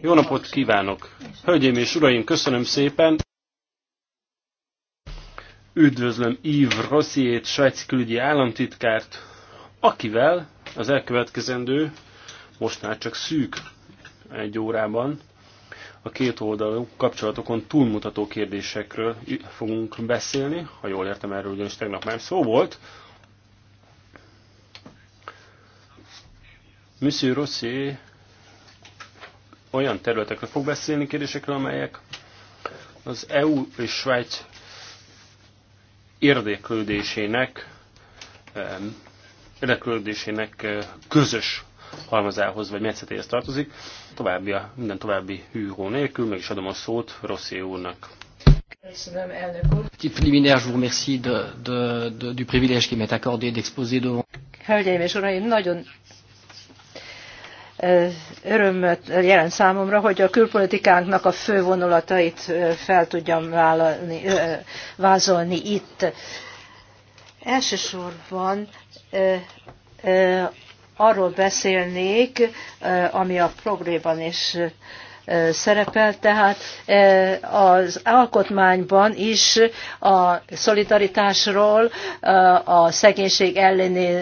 Jó napot kívánok! Hölgyeim és uraim, köszönöm szépen! Üdvözlöm Yves Rossiét, svájci külügyi államtitkárt, akivel az elkövetkezendő, most már csak szűk egy órában, a két oldalú kapcsolatokon túlmutató kérdésekről fogunk beszélni, ha jól értem erről, ugyanis tegnap már szó volt, Monsieur Rossi olyan területekről fog beszélni, kérdésekről, amelyek az EU és Svájc érdeklődésének, érdeklődésének eh, közös halmazához vagy metszetéhez tartozik. További a, minden további hűhó nélkül meg is adom a szót Rossi úrnak. Köszönöm, elnök úr. Petit préliminaire, je vous remercie de, de, de, du privilège qui m'est accordé d'exposer devant. Hölgyeim és uraim, nagyon örömöt jelent számomra, hogy a külpolitikánknak a fő vonulatait fel tudjam vállalni, vázolni itt. Elsősorban arról beszélnék, ami a problémában is szerepel, tehát az alkotmányban is a szolidaritásról, a szegénység elleni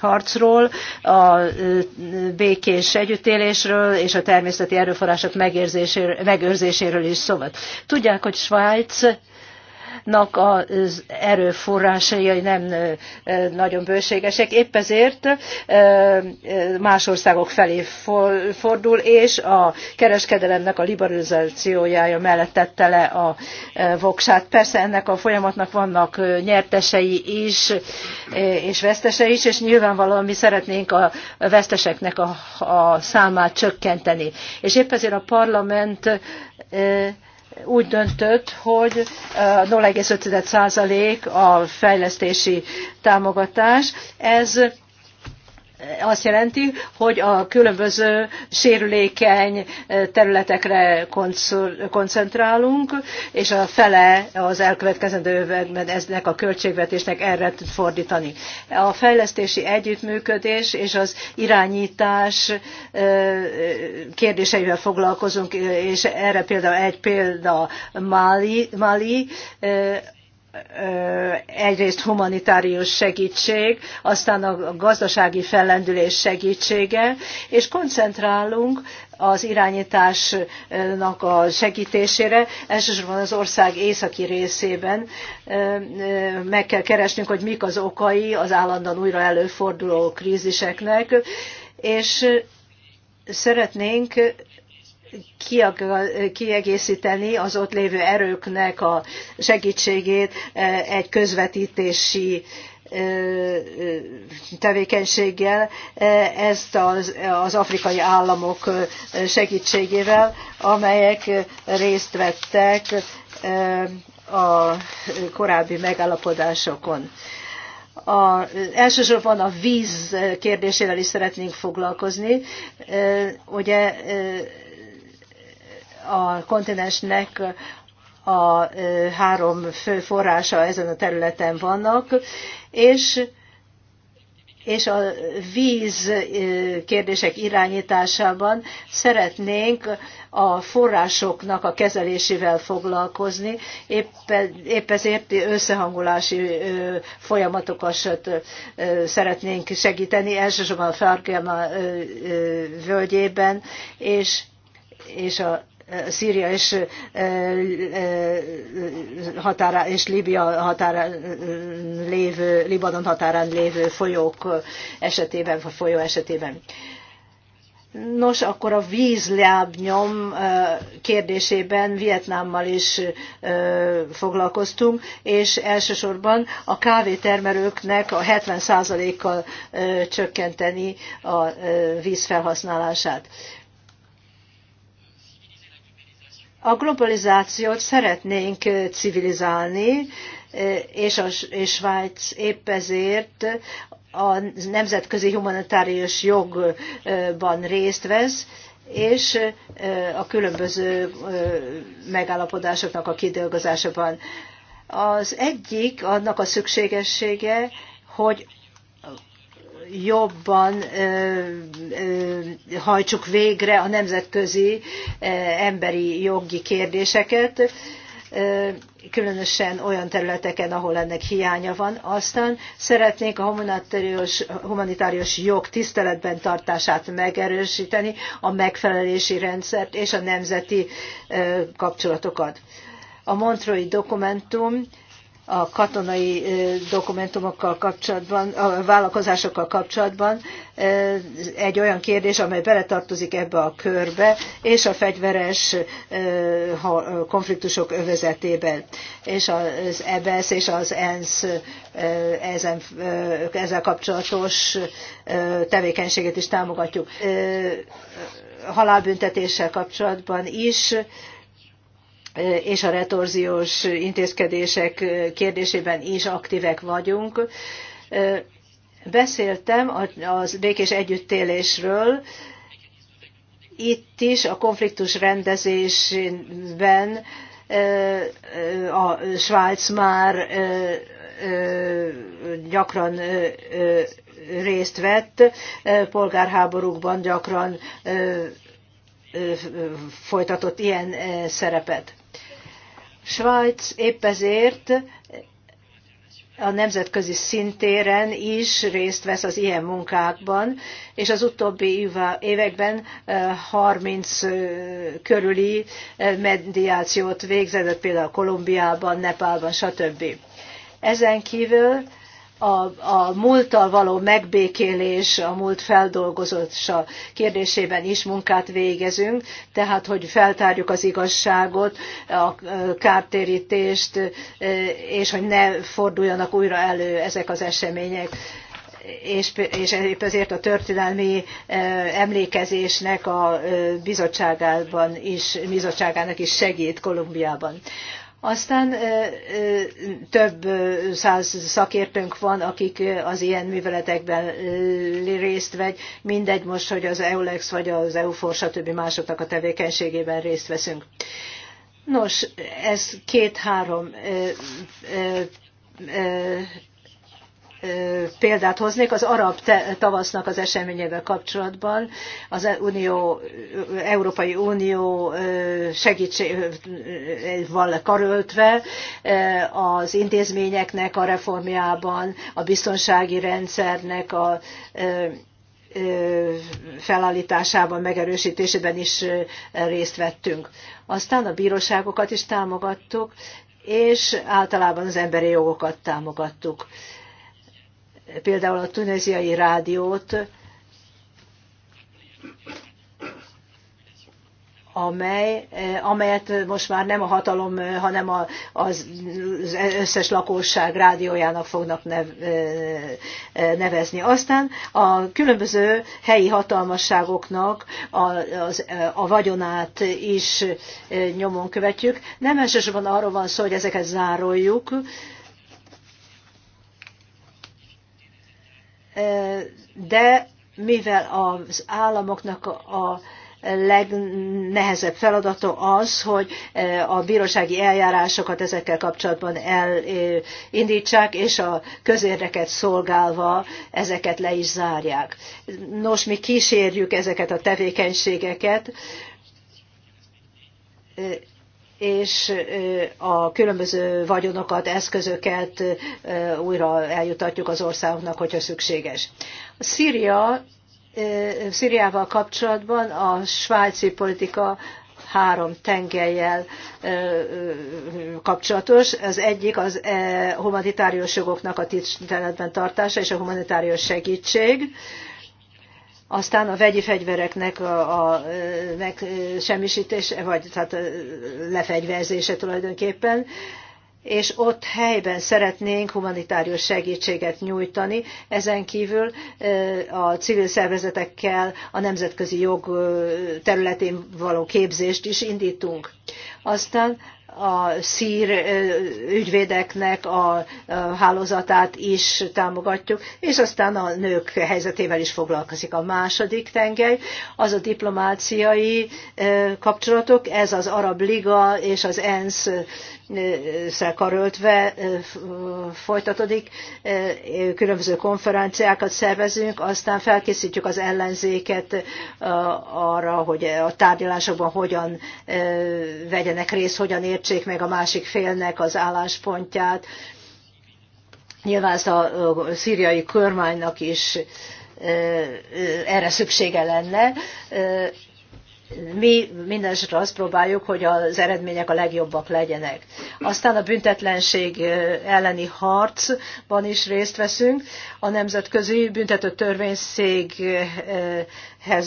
harcról, a békés együttélésről és a természeti erőforrások megőrzéséről is szó. Tudják, hogy Svájc nak az erőforrásai nem nagyon bőségesek. Épp ezért más országok felé fordul, és a kereskedelemnek a liberalizációjája mellett tette le a voksát. Persze ennek a folyamatnak vannak nyertesei is, és vesztesei is, és nyilvánvalóan mi szeretnénk a veszteseknek a, a számát csökkenteni. És épp ezért a parlament úgy döntött, hogy 0,5% eh, a fejlesztési támogatás. Ez azt jelenti, hogy a különböző sérülékeny eh, területekre koncentrálunk, és a fele az elkövetkezendő években eznek a költségvetésnek erre tud fordítani. A fejlesztési együttműködés és az irányítás eh, kérdéseivel foglalkozunk, eh, és erre például egy példa Mali, Mali egyrészt humanitárius segítség, aztán a gazdasági fellendülés segítsége, és koncentrálunk az irányításnak a segítésére, elsősorban az ország északi részében meg kell keresnünk, hogy mik az okai az állandóan újra előforduló kríziseknek, és szeretnénk kiegészíteni az ott lévő erőknek a segítségét e, egy közvetítési e, e, tevékenységgel, ezt az, az afrikai államok segítségével, amelyek részt vettek a korábbi megállapodásokon. A, elsősorban a víz kérdésével is szeretnénk foglalkozni. Ugye a kontinensnek a három fő forrása ezen a területen vannak, és és a víz kérdések irányításában szeretnénk a forrásoknak a kezelésével foglalkozni, épp ezért összehangolási folyamatokat szeretnénk segíteni, elsősorban a Fargema völgyében, és, és a Szíria és határa és Líbia határán lévő, Libanon határán lévő folyók esetében, vagy folyó esetében. Nos, akkor a vízlábnyom kérdésében Vietnámmal is foglalkoztunk, és elsősorban a kávétermelőknek a 70%-kal csökkenteni a vízfelhasználását. A globalizációt szeretnénk civilizálni, és, a, és Svájc épp ezért a nemzetközi humanitárius jogban részt vesz, és a különböző megállapodásoknak a kidolgozásában. Az egyik annak a szükségessége, hogy jobban hajtsuk végre a nemzetközi emberi jogi kérdéseket, különösen olyan területeken, ahol ennek hiánya van. Aztán szeretnénk a humanitárius, humanitárius jog tiszteletben tartását megerősíteni, a megfelelési rendszert és a nemzeti kapcsolatokat. A Montreux dokumentum a katonai dokumentumokkal kapcsolatban, a vállalkozásokkal kapcsolatban egy olyan kérdés, amely beletartozik ebbe a körbe, és a fegyveres konfliktusok övezetében. És az EBS e és az ENSZ ezen, ezzel kapcsolatos tevékenységet is támogatjuk. Halálbüntetéssel kapcsolatban is és a retorziós intézkedések kérdésében is aktívek vagyunk. Beszéltem az békés együttélésről, itt is a konfliktus rendezésben a Svájc már gyakran részt vett, polgárháborúkban gyakran folytatott ilyen szerepet. Svájc épp ezért a nemzetközi szintéren is részt vesz az ilyen munkákban, és az utóbbi években 30 körüli mediációt végzett, például Kolumbiában, Nepálban, stb. Ezen kívül a, a múlttal való megbékélés, a múlt feldolgozása kérdésében is munkát végezünk, tehát hogy feltárjuk az igazságot, a kártérítést, e, és hogy ne forduljanak újra elő ezek az események. És, és épp ezért a történelmi e, emlékezésnek a e, bizottságában is, bizottságának is segít Kolumbiában. Aztán több száz szakértőnk van, akik az ilyen műveletekben részt vegy, mindegy most, hogy az EULEX vagy az EUFOR, stb. másoknak a tevékenységében részt veszünk. Nos, ez két-három példát hoznék az arab tavasznak az eseményével kapcsolatban. Az e-, Unió, Európai Unió segítségével karöltve az intézményeknek a reformjában, a biztonsági rendszernek a felállításában, megerősítésében is részt vettünk. Aztán a bíróságokat is támogattuk, és általában az emberi jogokat támogattuk például a tunéziai rádiót, amely, amelyet most már nem a hatalom, hanem a, az, az összes lakosság rádiójának fognak nev, nevezni. Aztán a különböző helyi hatalmasságoknak a, az, a vagyonát is nyomon követjük. Nem elsősorban arról van szó, hogy ezeket zároljuk, de mivel az államoknak a legnehezebb feladata az, hogy e, a bírósági eljárásokat ezekkel kapcsolatban elindítsák, e, és a közérdeket szolgálva ezeket le is zárják. Nos, mi kísérjük ezeket a tevékenységeket, e, és a különböző vagyonokat, eszközöket újra eljutatjuk az országoknak, hogyha szükséges. A Szíria, Szíriával kapcsolatban a svájci politika három tengelyel kapcsolatos. Az egyik az humanitárius jogoknak a tiszteletben tartása és a humanitárius segítség aztán a vegyi fegyvereknek a, a megsemmisítése, vagy tehát a lefegyverzése tulajdonképpen, és ott helyben szeretnénk humanitárius segítséget nyújtani. Ezen kívül a civil szervezetekkel a nemzetközi jog területén való képzést is indítunk. Aztán a szír ügyvédeknek a hálózatát is támogatjuk, és aztán a nők helyzetével is foglalkozik. A második tengely az a diplomáciai kapcsolatok, ez az Arab Liga és az ENSZ karöltve folytatódik, különböző konferenciákat szervezünk, aztán felkészítjük az ellenzéket arra, hogy a tárgyalásokban hogyan vegyenek részt, hogyan értsék meg a másik félnek az álláspontját. Nyilván ezt a szíriai kormánynak is erre szüksége lenne mi minden esetre azt próbáljuk, hogy az eredmények a legjobbak legyenek. Aztán a büntetlenség elleni harcban is részt veszünk. A Nemzetközi Büntető Törvényszéghez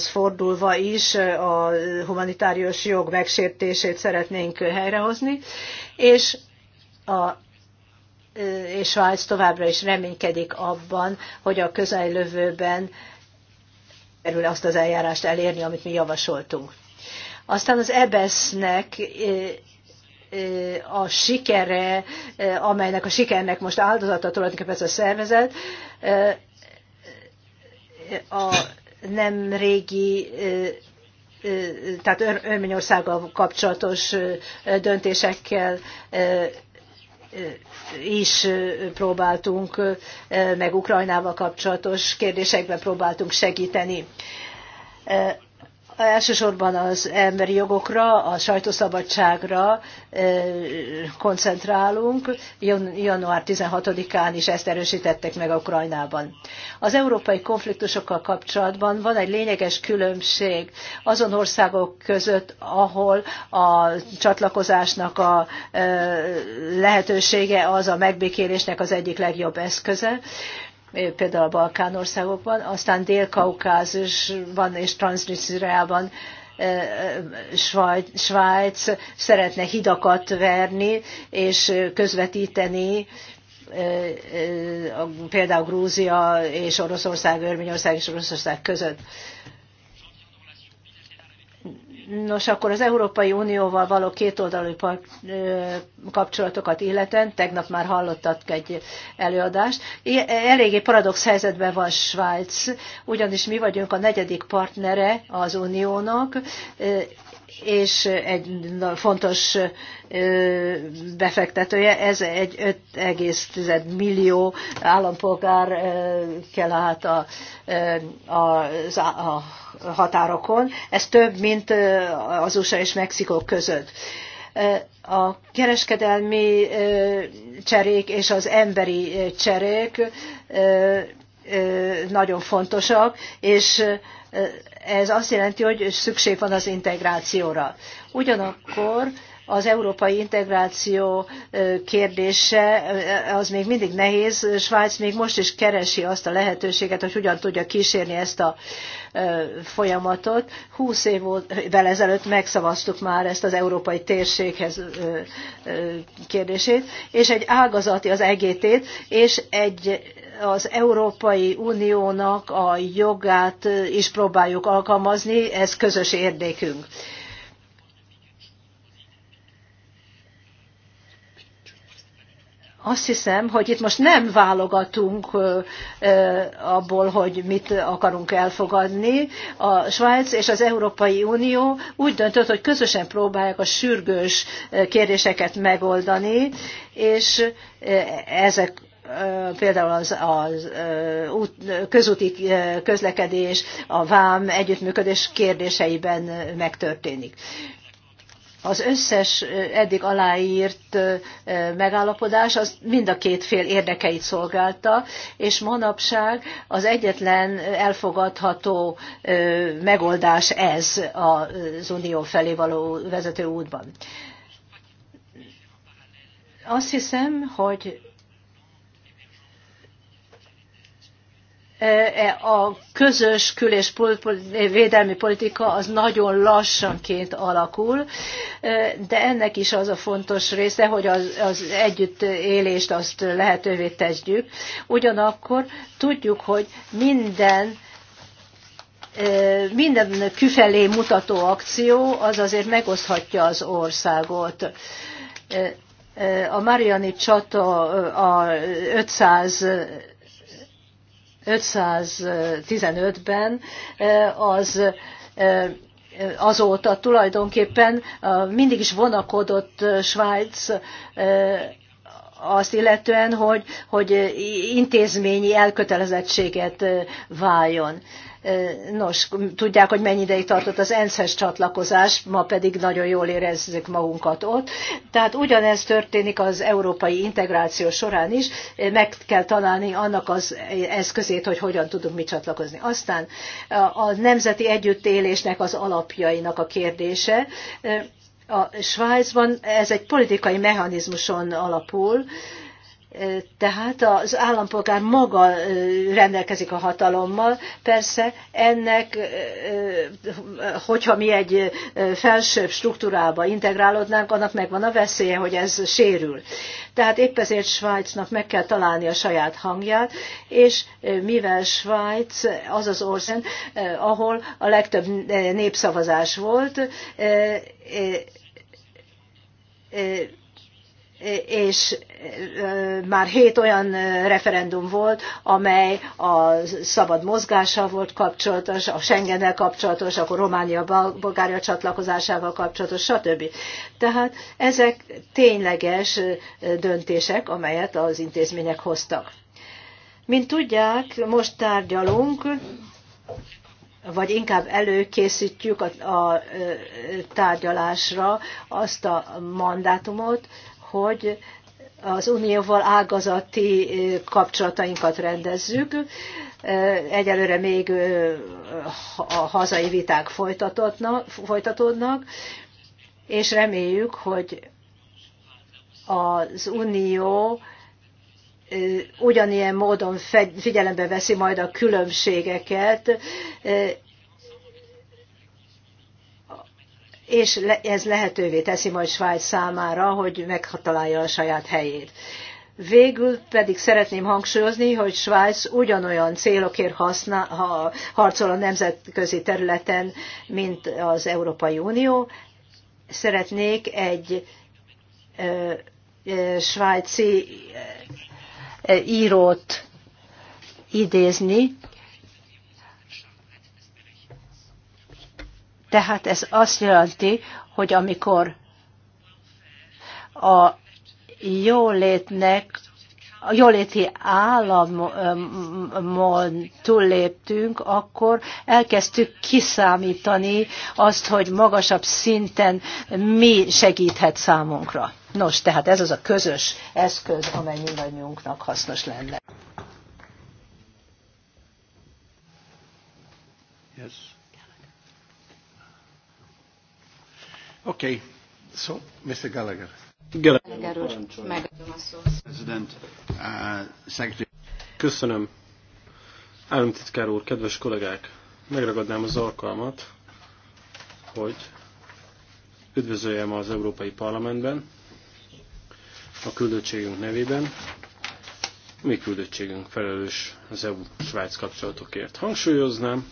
fordulva is a humanitárius jog megsértését szeretnénk helyrehozni, és a és Svájc továbbra is reménykedik abban, hogy a közeljövőben sikerül azt az eljárást elérni, amit mi javasoltunk. Aztán az EBESZ-nek a sikere, amelynek a sikernek most áldozata tulajdonképpen ez a szervezet, a nem régi, tehát Örményországgal kapcsolatos döntésekkel is próbáltunk, meg Ukrajnával kapcsolatos kérdésekben próbáltunk segíteni elsősorban az emberi jogokra, a sajtószabadságra koncentrálunk. Január 16-án is ezt erősítettek meg a Ukrajnában. Az európai konfliktusokkal kapcsolatban van egy lényeges különbség azon országok között, ahol a csatlakozásnak a lehetősége az a megbékélésnek az egyik legjobb eszköze, például a Balkán országokban, aztán Dél-Kaukázusban és Transnistriában Svájc szeretne hidakat verni és közvetíteni például Grúzia és Oroszország, Örményország és Oroszország között. Nos, akkor az Európai Unióval való kétoldalú kapcsolatokat illeten, tegnap már hallottak egy előadást, eléggé paradox helyzetben van Svájc, ugyanis mi vagyunk a negyedik partnere az Uniónak, és egy fontos befektetője, ez egy 5,1 millió állampolgár kell hát a, a, a határokon. Ez több, mint az USA és Mexikó között a kereskedelmi cserék és az emberi cserék nagyon fontosak, és ez azt jelenti, hogy szükség van az integrációra. Ugyanakkor az európai integráció kérdése az még mindig nehéz. Svájc még most is keresi azt a lehetőséget, hogy hogyan tudja kísérni ezt a folyamatot. Húsz évvel ezelőtt megszavaztuk már ezt az európai térséghez kérdését, és egy ágazati az egt és egy az Európai Uniónak a jogát is próbáljuk alkalmazni, ez közös érdekünk. azt hiszem, hogy itt most nem válogatunk abból, hogy mit akarunk elfogadni. A Svájc és az Európai Unió úgy döntött, hogy közösen próbálják a sürgős kérdéseket megoldani, és ezek például az, az út, közúti közlekedés, a vám együttműködés kérdéseiben megtörténik az összes eddig aláírt megállapodás az mind a két fél érdekeit szolgálta, és manapság az egyetlen elfogadható megoldás ez az unió felé való vezető útban. Azt hiszem, hogy E, a közös kül- és védelmi politika az nagyon lassanként alakul, e, de ennek is az a fontos része, hogy az, az együttélést azt lehetővé tegyük. Ugyanakkor tudjuk, hogy minden e, minden küfelé mutató akció az azért megoszthatja az országot a Mariani csata a 500 515-ben eh, az eh, azóta tulajdonképpen eh, mindig is vonakodott Svájc azt illetően, hogy, hogy intézményi elkötelezettséget váljon. Nos, tudják, hogy mennyi ideig tartott az ENSZ-hez csatlakozás, ma pedig nagyon jól érezzük magunkat ott. Tehát ugyanez történik az európai integráció során is, meg kell találni annak az eszközét, hogy hogyan tudunk mi csatlakozni. Aztán a nemzeti együttélésnek az alapjainak a kérdése. A Svájcban ez egy politikai mechanizmuson alapul, tehát az állampolgár maga rendelkezik a hatalommal. Persze ennek, hogyha mi egy felsőbb struktúrába integrálódnánk, annak megvan a veszélye, hogy ez sérül. Tehát épp ezért Svájcnak meg kell találni a saját hangját, és mivel Svájc az az ország, ahol a legtöbb népszavazás volt, és már hét olyan referendum volt, amely a szabad mozgással volt kapcsolatos, a Schengennel kapcsolatos, akkor Románia Bulgária csatlakozásával kapcsolatos, stb. Tehát ezek tényleges döntések, amelyet az intézmények hoztak. Mint tudják, most tárgyalunk, vagy inkább előkészítjük a, a tárgyalásra azt a mandátumot, hogy az unióval ágazati kapcsolatainkat rendezzük. Egyelőre még a hazai viták folytatódnak, és reméljük, hogy az unió ugyanilyen módon figyelembe veszi majd a különbségeket, és ez lehetővé teszi majd Svájc számára, hogy megtalálja a saját helyét. Végül pedig szeretném hangsúlyozni, hogy Svájc ugyanolyan célokért használ, ha harcol a nemzetközi területen, mint az Európai Unió. Szeretnék egy ö, ö, svájci ö, írót idézni, Tehát ez azt jelenti, hogy amikor a jólétnek a jóléti államon túlléptünk, akkor elkezdtük kiszámítani azt, hogy magasabb szinten mi segíthet számunkra. Nos, tehát ez az a közös eszköz, amely mindannyiunknak hasznos lenne. Yes. Oké, okay. so, Mr. Gallagher. Gallagher úr, megadom a szót. Uh, Köszönöm. Államtitkár úr, kedves kollégák, megragadnám az alkalmat, hogy üdvözöljem az Európai Parlamentben, a küldöttségünk nevében. Mi küldöttségünk felelős az EU-Svájc kapcsolatokért. Hangsúlyoznám,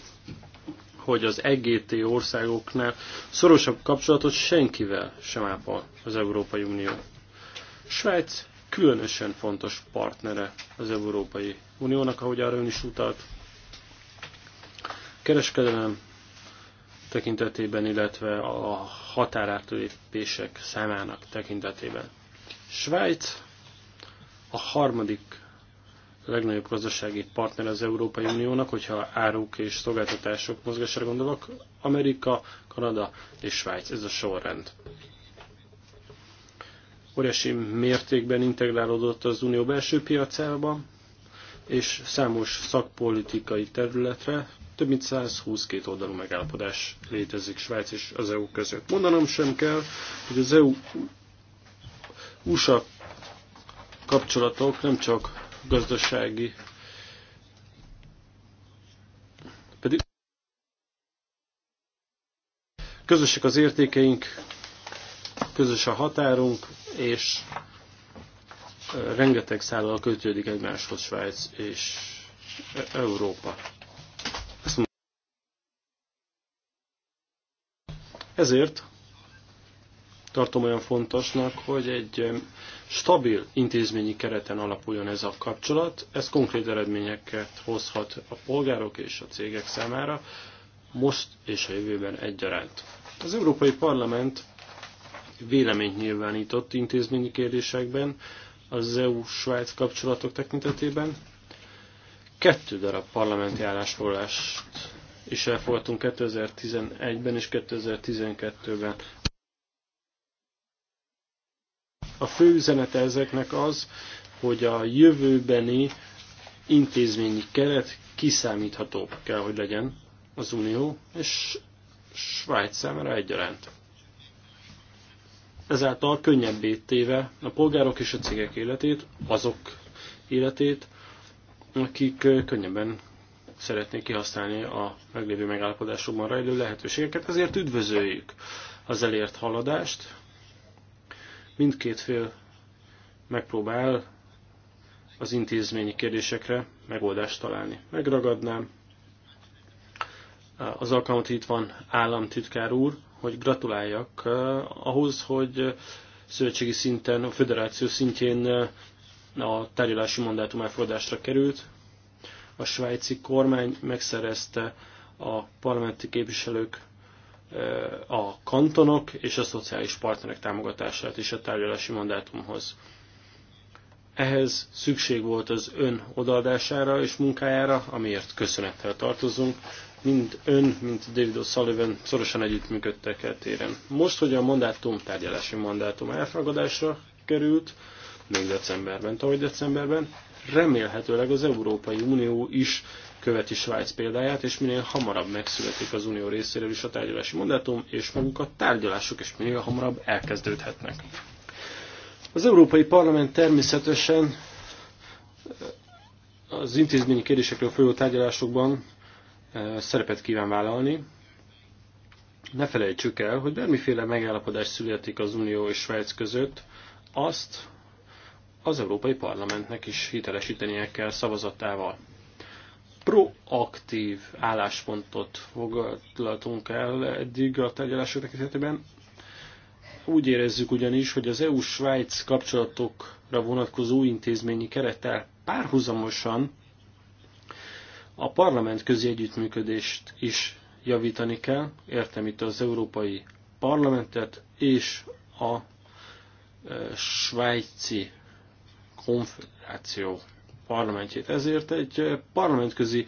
hogy az EGT országoknál szorosabb kapcsolatot senkivel sem ápol az Európai Unió. Svájc különösen fontos partnere az Európai Uniónak, ahogy arra ön is utalt. Kereskedelem tekintetében, illetve a határátlépések számának tekintetében. Svájc a harmadik legnagyobb gazdasági partner az Európai Uniónak, hogyha áruk és szolgáltatások mozgására gondolok, Amerika, Kanada és Svájc, ez a sorrend. Óriási mértékben integrálódott az unió belső piacába, és számos szakpolitikai területre több mint 122 oldalú megállapodás létezik Svájc és az EU között. Mondanom sem kell, hogy az EU USA kapcsolatok nem csak gazdasági pedig közösek az értékeink, közös a határunk, és rengeteg szállal kötődik egymáshoz Svájc és Európa. Ezért tartom olyan fontosnak, hogy egy stabil intézményi kereten alapuljon ez a kapcsolat. Ez konkrét eredményeket hozhat a polgárok és a cégek számára, most és a jövőben egyaránt. Az Európai Parlament véleményt nyilvánított intézményi kérdésekben, az EU-Svájc kapcsolatok tekintetében. Kettő darab parlamenti állásfoglalást is elfogadtunk 2011-ben és 2012-ben a fő üzenete ezeknek az, hogy a jövőbeni intézményi keret kiszámíthatóbb kell, hogy legyen az Unió és Svájc számára egyaránt. Ezáltal könnyebbé téve a polgárok és a cégek életét, azok életét, akik könnyebben szeretnék kihasználni a meglévő megállapodásokban rejlő lehetőségeket, ezért üdvözöljük az elért haladást, Mindkét fél megpróbál az intézményi kérdésekre megoldást találni. Megragadnám az alkalmat itt van államtitkár úr, hogy gratuláljak eh, ahhoz, hogy szövetségi szinten, a föderáció szintjén eh, a tárgyalási mandátum elfogadásra került. A svájci kormány megszerezte a parlamenti képviselők a kantonok és a szociális partnerek támogatását is a tárgyalási mandátumhoz. Ehhez szükség volt az ön odaadására és munkájára, amiért köszönettel tartozunk. Mind ön, mint David O'Sullivan szorosan együttműködtek e téren. Most, hogy a mandátum tárgyalási mandátum elfogadásra került, még decemberben, tavaly decemberben, remélhetőleg az Európai Unió is követi Svájc példáját, és minél hamarabb megszületik az unió részéről is a tárgyalási mandátum, és maguk a tárgyalások is minél hamarabb elkezdődhetnek. Az Európai Parlament természetesen eh, az intézményi kérdésekről folyó tárgyalásokban eh, szerepet kíván vállalni. Ne felejtsük el, hogy bármiféle megállapodás születik az Unió és Svájc között, azt az Európai Parlamentnek is hitelesítenie kell szavazatával proaktív álláspontot fogadtunk el eddig a tárgyalások tekintetében. Úgy érezzük ugyanis, hogy az EU-Svájc kapcsolatokra vonatkozó intézményi kerettel párhuzamosan a parlament közi együttműködést is javítani kell, értem itt az Európai Parlamentet és a e, svájci konfederációt parlamentjét. Ezért egy eh, parlamentközi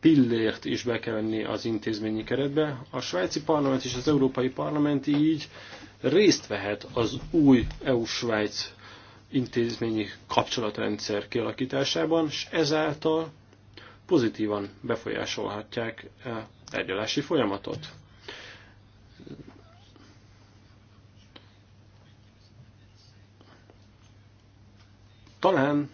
pillért is be kell venni az intézményi keretbe. A svájci parlament és az európai parlament így részt vehet az új EU-Svájc intézményi kapcsolatrendszer kialakításában, és ezáltal pozitívan befolyásolhatják a eh, tárgyalási folyamatot. Talán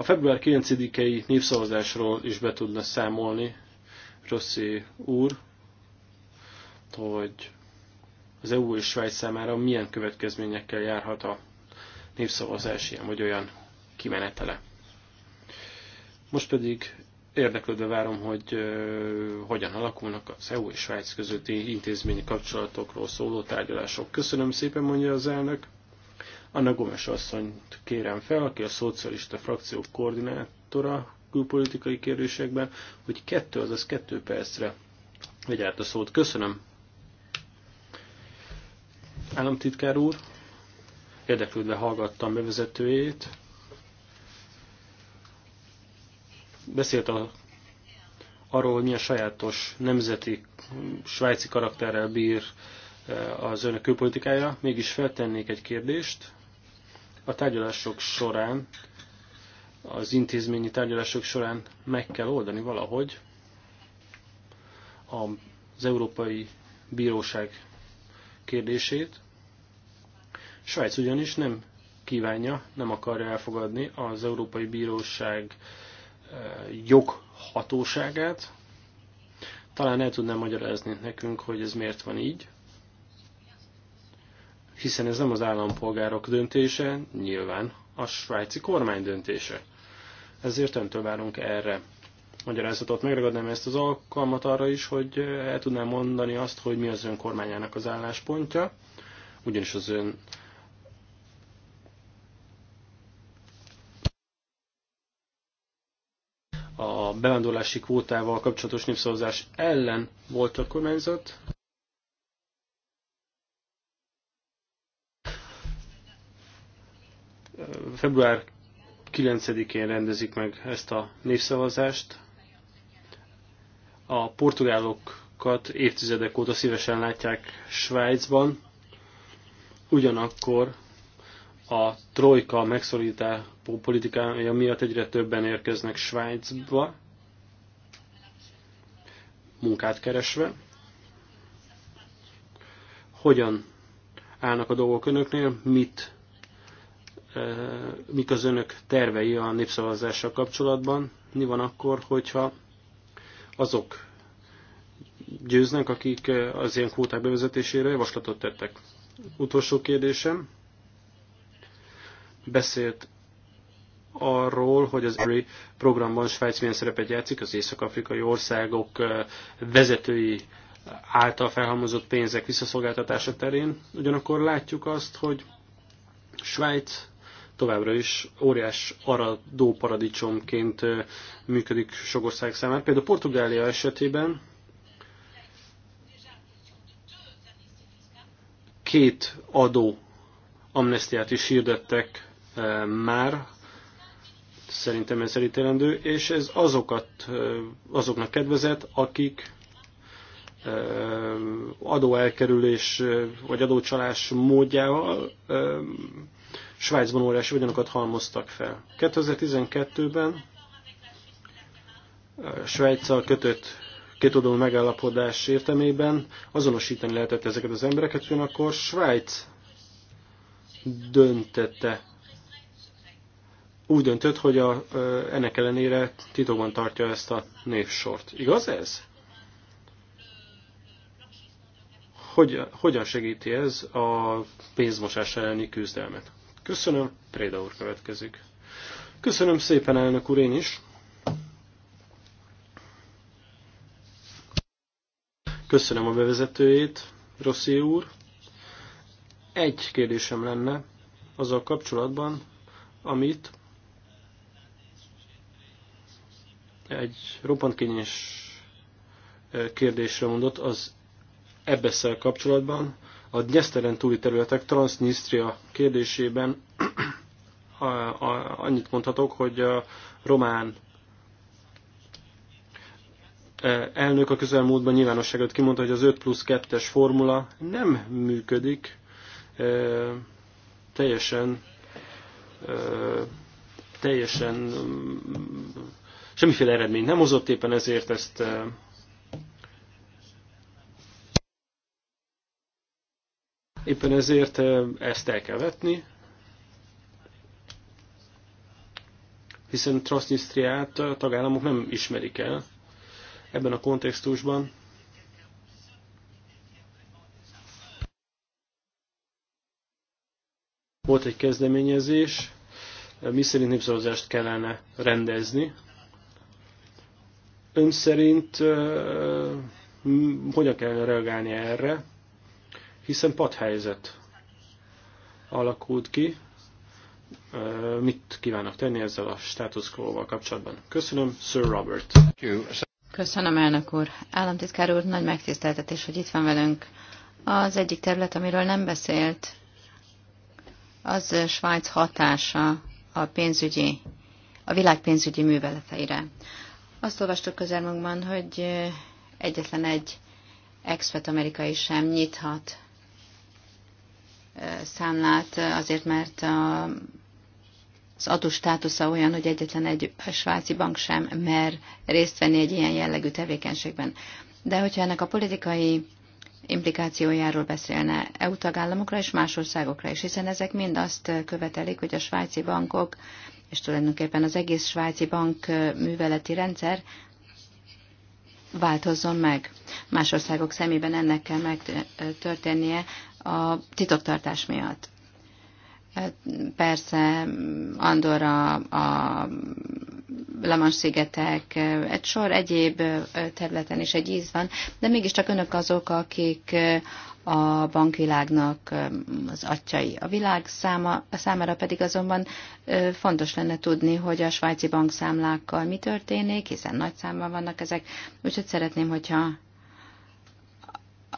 a február 9-i népszavazásról is be tudna számolni Rossi úr, hogy az EU és Svájc számára milyen következményekkel járhat a népszavazás ilyen vagy olyan kimenetele. Most pedig érdeklődve várom, hogy uh, hogyan alakulnak az EU és Svájc közötti intézményi kapcsolatokról szóló tárgyalások. Köszönöm szépen, mondja az elnök. Anna Gomes asszonyt kérem fel, aki a szocialista frakció koordinátora külpolitikai kérdésekben, hogy kettő, azaz kettő percre vegy át a szót. Köszönöm. Államtitkár úr, érdeklődve hallgattam bevezetőjét. Beszélt a, arról, hogy milyen sajátos nemzeti svájci karakterrel bír eh, az önök külpolitikája. Mégis feltennék egy kérdést. A tárgyalások során, az intézményi tárgyalások során meg kell oldani valahogy az Európai Bíróság kérdését. Svájc ugyanis nem kívánja, nem akarja elfogadni az Európai Bíróság eh, joghatóságát. Talán el tudnám magyarázni nekünk, hogy ez miért van így hiszen ez nem az állampolgárok döntése, nyilván a svájci kormány döntése. Ezért öntől várunk erre magyarázatot. Megragadnám ezt az alkalmat arra is, hogy el tudnám mondani azt, hogy mi az ön kormányának az álláspontja, ugyanis az ön a bevándorlási kvótával kapcsolatos népszavazás ellen volt a kormányzat, február 9-én rendezik meg ezt a népszavazást. A portugálokat évtizedek óta szívesen látják Svájcban, ugyanakkor a trojka megszorítápó politikája miatt egyre többen érkeznek Svájcba, munkát keresve. Hogyan állnak a dolgok önöknél, mit mik az önök tervei a népszavazással kapcsolatban, mi van akkor, hogyha azok győznek, akik az ilyen kvóták bevezetésére javaslatot tettek. Utolsó kérdésem. Beszélt arról, hogy az EURI programban Svájc milyen szerepet játszik, az észak-afrikai országok vezetői által felhalmozott pénzek visszaszolgáltatása terén. Ugyanakkor látjuk azt, hogy Svájc továbbra is óriás aradó paradicsomként működik sok ország számára. Például Portugália esetében két adó amnestiát is hirdettek már, szerintem ez elítélendő, és ez azokat, azoknak kedvezett, akik adóelkerülés vagy adócsalás módjával Svájcban óriási vagyonokat halmoztak fel. 2012-ben Svájccal kötött kétoldalú megállapodás értelmében azonosítani lehetett ezeket az embereket, ugyanakkor Svájc döntette úgy döntött, hogy a, ennek ellenére titokban tartja ezt a névsort. Igaz ez? Hogy, hogyan segíti ez a pénzmosás elleni küzdelmet? Köszönöm, Préda úr következik. Köszönöm szépen, elnök úr, én is. Köszönöm a bevezetőjét, Rossi úr. Egy kérdésem lenne azzal kapcsolatban, amit egy roppantkényes eh, kérdésre mondott, az ebbeszel kapcsolatban, a Dnyeszteren túli területek Transnistria kérdésében annyit mondhatok, hogy a román e, elnök a közelmúltban nyilvánosságot kimondta, hogy az 5 plusz 2-es formula nem működik, e, teljesen e, teljesen mm, semmiféle eredmény nem hozott, éppen ezért ezt Éppen ezért ezt el kell vetni, hiszen Transnistriát a tagállamok nem ismerik el ebben a kontextusban. Volt egy kezdeményezés, mi szerint népszavazást kellene rendezni. Ön szerint hogyan kellene reagálni erre? hiszen padhelyzet alakult ki. Mit kívánok tenni ezzel a status quo-val kapcsolatban? Köszönöm, Sir Robert. Köszönöm, elnök úr. Államtitkár úr, nagy megtiszteltetés, hogy itt van velünk. Az egyik terület, amiről nem beszélt, az Svájc hatása a pénzügyi, a világ pénzügyi műveleteire. Azt olvastuk közelmunkban, hogy egyetlen egy expert amerikai sem nyithat számlát, azért mert a, az adó státusza olyan, hogy egyetlen egy svájci bank sem mer részt venni egy ilyen jellegű tevékenységben. De hogyha ennek a politikai implikációjáról beszélne EU tagállamokra és más országokra is, hiszen ezek mind azt követelik, hogy a svájci bankok, és tulajdonképpen az egész svájci bank műveleti rendszer változzon meg. Más országok szemében ennek kell megtörténnie, a titoktartás miatt. E, persze Andorra, a Lamans szigetek, e, egy sor egyéb e, területen is egy íz van, de mégiscsak önök azok, akik a bankvilágnak az atyai. A világ száma, a számára pedig azonban fontos lenne tudni, hogy a svájci bankszámlákkal mi történik, hiszen nagy számban vannak ezek, úgyhogy szeretném, hogyha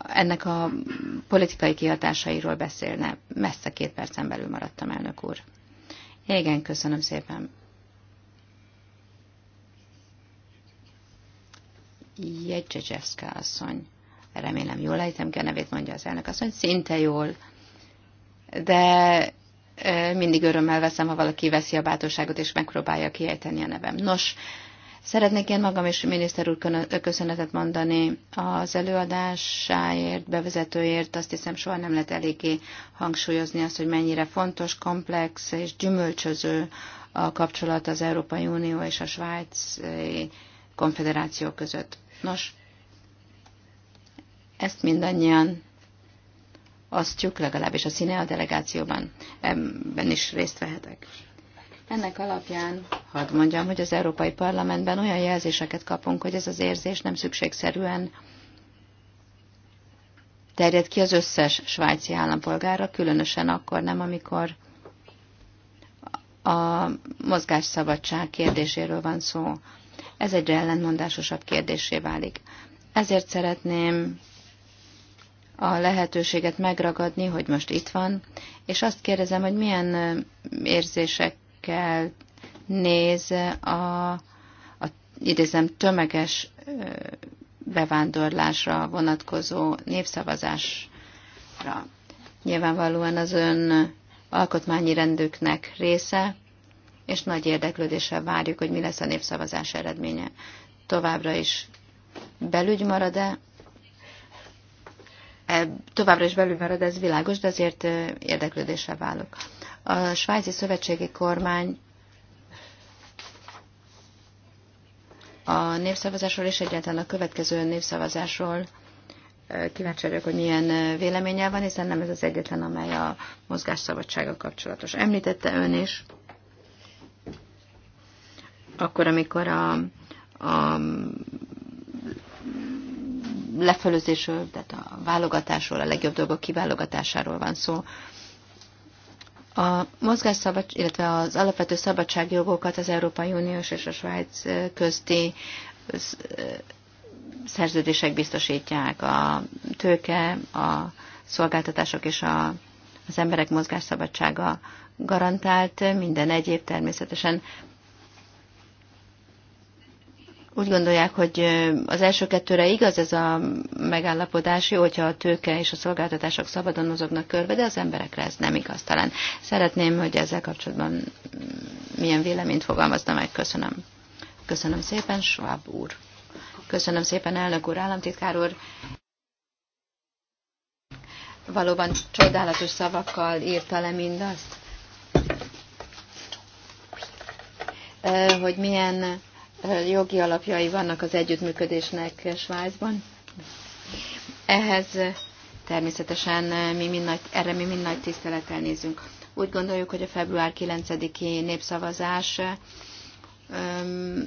ennek a politikai kihatásairól beszélne. Messze két percen belül maradtam, elnök úr. Igen, köszönöm szépen. Jegyzsegyevszka asszony. Remélem jól ejtem ki a nevét, mondja az elnök asszony. Szinte jól. De mindig örömmel veszem, ha valaki veszi a bátorságot és megpróbálja kiejteni a nevem. Nos, Szeretnék én magam és miniszter úr köszönetet mondani az előadásáért, bevezetőért. Azt hiszem, soha nem lehet eléggé hangsúlyozni azt, hogy mennyire fontos, komplex és gyümölcsöző a kapcsolat az Európai Unió és a Svájc konfederáció között. Nos, ezt mindannyian osztjuk, legalábbis a színe a delegációban. Ebben is részt vehetek. Ennek alapján hadd mondjam, hogy az Európai Parlamentben olyan jelzéseket kapunk, hogy ez az érzés nem szükségszerűen terjed ki az összes svájci állampolgára, különösen akkor nem, amikor a mozgásszabadság kérdéséről van szó. Ez egyre ellentmondásosabb kérdésé válik. Ezért szeretném a lehetőséget megragadni, hogy most itt van, és azt kérdezem, hogy milyen érzések szemekkel néz a, a idézem, tömeges bevándorlásra vonatkozó népszavazásra. Nyilvánvalóan az ön alkotmányi rendőknek része, és nagy érdeklődéssel várjuk, hogy mi lesz a népszavazás eredménye. Továbbra is belügy marad-e? E, továbbra is belügy marad, ez világos, de azért érdeklődéssel válok a svájci szövetségi kormány a népszavazásról és egyáltalán a következő népszavazásról kíváncsi vagyok, hogy milyen véleménye van, hiszen nem ez az egyetlen, amely a mozgásszabadsága kapcsolatos. Említette ön is, akkor, amikor a, a lefölözésről, tehát a válogatásról, a legjobb dolgok kiválogatásáról van szó, a mozgásszabad, illetve az alapvető szabadságjogokat az Európai Uniós és a Svájc közti szerződések biztosítják. A tőke, a szolgáltatások és a, az emberek mozgásszabadsága garantált, minden egyéb természetesen úgy gondolják, hogy az első kettőre igaz ez a megállapodás, jó, hogyha a tőke és a szolgáltatások szabadon mozognak körbe, de az emberekre ez nem igaz talán. Szeretném, hogy ezzel kapcsolatban mm, milyen véleményt fogalmazna meg. Köszönöm. Köszönöm szépen, Schwab úr. Köszönöm szépen, elnök úr, államtitkár úr. Valóban csodálatos szavakkal írta le mindazt, hogy milyen jogi alapjai vannak az együttműködésnek Svájcban. Ehhez természetesen mi mind nagy, erre mi mind nagy tisztelettel nézünk. Úgy gondoljuk, hogy a február 9-i népszavazás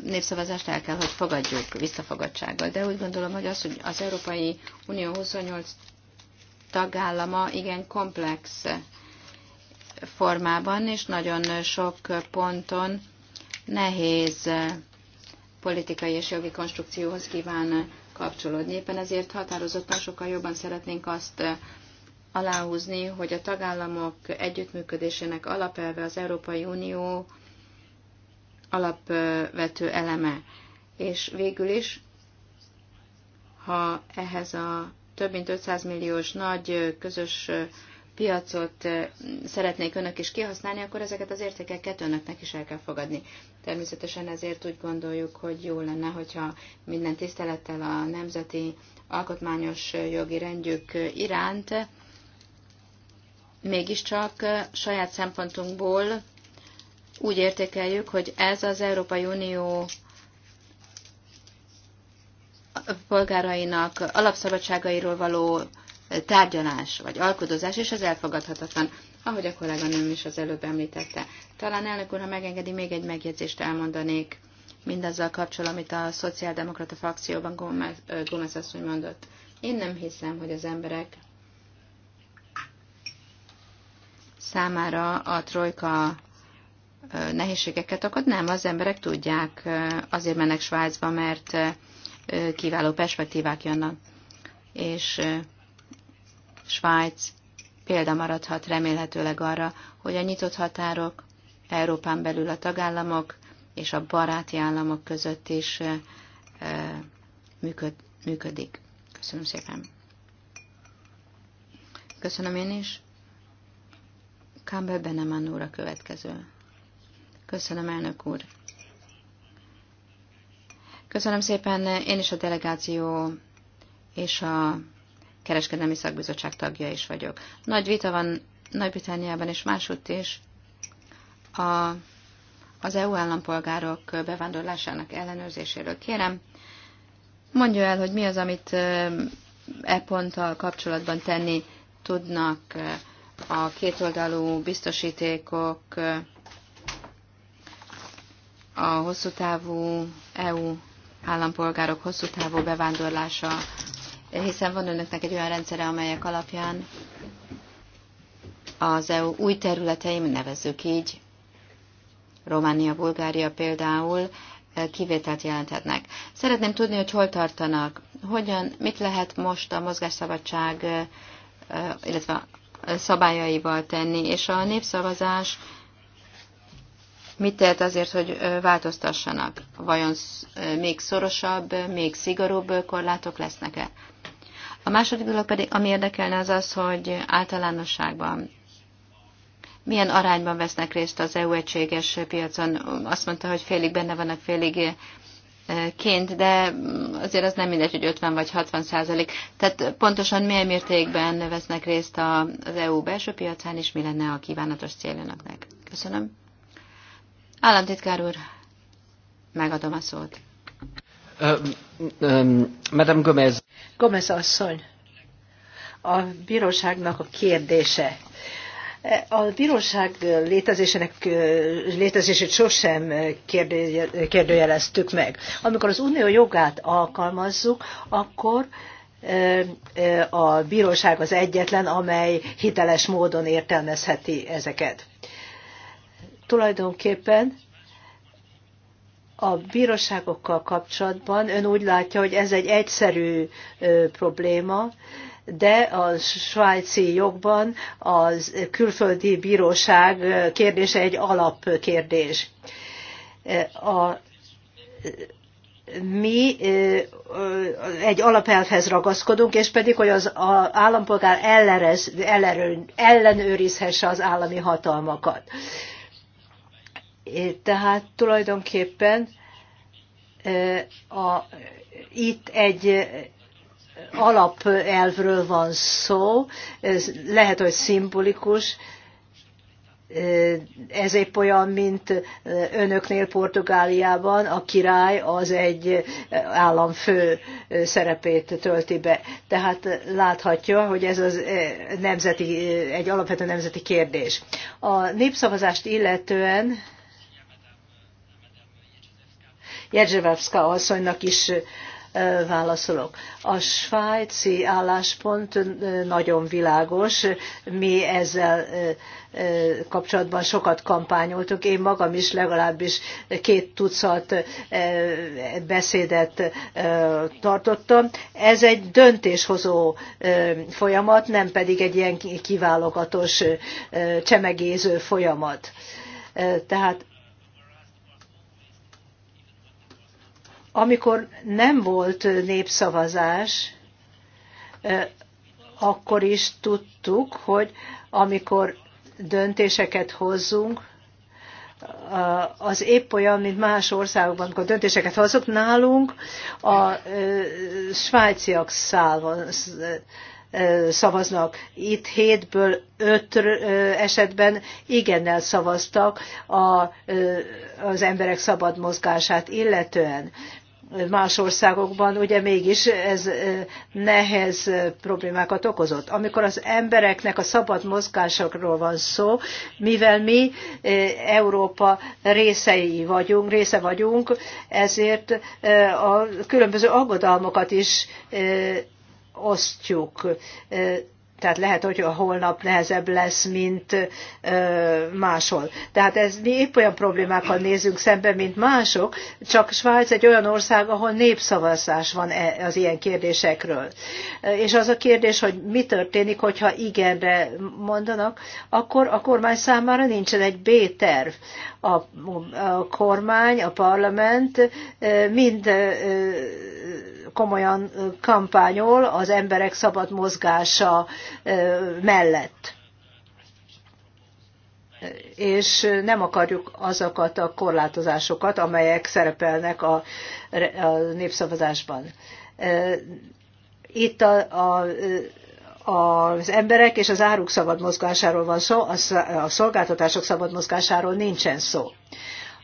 népszavazást el kell, hogy fogadjuk visszafogadsággal. De úgy gondolom, hogy az, hogy az Európai Unió 28 tagállama igen komplex formában, és nagyon sok ponton nehéz politikai és jogi konstrukcióhoz kíván kapcsolódni. Éppen ezért határozottan sokkal jobban szeretnénk azt aláhúzni, hogy a tagállamok együttműködésének alapelve az Európai Unió alapvető eleme. És végül is, ha ehhez a több mint 500 milliós nagy közös piacot szeretnék önök is kihasználni, akkor ezeket az értékeket önöknek is el kell fogadni. Természetesen ezért úgy gondoljuk, hogy jó lenne, hogyha minden tisztelettel a nemzeti alkotmányos jogi rendjük iránt mégiscsak saját szempontunkból úgy értékeljük, hogy ez az Európai Unió polgárainak alapszabadságairól való tárgyalás vagy alkodozás, és ez elfogadhatatlan, ahogy a kolléganőm is az előbb említette. Talán elnök úr, ha megengedi, még egy megjegyzést elmondanék mindazzal kapcsolatban, amit a szociáldemokrata frakcióban Gómez, Gómez asszony mondott. Én nem hiszem, hogy az emberek számára a trojka nehézségeket akad. Nem, az emberek tudják, azért mennek Svájcba, mert kiváló perspektívák jönnek. És Svájc példa maradhat remélhetőleg arra, hogy a nyitott határok Európán belül a tagállamok és a baráti államok között is működ, működik. Köszönöm szépen. Köszönöm én is. Campbell Benemann úr a következő. Köszönöm, elnök úr. Köszönöm szépen én is a delegáció és a kereskedelmi szakbizottság tagja is vagyok. Nagy vita van Nagy-Britániában és másutt is a, az EU állampolgárok bevándorlásának ellenőrzéséről. Kérem, mondja el, hogy mi az, amit e ponttal kapcsolatban tenni tudnak a kétoldalú biztosítékok, a hosszú távú EU állampolgárok hosszú távú bevándorlása hiszen van önöknek egy olyan rendszere, amelyek alapján az EU új területeim, nevezzük így, Románia, Bulgária például, e, kivételt jelenthetnek. Szeretném tudni, hogy hol tartanak, hogyan, mit lehet most a mozgásszabadság, e, e, illetve szabályaival tenni, és a népszavazás mit tehet azért, hogy változtassanak? Vajon még szorosabb, még szigorúbb korlátok lesznek-e? A második dolog pedig, ami érdekelne, az az, hogy általánosságban milyen arányban vesznek részt az EU egységes piacon. Azt mondta, hogy félig benne vannak, félig eh, ként, de azért az nem mindegy, hogy 50 vagy 60 százalék. Tehát pontosan milyen mértékben vesznek részt az EU belső piacán, és mi lenne a kívánatos céljának. Köszönöm. Államtitkár úr, megadom a szót. Madame Gomez. Gomez asszony, a bíróságnak a kérdése. A bíróság létezésének, létezését sosem kérdőjeleztük meg. Amikor az unió jogát alkalmazzuk, akkor a bíróság az egyetlen, amely hiteles módon értelmezheti ezeket. Tulajdonképpen a bíróságokkal kapcsolatban ön úgy látja, hogy ez egy egyszerű probléma, de a svájci jogban a külföldi bíróság kérdése egy alapkérdés. A, mi egy alapelvhez ragaszkodunk, és pedig, hogy az állampolgár ellenőrizhesse az állami hatalmakat tehát tulajdonképpen a, itt egy alapelvről van szó, ez lehet, hogy szimbolikus, ez épp olyan, mint önöknél Portugáliában a király az egy államfő szerepét tölti be. Tehát láthatja, hogy ez az nemzeti, egy alapvető nemzeti kérdés. A népszavazást illetően Jedzsevevszka asszonynak is válaszolok. A svájci álláspont nagyon világos, mi ezzel kapcsolatban sokat kampányoltuk. Én magam is legalábbis két tucat beszédet tartottam. Ez egy döntéshozó folyamat, nem pedig egy ilyen kiválogatos, csemegéző folyamat. Tehát Amikor nem volt népszavazás, akkor is tudtuk, hogy amikor döntéseket hozzunk, az épp olyan, mint más országokban, amikor döntéseket hozott nálunk, a svájciak szavaznak. Itt hétből öt esetben igennel szavaztak az emberek szabad mozgását illetően más országokban ugye mégis ez nehéz problémákat okozott. Amikor az embereknek a szabad mozgásokról van szó, mivel mi Európa részei vagyunk, része vagyunk, ezért a különböző aggodalmakat is osztjuk. Tehát lehet, hogy a holnap nehezebb lesz, mint ö, máshol. Tehát ez mi épp olyan problémákkal nézünk szembe, mint mások, csak Svájc egy olyan ország, ahol népszavazás van e, az ilyen kérdésekről. És az a kérdés, hogy mi történik, hogyha igenre mondanak, akkor a kormány számára nincsen egy B-terv. A, a kormány, a parlament mind komolyan kampányol az emberek szabad mozgása mellett. És nem akarjuk azokat a korlátozásokat, amelyek szerepelnek a, a népszavazásban. Itt a, a az emberek és az áruk szabad mozgásáról van szó, a szolgáltatások szabad mozgásáról nincsen szó.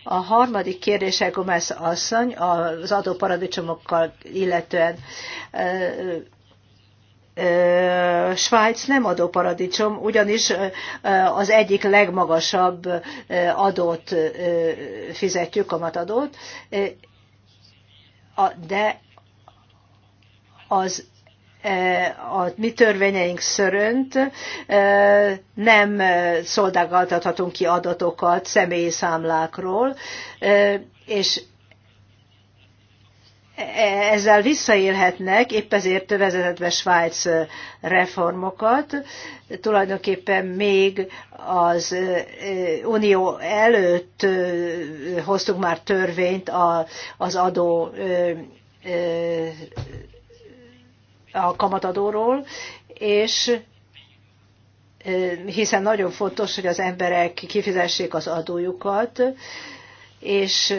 A harmadik kérdése Gomez asszony az adóparadicsomokkal illetően Svájc nem adóparadicsom, ugyanis az egyik legmagasabb adót fizetjük, kamatadót, de az E, a mi törvényeink szerint e, nem szolgáltathatunk ki adatokat személyi számlákról, e, és ezzel visszaélhetnek, épp ezért vezetett be Svájc reformokat. Tulajdonképpen még az unió előtt hoztuk már törvényt az adó a kamatadóról, és hiszen nagyon fontos, hogy az emberek kifizessék az adójukat, és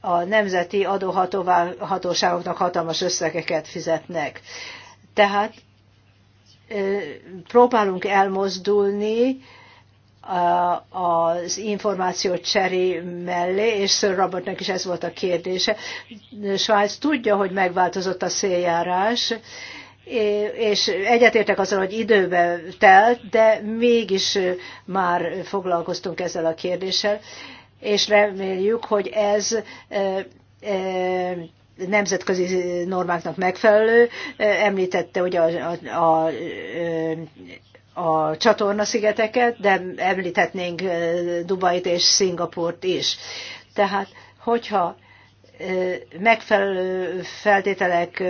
a nemzeti adóhatóságoknak hatalmas összegeket fizetnek. Tehát próbálunk elmozdulni az információ cseré mellé, és Sir Robertnek is ez volt a kérdése. Svájc tudja, hogy megváltozott a széljárás, és egyetértek azzal, hogy időbe telt, de mégis már foglalkoztunk ezzel a kérdéssel, és reméljük, hogy ez e, e, nemzetközi normáknak megfelelő. Említette a, a, a, a e, a csatornaszigeteket, de említhetnénk Dubait és Szingapurt is. Tehát, hogyha megfelelő feltételek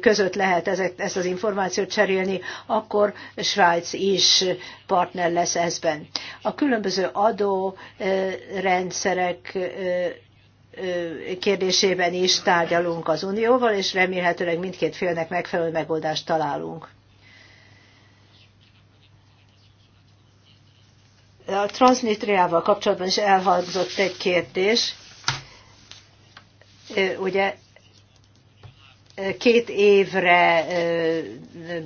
között lehet ezek, ezt az információt cserélni, akkor Svájc is partner lesz ezben. A különböző adórendszerek kérdésében is tárgyalunk az Unióval, és remélhetőleg mindkét félnek megfelelő megoldást találunk. A Transnitriával kapcsolatban is elhangzott egy kérdés. Ugye két évre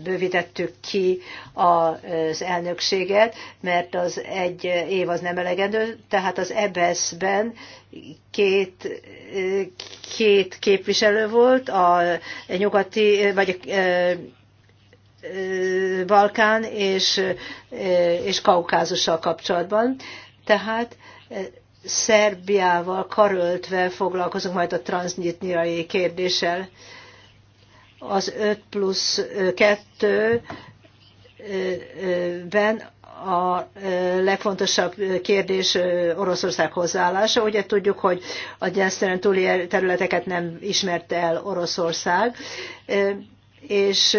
bővítettük ki az elnökséget, mert az egy év az nem elegendő, tehát az EBS-ben e két, két képviselő volt, a nyugati, vagy a Balkán és, és Kaukázussal kapcsolatban. Tehát eh, Szerbiával karöltve foglalkozunk majd a transznyitniai kérdéssel. Az 5 plusz 2 eh, eh, ben a legfontosabb kérdés Oroszország hozzáállása. Ugye tudjuk, hogy a Gyenszteren túli területeket nem ismerte el Oroszország, és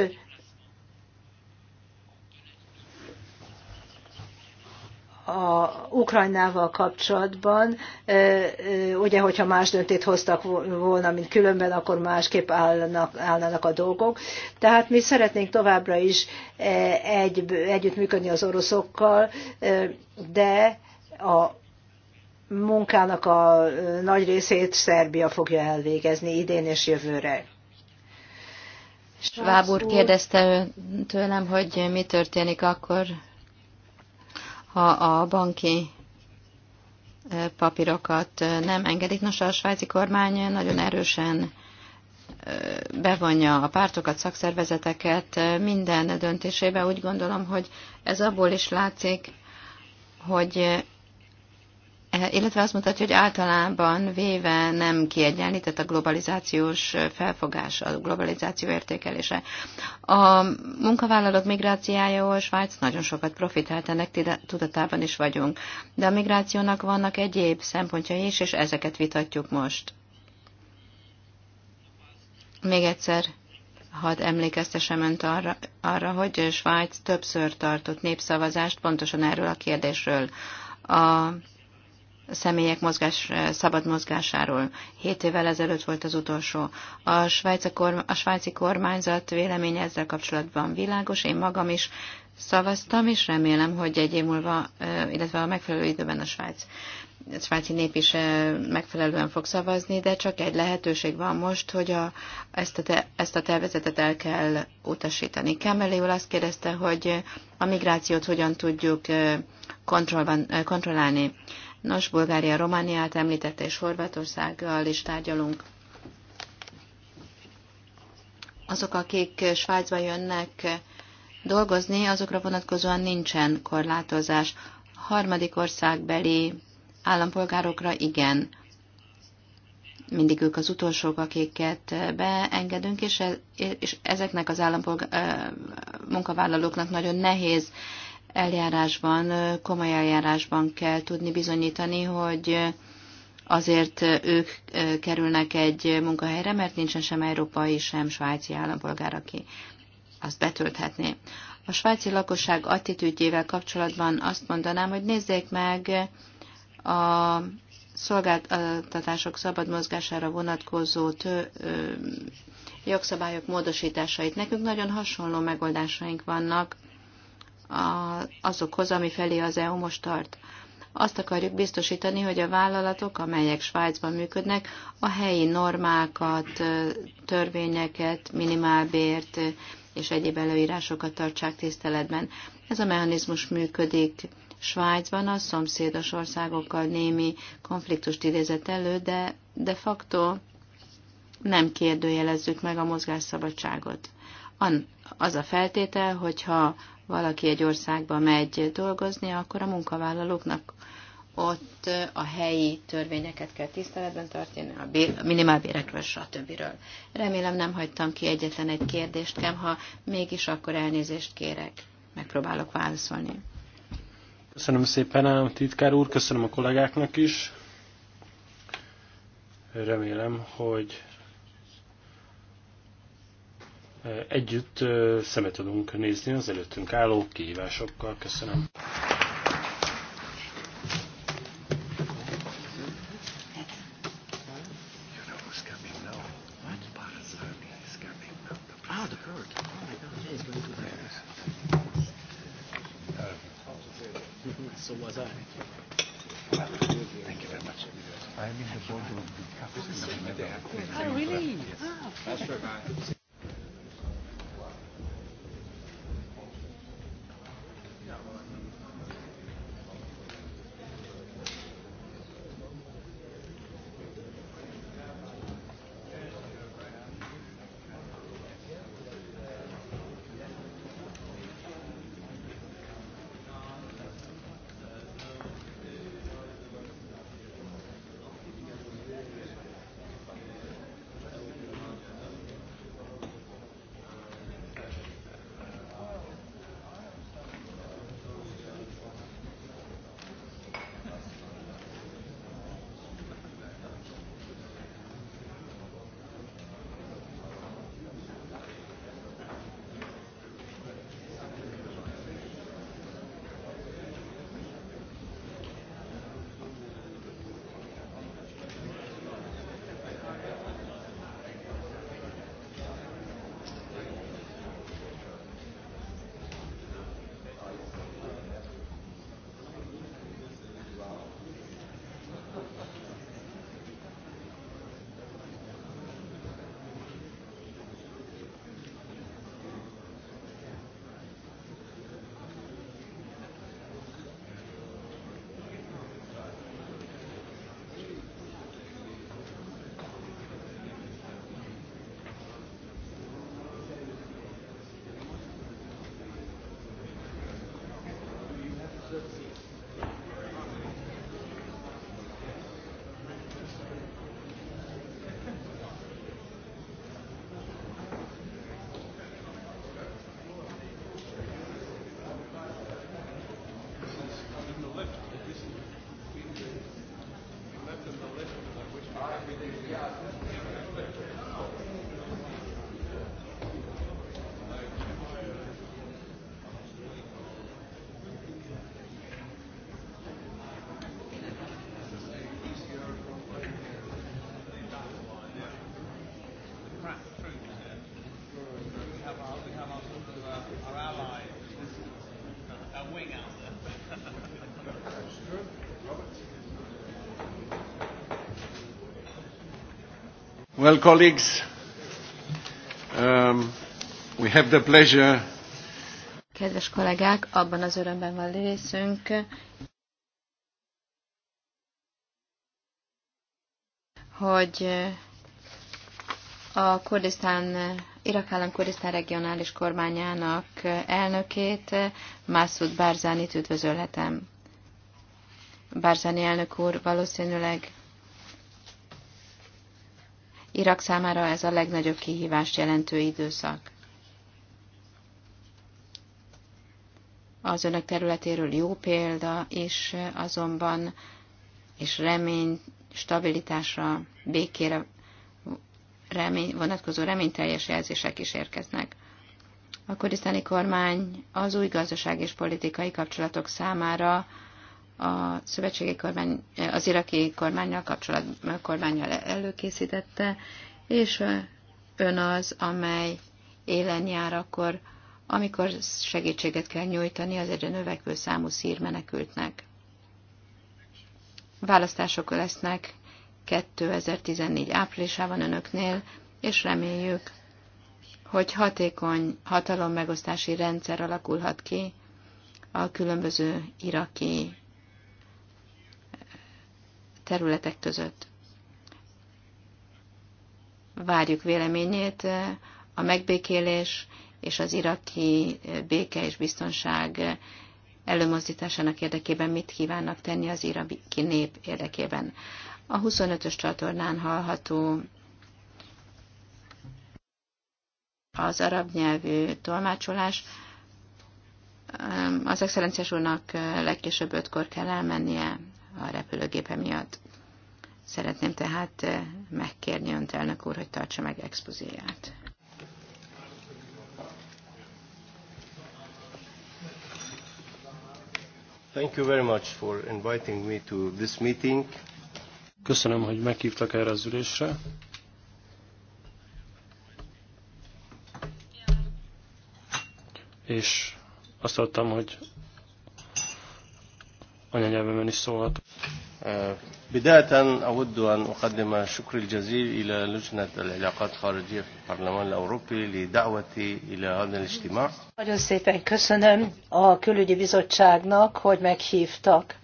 a Ukrajnával kapcsolatban, ugye, hogyha más döntét hoztak volna, mint különben, akkor másképp állnak, állnának a dolgok. Tehát mi szeretnénk továbbra is e, egy, együttműködni az oroszokkal, de a munkának a nagy részét Szerbia fogja elvégezni idén és jövőre. Svábor kérdezte tőlem, hogy mi történik akkor, ha a banki papírokat nem engedik. Nos, a svájci kormány nagyon erősen bevonja a pártokat, szakszervezeteket minden döntésébe. Úgy gondolom, hogy ez abból is látszik, hogy illetve azt mutatja, hogy általában véve nem kiegyenlített a globalizációs felfogás, a globalizáció értékelése. A munkavállalók a Svájc nagyon sokat profitált, ennek tudatában is vagyunk. De a migrációnak vannak egyéb szempontjai is, és ezeket vitatjuk most. Még egyszer hadd emlékeztesem önt arra, arra, hogy Svájc többször tartott népszavazást pontosan erről a kérdésről. A személyek mozgás, szabad mozgásáról. Hét évvel ezelőtt volt az utolsó. A svájci, korm, a svájci kormányzat véleménye ezzel kapcsolatban világos, én magam is szavaztam, és remélem, hogy egy év múlva, illetve a megfelelő időben a Svájc a svájci nép is megfelelően fog szavazni, de csak egy lehetőség van most, hogy a, ezt, a te, ezt a tervezetet el kell utasítani. Kemeli azt kérdezte, hogy a migrációt hogyan tudjuk kontrollban, kontrollálni. Nos, Bulgária, Romániát említette, és Horvátországgal is tárgyalunk. Azok, akik Svájcba jönnek dolgozni, azokra vonatkozóan nincsen korlátozás. Harmadik országbeli állampolgárokra igen. Mindig ők az utolsók, akiket beengedünk, és, e- ezeknek az állampolgár munkavállalóknak nagyon nehéz eljárásban, komoly eljárásban kell tudni bizonyítani, hogy azért ők kerülnek egy munkahelyre, mert nincsen sem európai, sem svájci állampolgár, aki azt betölthetné. A svájci lakosság attitűdjével kapcsolatban azt mondanám, hogy nézzék meg a szolgáltatások szabad mozgására vonatkozó tő, ö, jogszabályok módosításait. Nekünk nagyon hasonló megoldásaink vannak a, azokhoz, ami felé az EU most tart. Azt akarjuk biztosítani, hogy a vállalatok, amelyek Svájcban működnek, a helyi normákat, törvényeket, minimálbért és egyéb előírásokat tartsák tiszteletben. Ez a mechanizmus működik. Svájcban a szomszédos országokkal némi konfliktust idézett elő, de de facto nem kérdőjelezzük meg a mozgásszabadságot. Az a feltétel, hogyha valaki egy országba megy dolgozni, akkor a munkavállalóknak ott a helyi törvényeket kell tiszteletben tartani, a, minimálbérekről, stb. Remélem nem hagytam ki egyetlen egy kérdést, kem, ha mégis, akkor elnézést kérek. Megpróbálok válaszolni. Köszönöm szépen, a titkár úr, köszönöm a kollégáknak is. Remélem, hogy együtt szemet tudunk nézni az előttünk álló kihívásokkal. Köszönöm. Well, colleagues, um, we have the pleasure. Kedves kollégák, abban az örömben van részünk, hogy uh, a Kurdisztán, Irak állam Kurdisztán regionális kormányának elnökét, Massoud Barzánit üdvözölhetem. Barzani elnök úr valószínűleg Irak számára ez a legnagyobb kihívást jelentő időszak. Az önök területéről jó példa, és azonban és remény, stabilitásra, békére remény, vonatkozó reményteljes jelzések is érkeznek. A kurdisztáni kormány az új gazdaság és politikai kapcsolatok számára a szövetségi kormány, az iraki kormányjal kapcsolatban kormányjal előkészítette, és ön az, amely élen jár akkor, amikor segítséget kell nyújtani az egyre növekvő számú szír menekültnek. Választások lesznek 2014 áprilisában önöknél, és reméljük, hogy hatékony hatalommegosztási rendszer alakulhat ki a különböző iraki területek között. Várjuk véleményét eh, a megbékélés és az iraki eh, béke és biztonság eh, előmozdításának érdekében mit kívánnak tenni az iraki nép érdekében. A 25-ös csatornán hallható az arab nyelvű tolmácsolás. Az excellenciás úrnak legkésőbb ötkor kell elmennie a repülőgépe miatt. Szeretném tehát eh, megkérni önt, elnök úr, hogy tartsa meg expozíját. Thank you very much for inviting me to this meeting. Köszönöm, hogy meghívtak erre az ülésre. És azt adtam, hogy anyanyelvemen is szólhat. بداية أود أن أقدم الشكر الجزيل إلى لجنة العلاقات الخارجية في البرلمان الأوروبي لدعوتي إلى هذا الاجتماع. Nagyon szépen köszönöm a külügyi bizottságnak, hogy meghívtak.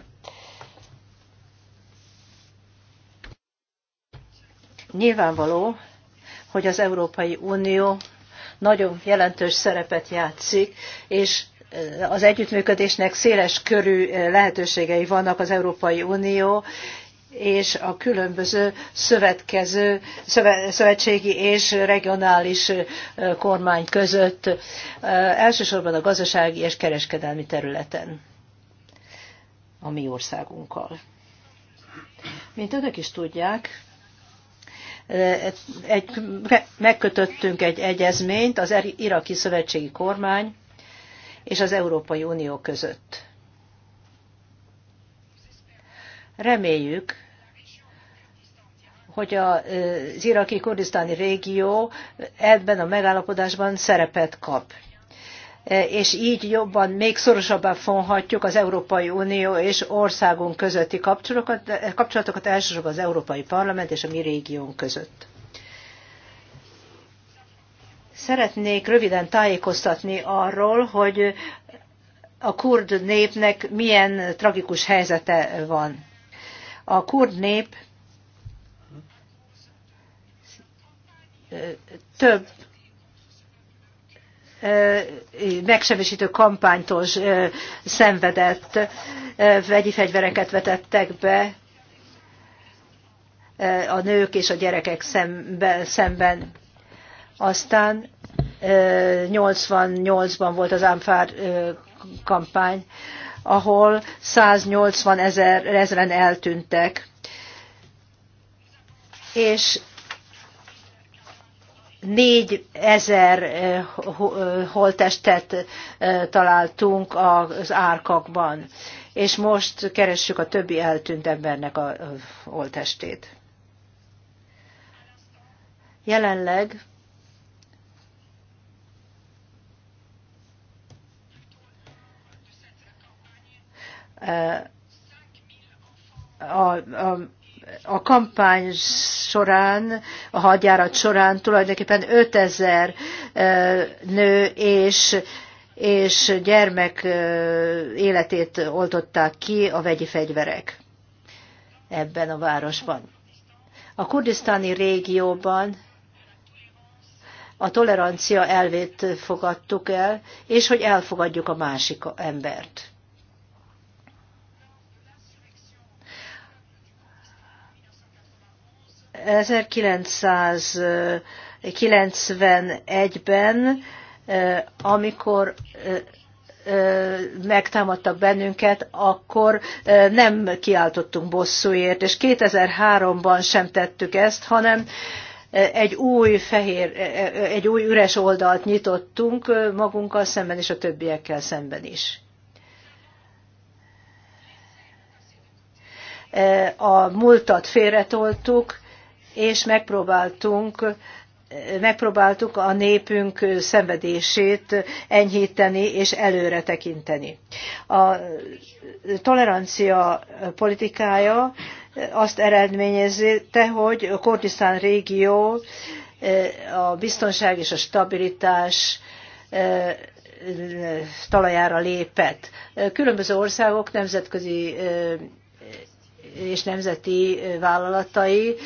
Nyilvánvaló, hogy az Európai Unió nagyon jelentős szerepet játszik, és az együttműködésnek széles körű eh, lehetőségei vannak az Európai Unió és a különböző szövetkező, szövetségi és regionális eh, kormány között, eh, elsősorban a gazdasági és kereskedelmi területen a mi országunkkal. Mint önök is tudják, egy, megkötöttünk egy egyezményt, az er-, iraki szövetségi kormány és az Európai Unió között. Reméljük, hogy az iraki kurdisztáni régió ebben a megállapodásban szerepet kap és így jobban, még szorosabban fonhatjuk az Európai Unió és országunk közötti kapcsolatokat, kapcsolatokat elsősorban az Európai Parlament és a mi régiónk között. Szeretnék röviden tájékoztatni arról, hogy a kurd népnek milyen tragikus helyzete van. A kurd nép több megsebesítő kampánytól szenvedett, vegyi fegyvereket vetettek be a nők és a gyerekek szemben aztán 88-ban volt az Ámfár kampány, ahol 180 ezer, ezeren eltűntek. És 4 ezer holttestet találtunk az árkakban, és most keressük a többi eltűnt embernek a holttestét. Jelenleg a, a, a kampány során, a hadjárat során tulajdonképpen 5000 e, nő és, és gyermek e, életét oltották ki a vegyi fegyverek ebben a városban. A kurdisztáni régióban a tolerancia elvét fogadtuk el, és hogy elfogadjuk a másik embert. 1991-ben, eh, amikor eh, eh, megtámadtak bennünket, akkor nem kiáltottunk bosszúért, és 2003-ban sem tettük ezt, hanem egy új fehér, egy új üres oldalt nyitottunk magunkkal szemben és a többiekkel szemben is. A múltat félretoltuk, és megpróbáltunk megpróbáltuk a népünk szenvedését enyhíteni és előre tekinteni. A tolerancia politikája azt eredményezte, hogy a Kurdisztán régió a biztonság és a stabilitás e, talajára lépett. Különböző országok nemzetközi e, és nemzeti vállalatai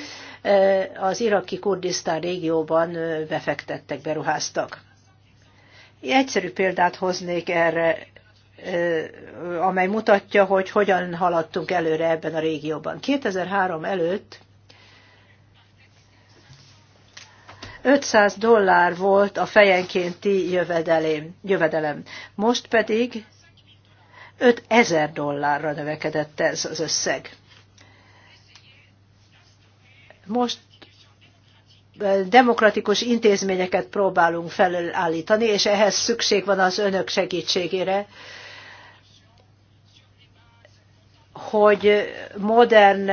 Eh, az iraki Kurdisztán régióban eh, befektettek, beruháztak. Egyszerű példát hoznék erre, eh, amely mutatja, hogy hogyan haladtunk előre ebben a régióban. 2003 előtt 500 dollár volt a fejenkénti jövedelem, jövedelem. Most pedig 5000 dollárra növekedett ez az összeg. Most demokratikus intézményeket próbálunk felállítani, és ehhez szükség van az önök segítségére, hogy modern,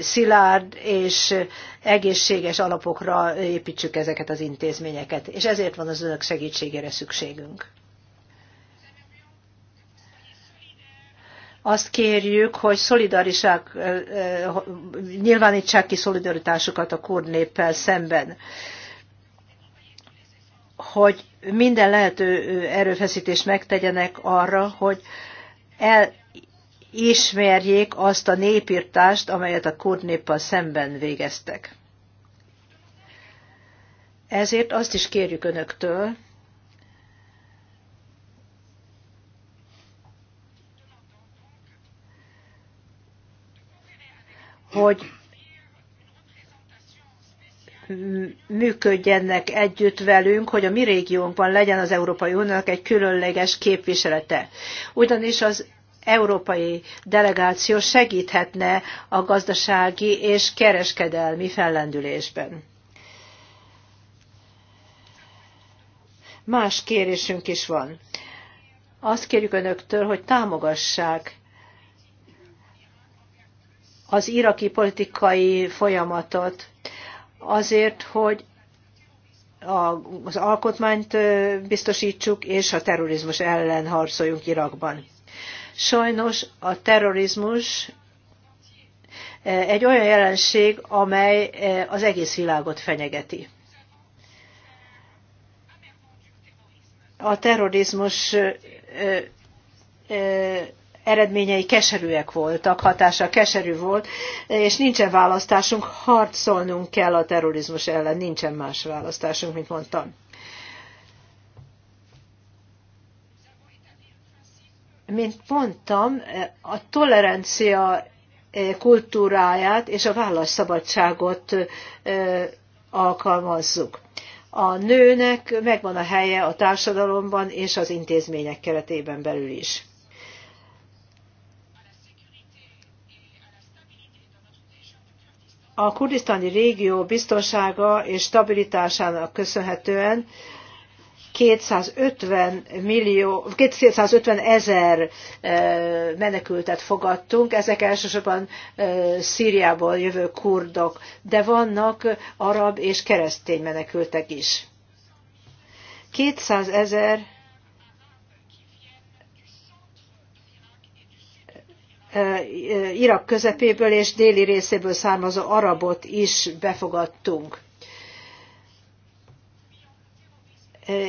szilárd és egészséges alapokra építsük ezeket az intézményeket, és ezért van az önök segítségére szükségünk. azt kérjük, hogy szolidarisák, nyilvánítsák ki szolidaritásukat a kurd néppel szemben hogy minden lehető erőfeszítést megtegyenek arra, hogy elismerjék azt a népírtást, amelyet a kurd néppel szemben végeztek. Ezért azt is kérjük önöktől, hogy működjenek együtt velünk, hogy a mi régiónkban legyen az Európai Uniónak egy különleges képviselete. Ugyanis az európai delegáció segíthetne a gazdasági és kereskedelmi fellendülésben. Más kérésünk is van. Azt kérjük önöktől, hogy támogassák az iraki politikai folyamatot, azért, hogy az alkotmányt biztosítsuk, és a terrorizmus ellen harcoljunk Irakban. Sajnos a terrorizmus egy olyan jelenség, amely az egész világot fenyegeti. A terrorizmus eredményei keserűek voltak, hatása keserű volt, és nincsen választásunk, harcolnunk kell a terrorizmus ellen, nincsen más választásunk, mint mondtam. Mint mondtam, a tolerancia eh, kultúráját és a válaszszabadságot eh, alkalmazzuk. A nőnek megvan a helye a társadalomban és az intézmények keretében belül is. A kurdisztáni régió biztonsága és stabilitásának köszönhetően 250 millió, 250 ezer e, menekültet fogadtunk, ezek elsősorban e, Szíriából jövő kurdok, de vannak arab és keresztény menekültek is. 200 ezer Irak közepéből és déli részéből származó arabot is befogadtunk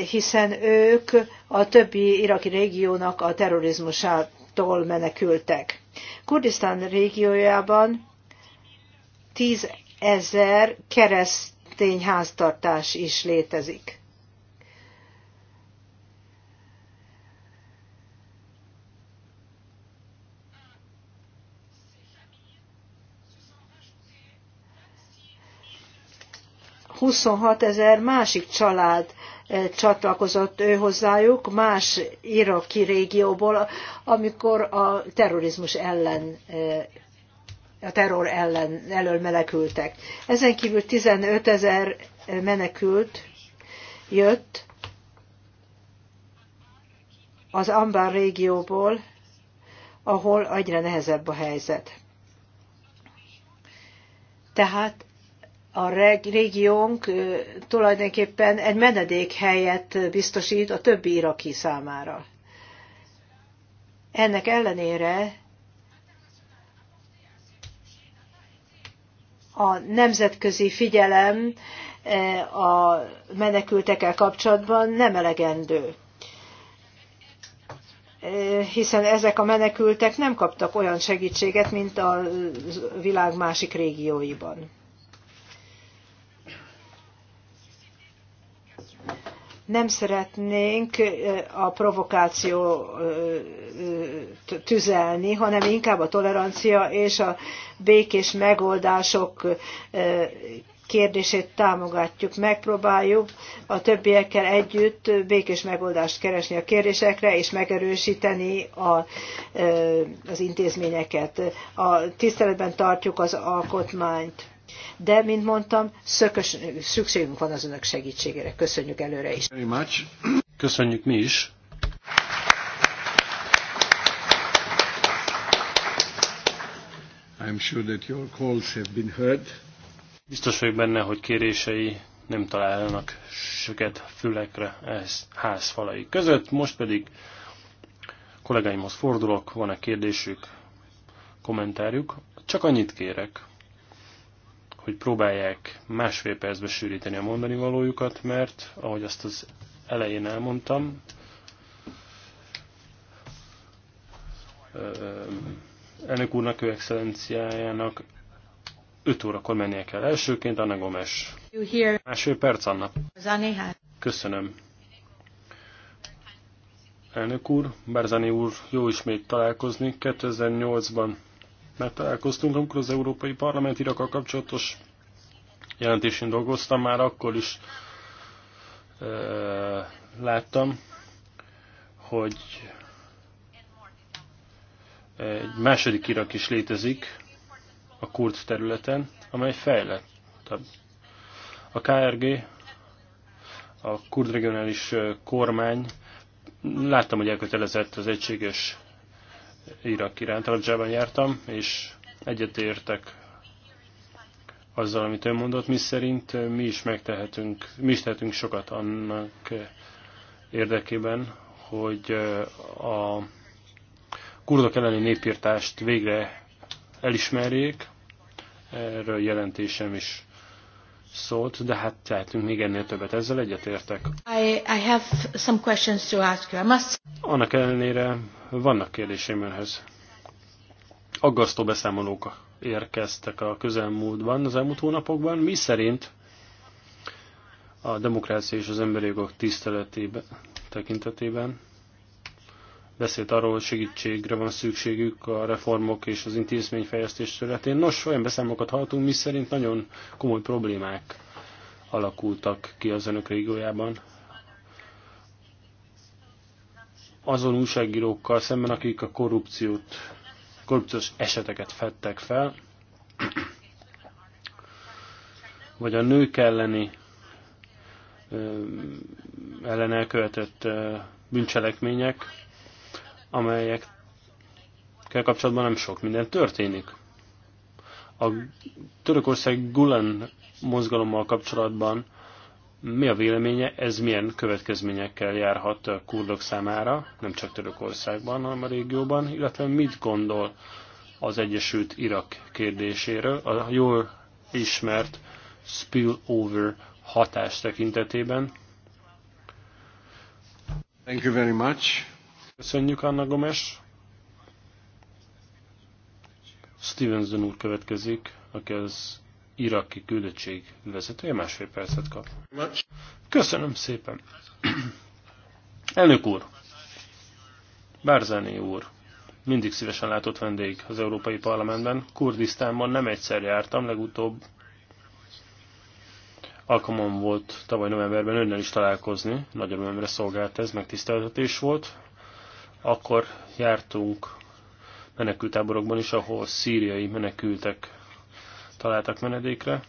hiszen ők a többi iraki régiónak a terrorizmusától menekültek. Kurdisztán régiójában 10 ezer keresztény háztartás is létezik. 26 ezer másik család eh, csatlakozott ő hozzájuk más iraki régióból, amikor a terrorizmus ellen eh, a terror ellen elől menekültek. Ezen kívül 15 ezer eh, menekült jött az Ambar régióból, ahol egyre nehezebb a helyzet. Tehát a régiónk tulajdonképpen egy menedékhelyet biztosít a többi iraki számára. Ennek ellenére a nemzetközi figyelem e, a menekültekkel kapcsolatban nem elegendő e, hiszen ezek a menekültek nem kaptak olyan segítséget, mint a világ másik régióiban. Nem szeretnénk a provokáció tüzelni, hanem inkább a tolerancia és a békés megoldások kérdését támogatjuk. Megpróbáljuk a többiekkel együtt békés megoldást keresni a kérdésekre, és megerősíteni a, az intézményeket. A tiszteletben tartjuk az alkotmányt de, mint mondtam, szökös, szükségünk van az önök segítségére. Köszönjük előre is. Köszönjük mi is. I'm sure that your calls have been heard. Biztos vagyok benne, hogy kérései nem találnak süket fülekre ez ház falai között. Most pedig kollégáimhoz fordulok, van-e kérdésük, kommentárjuk. Csak annyit kérek, hogy próbálják másfél percbe sűríteni a mondani valójukat, mert ahogy azt az elején elmondtam, elnök úrnak, ő excellenciájának 5 órakor mennie kell. Elsőként Anna Gomes. Másfél perc, Anna. Hát. Köszönöm. Elnök úr, Berzani úr, jó ismét találkozni. 2008-ban mert találkoztunk, amikor az Európai Parlament Irakkal kapcsolatos jelentésén dolgoztam, már akkor is e, láttam, hogy egy második Irak is létezik a kurd területen, amely fejlettebb. A KRG, a kurd regionális kormány, láttam, hogy elkötelezett az egységes Irak iránt. Aradzsában jártam, és egyetértek azzal, amit ön mondott, mi szerint mi is megtehetünk, mi is tehetünk sokat annak érdekében, hogy a kurdok elleni népírtást végre elismerjék, erről jelentésem is szólt, de hát tehetünk még ennél többet. Ezzel egyetértek. I, I have some questions to ask you. I must... Annak ellenére vannak kérdéseim önhöz. Aggasztó beszámolók érkeztek a közelmúltban, az elmúlt hónapokban, mi szerint a demokrácia és az emberi jogok tiszteletében tekintetében beszélt arról, hogy segítségre van szükségük a reformok és az intézményfejlesztés területén. Nos, olyan beszámokat hallottunk, mi szerint nagyon komoly problémák alakultak ki az önök régiójában. Azon újságírókkal szemben, akik a korrupciót, korrupciós eseteket fettek fel, vagy a nők elleni ellen elkövetett bűncselekmények amelyekkel kapcsolatban nem sok minden történik. A Törökország Gulen mozgalommal kapcsolatban mi a véleménye, ez milyen következményekkel járhat a kurdok számára, nem csak Törökországban, hanem a régióban, illetve mit gondol az Egyesült Irak kérdéséről, a jól ismert spillover hatás tekintetében. Thank you very much. Köszönjük, Anna Gomes. Stevenson úr következik, aki az iraki küldöttség vezetője, másfél percet kap. Köszönöm szépen. Elnök úr, Bárzáné úr, mindig szívesen látott vendég az Európai Parlamentben. Kurdisztánban nem egyszer jártam, legutóbb alkalmam volt tavaly novemberben önnel is találkozni. Nagyon örömre szolgált ez, megtiszteltetés volt. Akkor jártunk menekültáborokban is, ahol szíriai menekültek találtak menedékre.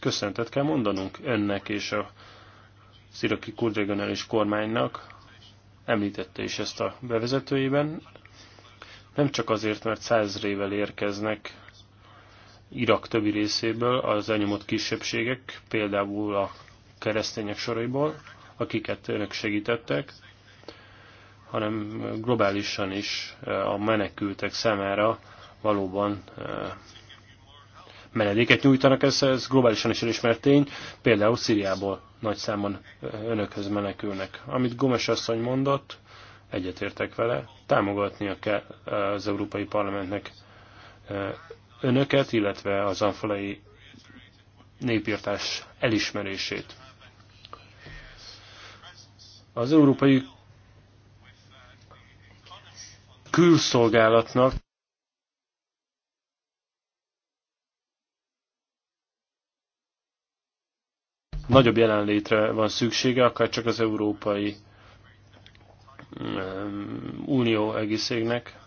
Köszöntet kell mondanunk önnek és a sziraki kurdregionális kormánynak, említette is ezt a bevezetőjében, nem csak azért, mert százrével érkeznek Irak többi részéből az elnyomott kisebbségek, például a keresztények soraiból, akiket önök segítettek, hanem globálisan is eh, a menekültek számára valóban eh, menedéket nyújtanak, ez, ez globálisan is elismert tény, például Szíriából nagy számon eh, önökhöz menekülnek. Amit Gomes asszony mondott, egyetértek vele, támogatnia kell az Európai Parlamentnek önöket, illetve az anfalai népírtás elismerését. Az Európai külszolgálatnak nagyobb jelenlétre van szüksége, akár csak az Európai Unió egészségnek.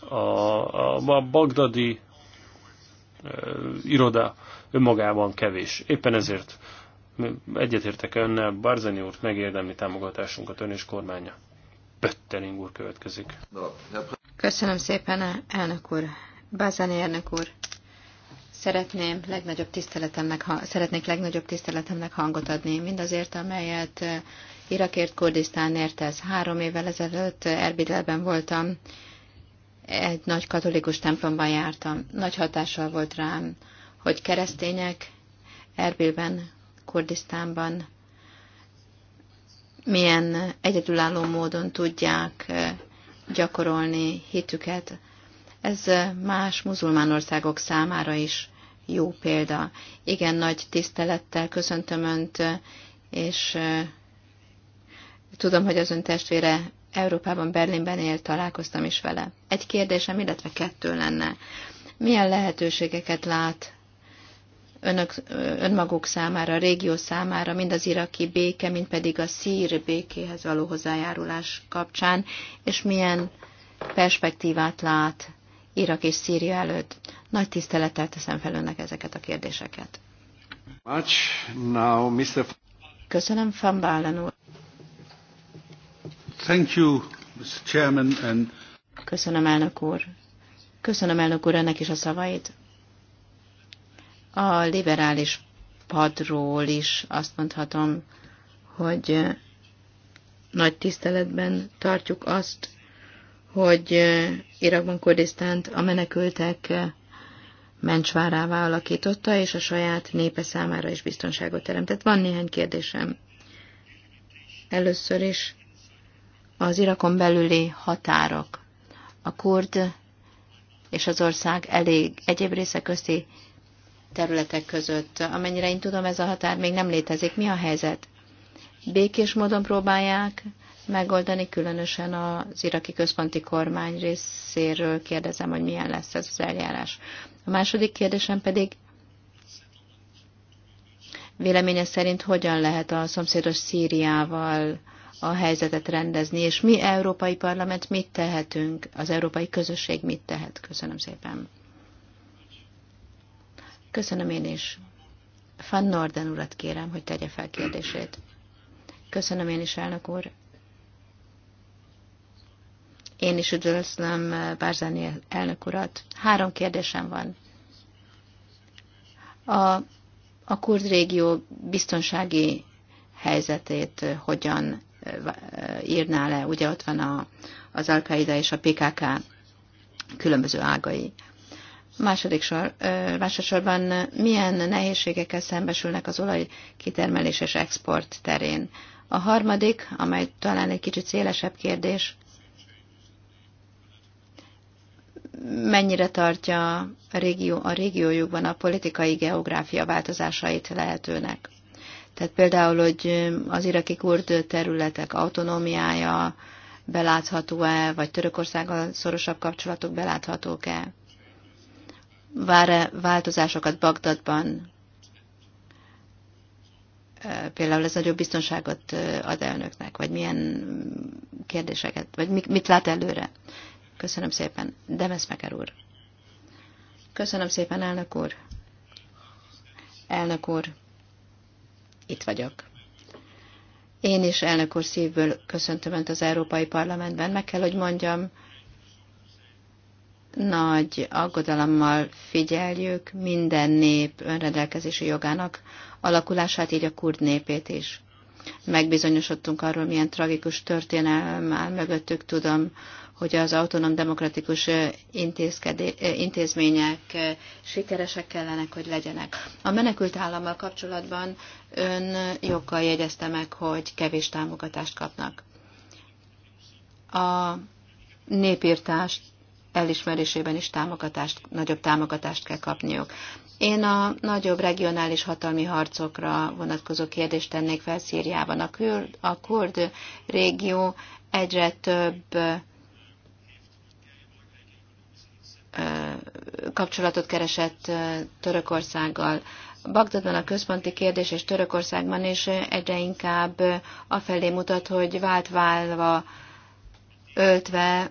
A, a, a bagdadi e, iroda önmagában kevés. Éppen ezért egyetértek önnel, Barzani úr megérdemli támogatásunkat ön és kormánya. Pöttering úr következik. Köszönöm szépen, elnök úr. Bázani elnök úr. Szeretném legnagyobb tiszteletemnek, szeretnék legnagyobb tiszteletemnek hangot adni, mindazért, amelyet eh, Irakért, Kurdisztánért ez három évvel ezelőtt Erbidelben voltam, egy nagy katolikus templomban jártam. Nagy hatással volt rám, hogy keresztények Erbilben, Kurdisztánban milyen egyedülálló módon tudják eh, gyakorolni hitüket. Ez eh, más muzulmán országok számára is jó példa. Igen, nagy tisztelettel köszöntöm Önt, eh, és tudom, hogy az Ön testvére Európában, Berlinben él, találkoztam is vele. Egy kérdésem, illetve kettő lenne. Milyen lehetőségeket lát önök, önmaguk számára, a régió számára, mind az iraki béke, mind pedig a szír békéhez való hozzájárulás kapcsán, és milyen perspektívát lát Irak és Szíria előtt. Nagy tisztelettel teszem fel önnek ezeket a kérdéseket. Köszönöm, Van Balen úr. Thank you, Mr. Chairman, and... Köszönöm, elnök úr. Köszönöm, elnök úr, ennek is a szavait. A liberális padról is azt mondhatom, hogy nagy tiszteletben tartjuk azt, hogy Irakban Kurdisztánt a menekültek mencsvárává alakította, és a saját népe számára is biztonságot teremtett. Van néhány kérdésem. Először is az Irakon belüli határok. A kurd és az ország elég egyéb része közti területek között. Amennyire én tudom, ez a határ még nem létezik. Mi a helyzet? Békés módon próbálják megoldani, különösen az iraki központi kormány részéről kérdezem, hogy milyen lesz ez az eljárás. A második kérdésem pedig, véleménye szerint hogyan lehet a szomszédos Szíriával a helyzetet rendezni, és mi Európai Parlament mit tehetünk, az Európai Közösség mit tehet. Köszönöm szépen. Köszönöm én is. Van Norden urat kérem, hogy tegye fel kérdését. Köszönöm én is, elnök úr. Én is üdvözlöm eh, Bárzáni elnök urat. Három kérdésem van. A, a kurd régió biztonsági helyzetét eh, hogyan eh, írná le? Ugye ott van a, az al és a PKK különböző ágai. Második sor, másodszorban milyen nehézségekkel szembesülnek az olaj kitermelés és export terén? A harmadik, amely talán egy kicsit szélesebb kérdés, mennyire tartja a, régió, a régiójukban a politikai geográfia változásait lehetőnek? Tehát például, hogy az iraki kurd területek autonómiája belátható-e, vagy Törökországgal szorosabb kapcsolatok beláthatók-e? vár-e változásokat Bagdadban? Például ez nagyobb biztonságot ad elnöknek, vagy milyen kérdéseket, vagy mit lát előre? Köszönöm szépen. Demes Meker úr. Köszönöm szépen, elnök úr. Elnök úr, itt vagyok. Én is elnök úr szívből köszöntöm Önt az Európai Parlamentben. Meg kell, hogy mondjam, nagy aggodalommal figyeljük minden nép önrendelkezési jogának alakulását, így a kurd népét is. Megbizonyosodtunk arról, milyen tragikus történelem áll mögöttük, tudom, hogy az autonóm demokratikus intézmények sikeresek kellenek, hogy legyenek. A menekült állammal kapcsolatban ön joggal jegyezte meg, hogy kevés támogatást kapnak. A népírtást elismerésében is támogatást, nagyobb támogatást kell kapniuk. Én a nagyobb regionális hatalmi harcokra vonatkozó kérdést tennék fel Szíriában. A kurd, a kurd régió egyre több kapcsolatot keresett Törökországgal. Bagdadban a központi kérdés, és Törökországban is egyre inkább afelé mutat, hogy vált válva, öltve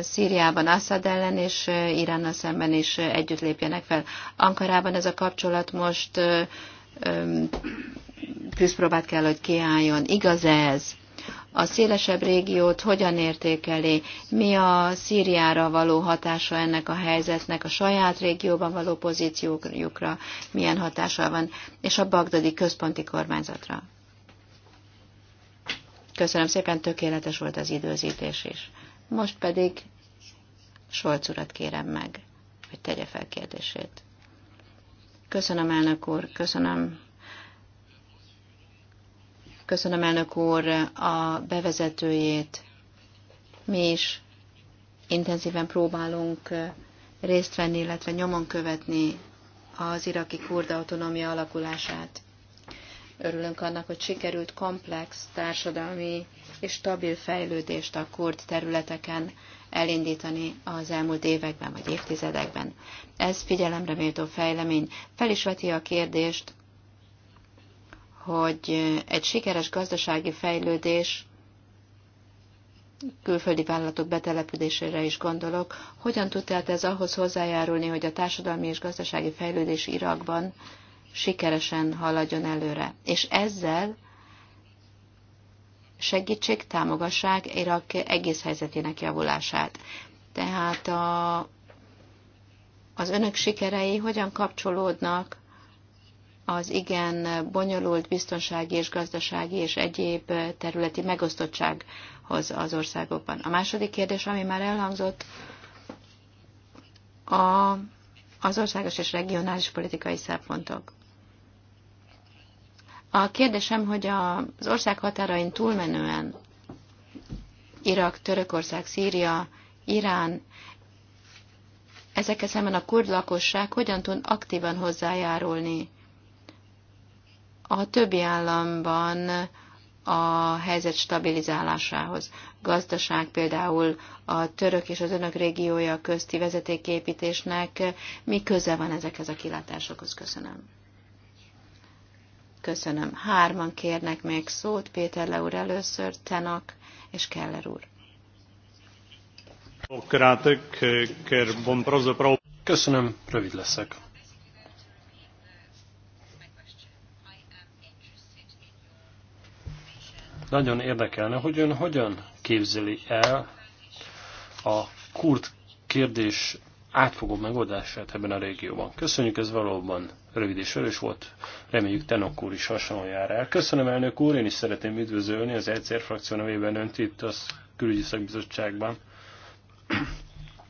Szíriában Assad ellen és Iránnal szemben is együtt lépjenek fel. Ankarában ez a kapcsolat most tűzpróbát kell, hogy kiálljon. Igaz ez? A szélesebb régiót hogyan értékeli? Mi a Szíriára való hatása ennek a helyzetnek, a saját régióban való pozíciójukra? milyen hatása van, és a bagdadi központi kormányzatra? Köszönöm szépen, tökéletes volt az időzítés is. Most pedig Solc urat kérem meg, hogy tegye fel kérdését. Köszönöm, elnök úr, köszönöm. Köszönöm, elnök úr, a bevezetőjét. Mi is intenzíven próbálunk részt venni, illetve nyomon követni az iraki kurda autonómia alakulását. Örülünk annak, hogy sikerült komplex társadalmi és stabil fejlődést a kurd területeken elindítani az elmúlt években vagy évtizedekben. Ez figyelemre méltó fejlemény. Fel is veti a kérdést, hogy egy sikeres gazdasági fejlődés külföldi vállalatok betelepülésére is gondolok, hogyan tud tehát ez ahhoz hozzájárulni, hogy a társadalmi és gazdasági fejlődés Irakban sikeresen haladjon előre. És ezzel segítség, támogassák Irak egész helyzetének javulását. Tehát a, az önök sikerei hogyan kapcsolódnak az igen bonyolult biztonsági és gazdasági és egyéb területi megosztottsághoz az országokban. A második kérdés, ami már elhangzott, a, az országos és regionális politikai szempontok. A kérdésem, hogy az ország határain túlmenően Irak, Törökország, Szíria, Irán, ezekkel szemben a kurd lakosság hogyan tud aktívan hozzájárulni a többi államban a helyzet stabilizálásához. Gazdaság például a török és az önök régiója közti vezetéképítésnek mi köze van ezekhez a kilátásokhoz? Köszönöm. Köszönöm. Hárman kérnek még szót, Péter Leúr úr először, Tenak és Keller úr. Köszönöm, rövid leszek. Nagyon érdekelne, hogy ön hogyan képzeli el a kurd kérdés átfogó megoldását ebben a régióban. Köszönjük, ez valóban rövid és erős volt. Reméljük Tenok úr is hasonló jár el. Köszönöm elnök úr, én is szeretném üdvözölni az ECR frakció nevében önt itt a külügyi szakbizottságban.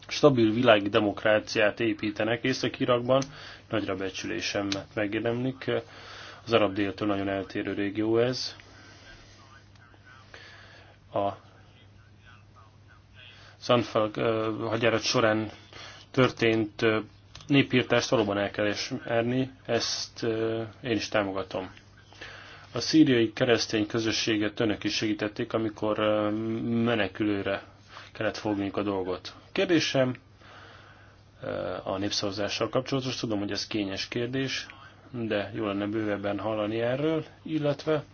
Stabil világi demokráciát építenek Észak-Irakban, nagyra becsülésemet megérdemlik. Az arab déltől nagyon eltérő régió ez. A Sanfal eh, hagyárat során történt eh, népírtást valóban el kell ismerni, ezt én is támogatom. A szíriai keresztény közösséget önök is segítették, amikor menekülőre kellett fogniuk a dolgot. Kérdésem a népszavazással kapcsolatos, tudom, hogy ez kényes kérdés, de jó lenne bővebben hallani erről, illetve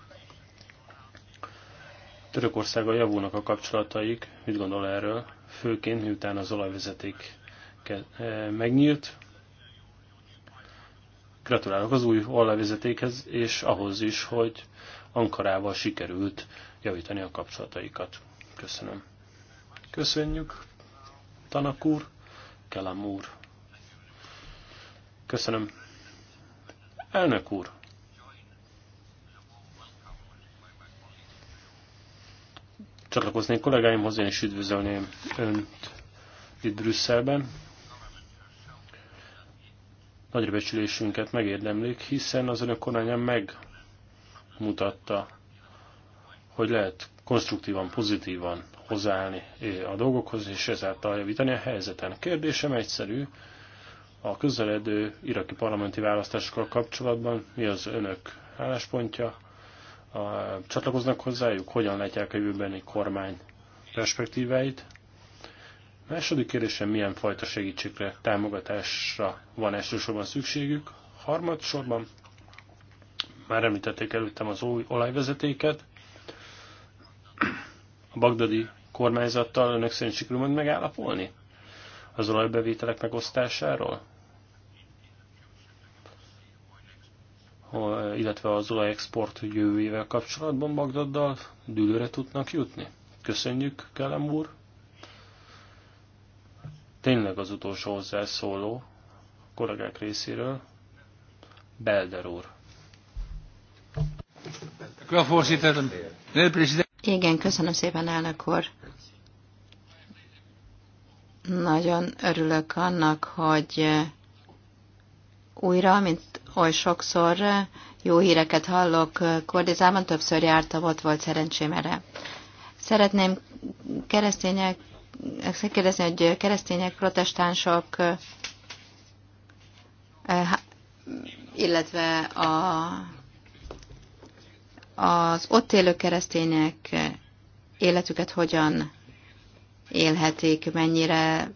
Törökországgal javulnak a kapcsolataik, mit gondol erről, főként miután az olajvezeték megnyílt, Gratulálok az új olajvezetékhez, és ahhoz is, hogy Ankarával sikerült javítani a kapcsolataikat. Köszönöm. Köszönjük, Tanak úr, Kelem úr. Köszönöm. Elnök úr. Csatlakoznék kollégáimhoz, én is üdvözölném önt itt Brüsszelben nagyrebecsülésünket megérdemlik, hiszen az önök kormánya megmutatta, hogy lehet konstruktívan, pozitívan hozzáállni eh, a dolgokhoz, és ezáltal javítani a helyzeten. Kérdésem egyszerű, a közeledő iraki parlamenti választásokkal kapcsolatban mi az önök álláspontja, a, csatlakoznak hozzájuk, hogyan látják a jövőbeni kormány perspektíváit, a második kérdésem, milyen fajta segítségre, támogatásra van elsősorban szükségük? Harmadsorban, már említették előttem az új olajvezetéket, a bagdadi kormányzattal önök szerint sikerül majd megállapolni az olajbevételek megosztásáról? illetve az olajexport jövőjével kapcsolatban Bagdaddal dűlőre tudnak jutni. Köszönjük, Kellem úr! tényleg az utolsó hozzászóló a kollégák részéről, Belder úr. Igen, köszönöm szépen, elnök úr. Nagyon örülök annak, hogy újra, mint oly sokszor, jó híreket hallok. Kordizában többször jártam, ott volt szerencsém erre. Szeretném keresztények kérdezni, hogy keresztények, protestánsok, eh, illetve a, az ott élő keresztények életüket hogyan élhetik, mennyire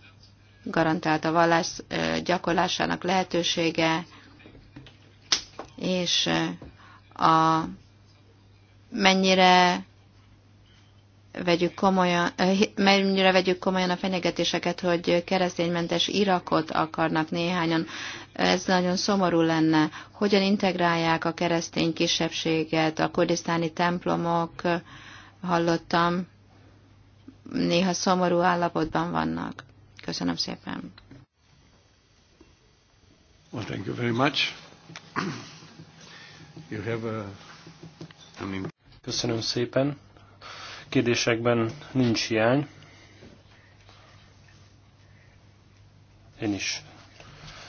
garantált a vallás eh, gyakorlásának lehetősége, és eh, a mennyire vegyük komolyan, eh, mennyire vegyük komolyan a fenyegetéseket, hogy kereszténymentes Irakot akarnak néhányan. Ez nagyon szomorú lenne. Hogyan integrálják a keresztény kisebbséget, a kurdisztáni templomok, eh, hallottam, néha szomorú állapotban vannak. Köszönöm szépen. Well, thank you very much. You have a... Köszönöm szépen kérdésekben nincs hiány. Én is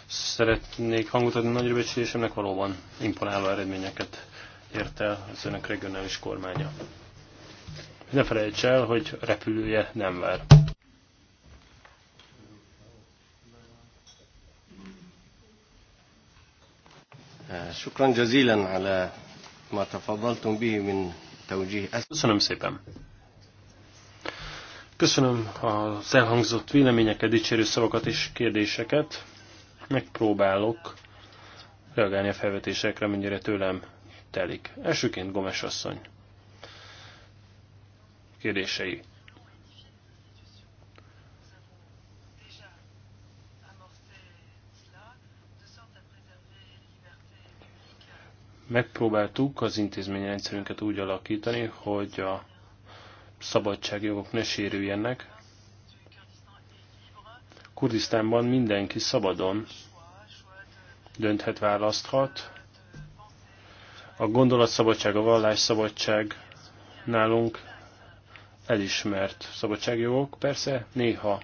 szeretnék hangot adni nagy becsülésemnek, valóban imponáló eredményeket ért el az önök regionális kormánya. Ne felejts el, hogy repülője nem vár. على ما به من توجيه Köszönöm szépen. Köszönöm az elhangzott véleményeket, dicsérő szavakat és kérdéseket. Megpróbálok reagálni a felvetésekre, mennyire tőlem telik. Elsőként Gomes asszony kérdései. Megpróbáltuk az intézményrendszerünket úgy alakítani, hogy a szabadságjogok ne sérüljenek. Kurdisztánban mindenki szabadon dönthet, választhat. A gondolatszabadság, a vallásszabadság nálunk elismert szabadságjogok, persze néha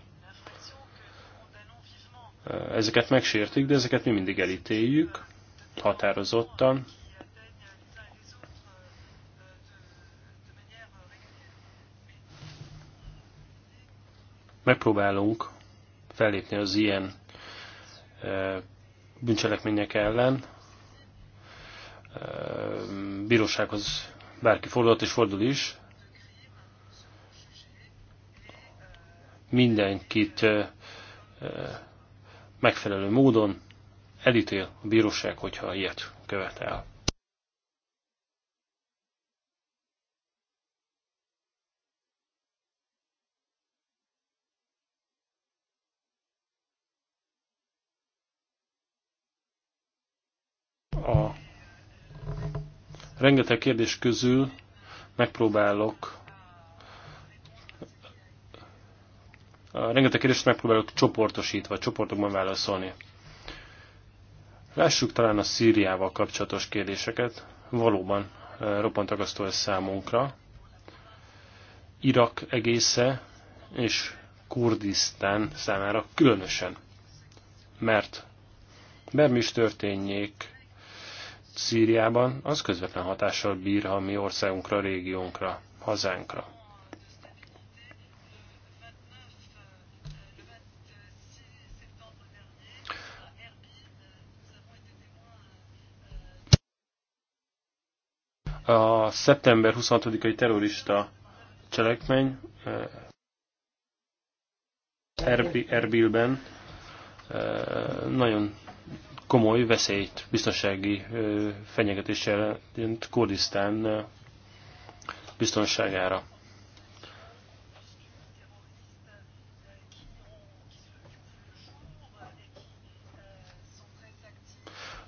eh, ezeket megsértik, de ezeket mi mindig elítéljük határozottan, megpróbálunk fellépni az ilyen bűncselekmények ellen. Bírósághoz bárki fordulhat és fordul is. Mindenkit megfelelő módon elítél a bíróság, hogyha ilyet követ el. A rengeteg kérdés közül megpróbálok a rengeteg kérdést megpróbálok csoportosítva, csoportokban válaszolni. Lássuk talán a Szíriával kapcsolatos kérdéseket. Valóban roppant ez számunkra. Irak egésze és Kurdisztán számára különösen. Mert bármi is történjék, Szíriában, az közvetlen hatással bír a mi országunkra, régiónkra, hazánkra. A szeptember 26-ai terrorista cselekmény eh, Erbilben eh, nagyon komoly veszélyt, biztonsági fenyegetés jelent Kurdisztán biztonságára.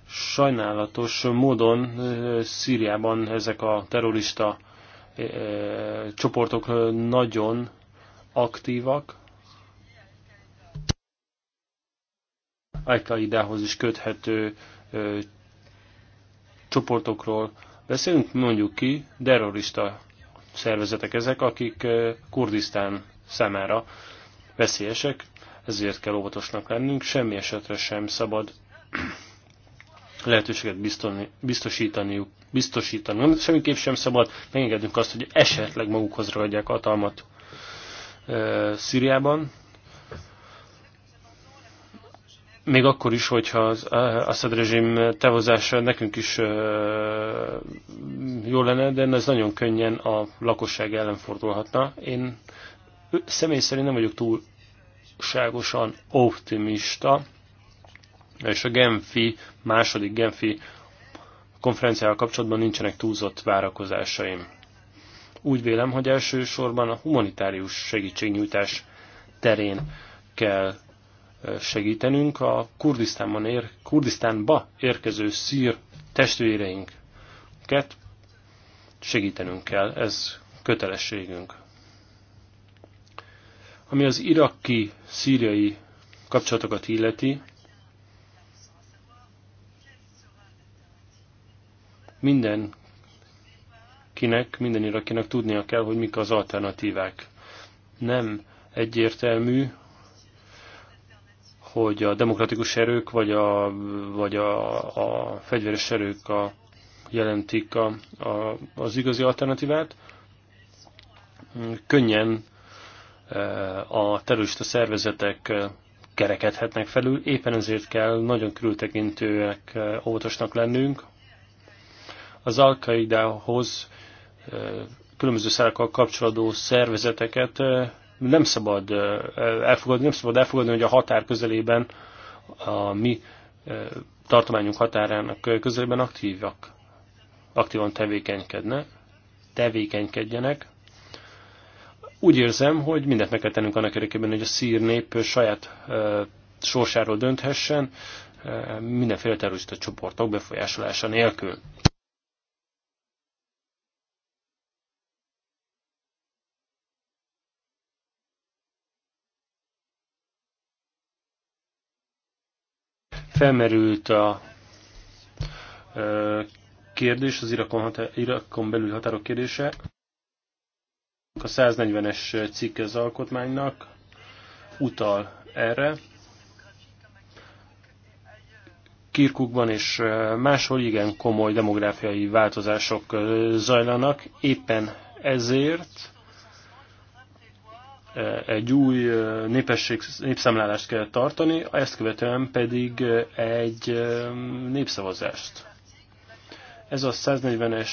Sajnálatos módon Szíriában ezek a terrorista csoportok nagyon aktívak, Al-Qaidához is köthető ö, csoportokról beszélünk, mondjuk ki, terrorista szervezetek ezek, akik ö, Kurdisztán számára veszélyesek, ezért kell óvatosnak lennünk, semmi esetre sem szabad lehetőséget biztosítaniuk, biztosítani, semmiképp sem szabad megengednünk azt, hogy esetleg magukhoz ragadják hatalmat Szíriában, még akkor is, hogyha az eh, Assad rezsim tevozása nekünk is eh, jó lenne, de ez nagyon könnyen a lakosság ellen fordulhatna. Én személy szerint nem vagyok túlságosan optimista, és a Genfi, második Genfi konferenciával kapcsolatban nincsenek túlzott várakozásaim. Úgy vélem, hogy elsősorban a humanitárius segítségnyújtás terén kell segítenünk. A Kurdisztánban ér, Kurdisztánba érkező szír testvéreinket segítenünk kell, ez kötelességünk. Ami az iraki-szíriai kapcsolatokat illeti, minden kinek, minden irakinak tudnia kell, hogy mik az alternatívák. Nem egyértelmű, hogy a demokratikus erők vagy a, vagy a, a fegyveres erők a, jelentik a, a, az igazi alternatívát. Könnyen e, a terrorista szervezetek e, kerekedhetnek felül, éppen ezért kell nagyon körültekintőek, e, óvatosnak lennünk. Az al különböző szárakkal kapcsolódó szervezeteket nem szabad elfogadni, nem szabad elfogadni, hogy a határ közelében a mi tartományunk határának közelében aktívak, aktívan tevékenykedne, tevékenykedjenek. Úgy érzem, hogy mindent meg kell tennünk annak érdekében, hogy a szír nép saját sorsáról dönthessen, mindenféle terrorista csoportok befolyásolása nélkül. Felmerült a kérdés, az Irakon, határ, Irakon belüli határok kérdése. A 140-es cikke az alkotmánynak utal erre. Kirkukban és máshol igen komoly demográfiai változások zajlanak, éppen ezért egy új népesség, népszemlálást kell tartani, ezt követően pedig egy népszavazást. Ez a 140-es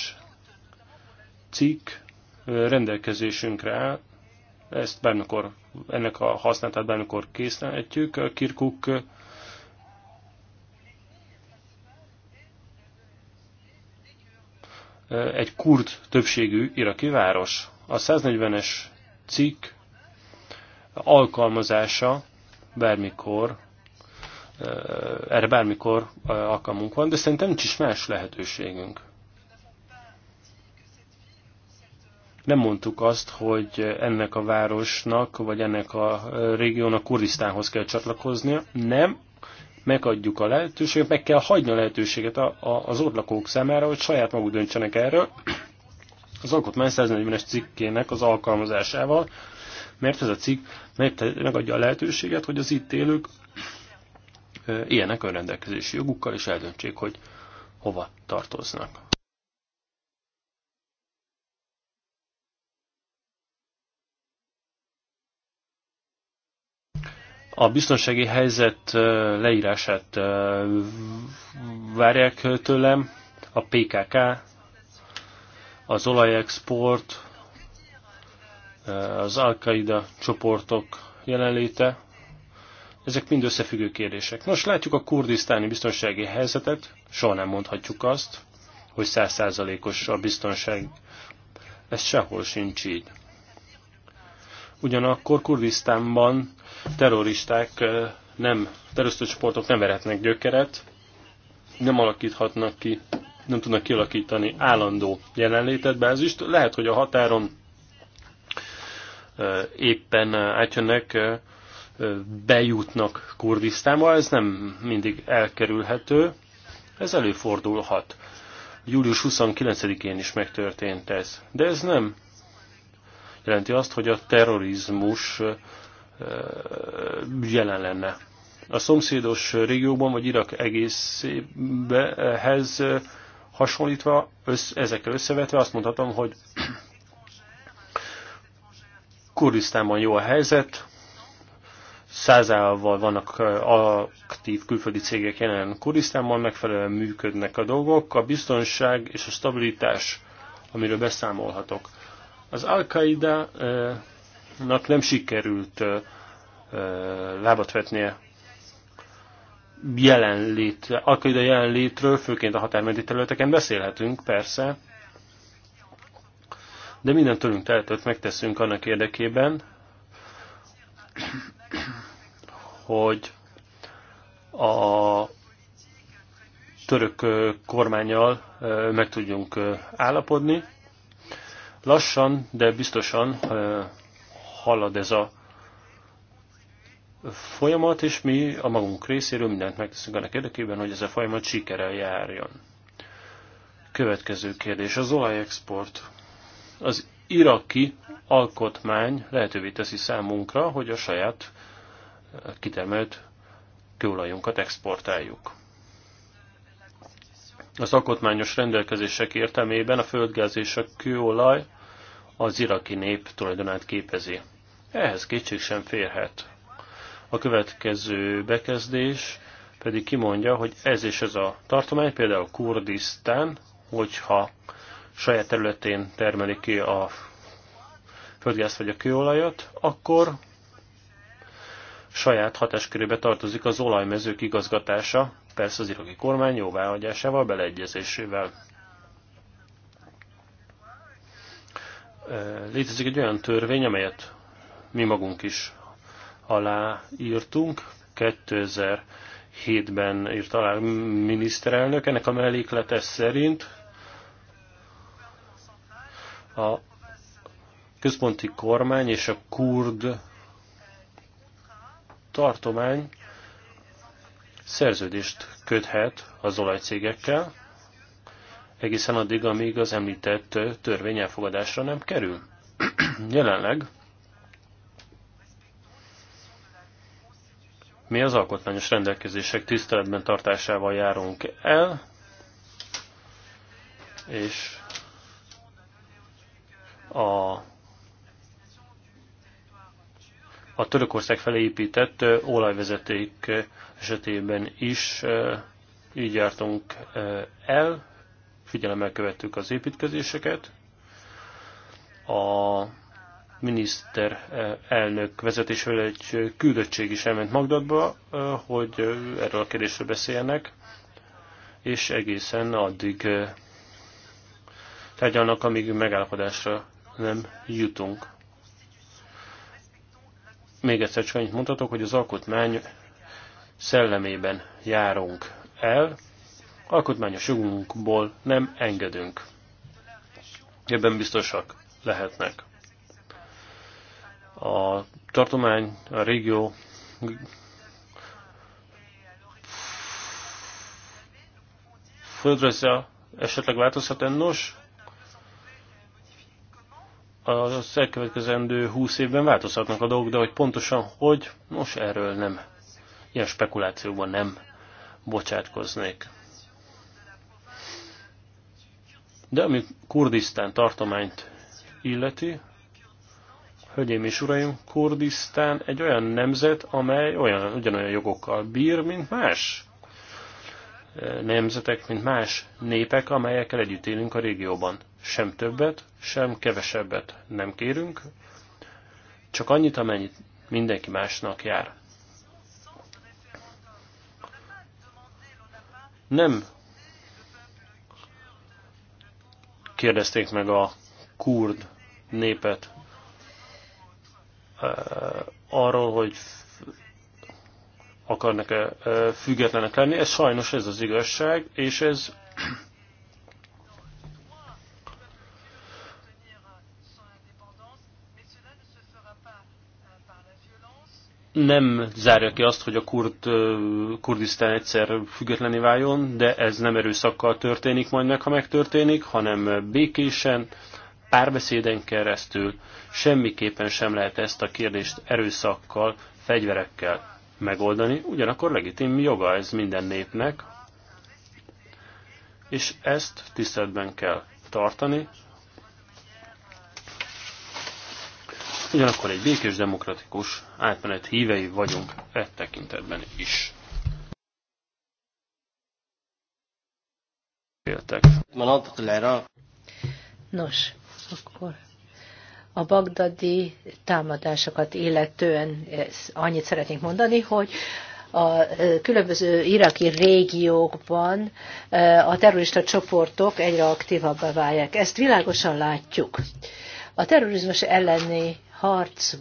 cikk rendelkezésünkre áll, ezt bármikor, ennek a használatát bármikor készítjük. A Kirkuk egy kurd többségű iraki város. A 140-es cikk alkalmazása bármikor, erre bármikor alkalmunk van, de szerintem nincs is más lehetőségünk. Nem mondtuk azt, hogy ennek a városnak, vagy ennek a régiónak Kurdisztánhoz kell csatlakoznia. Nem, megadjuk a lehetőséget, meg kell hagyni a lehetőséget a, a, az orlakók számára, hogy saját maguk döntsenek erről. Az alkotmány 140-es cikkének az alkalmazásával mert ez a cikk megadja a lehetőséget, hogy az itt élők ilyenek önrendelkezési jogukkal, és eldöntsék, hogy hova tartoznak. A biztonsági helyzet leírását várják tőlem, a PKK, az olajexport, az Al-Qaida csoportok jelenléte, ezek mind összefüggő kérdések. Nos, látjuk a kurdisztáni biztonsági helyzetet, soha nem mondhatjuk azt, hogy százszázalékos a biztonság. Ez sehol sincs így. Ugyanakkor Kurdisztánban terroristák nem, terrorista csoportok nem verhetnek gyökeret, nem alakíthatnak ki, nem tudnak kialakítani állandó jelenlétet, bázist. Lehet, hogy a határon éppen átjönnek, bejutnak Kurdisztánba, ez nem mindig elkerülhető, ez előfordulhat. Július 29-én is megtörtént ez. De ez nem jelenti azt, hogy a terrorizmus jelen lenne. A szomszédos régióban, vagy Irak egészhez hasonlítva, össz, ezekkel összevetve azt mondhatom, hogy Kurdisztánban jó a helyzet, százával vannak aktív külföldi cégek jelen Kurdisztánban, megfelelően működnek a dolgok, a biztonság és a stabilitás, amiről beszámolhatok. Az Al-Qaida-nak nem sikerült lábat vetnie jelenlét, Al-Qaida jelenlétről, főként a határmenti területeken beszélhetünk, persze, de minden tőlünk tehetőt megteszünk annak érdekében, hogy a török kormányjal meg tudjunk állapodni. Lassan, de biztosan halad ez a folyamat, és mi a magunk részéről mindent megteszünk annak érdekében, hogy ez a folyamat sikerrel járjon. Következő kérdés, az olajexport. export az iraki alkotmány lehetővé teszi számunkra, hogy a saját eh, kitermelt kőolajunkat exportáljuk. Az alkotmányos rendelkezések értelmében a földgáz és a kőolaj az iraki nép tulajdonát képezi. Ehhez kétség sem férhet. A következő bekezdés pedig kimondja, hogy ez és ez a tartomány, például Kurdisztán, hogyha saját területén termelik ki a földgáz vagy a kőolajat, akkor saját hatáskörébe tartozik az olajmezők igazgatása, persze az iraki kormány jóváhagyásával, beleegyezésével. Létezik egy olyan törvény, amelyet mi magunk is aláírtunk. 2007-ben írt alá miniszterelnök. Ennek a melléklete szerint a központi kormány és a kurd tartomány szerződést köthet az olajcégekkel, egészen addig, amíg az említett törvény elfogadásra nem kerül. Jelenleg mi az alkotmányos rendelkezések tiszteletben tartásával járunk el, és a, a Törökország felé épített olajvezeték esetében is így jártunk el, figyelemmel követtük az építkezéseket. A miniszter elnök vezetésével egy küldöttség is elment Magdadba, hogy erről a kérdésről beszéljenek, és egészen addig tárgyalnak, amíg megállapodásra nem jutunk. Még egyszer csak annyit mutatok, hogy az alkotmány szellemében járunk el, alkotmányos jogunkból nem engedünk. Ebben biztosak lehetnek. A tartomány, a régió földrajza esetleg változhat ennos, az elkövetkezendő húsz évben változhatnak a dolgok, de hogy pontosan hogy, nos erről nem, ilyen spekulációban nem bocsátkoznék. De ami Kurdisztán tartományt illeti, Hölgyeim és Uraim, Kurdisztán egy olyan nemzet, amely olyan, ugyanolyan jogokkal bír, mint más eh, nemzetek, mint más népek, amelyekkel együtt élünk a régióban. Sem többet, sem kevesebbet nem kérünk, csak annyit, amennyit mindenki másnak jár. Nem kérdezték meg a kurd népet eh, arról, hogy akarnak-e eh, függetlenek lenni. Ez sajnos ez az igazság, és ez nem zárja ki azt, hogy a Kurd, Kurdisztán egyszer függetlené váljon, de ez nem erőszakkal történik majd meg, ha megtörténik, hanem békésen, párbeszéden keresztül semmiképpen sem lehet ezt a kérdést erőszakkal, fegyverekkel megoldani. Ugyanakkor legitim joga ez minden népnek, és ezt tiszteletben kell tartani, Ugyanakkor egy békés demokratikus átmenet hívei vagyunk e tekintetben is. Éltek. Nos, akkor a bagdadi támadásokat illetően eh, annyit szeretnénk mondani, hogy a eh, különböző iraki régiókban eh, a terrorista csoportok egyre aktívabbá válják. Ezt világosan látjuk. A terrorizmus elleni harc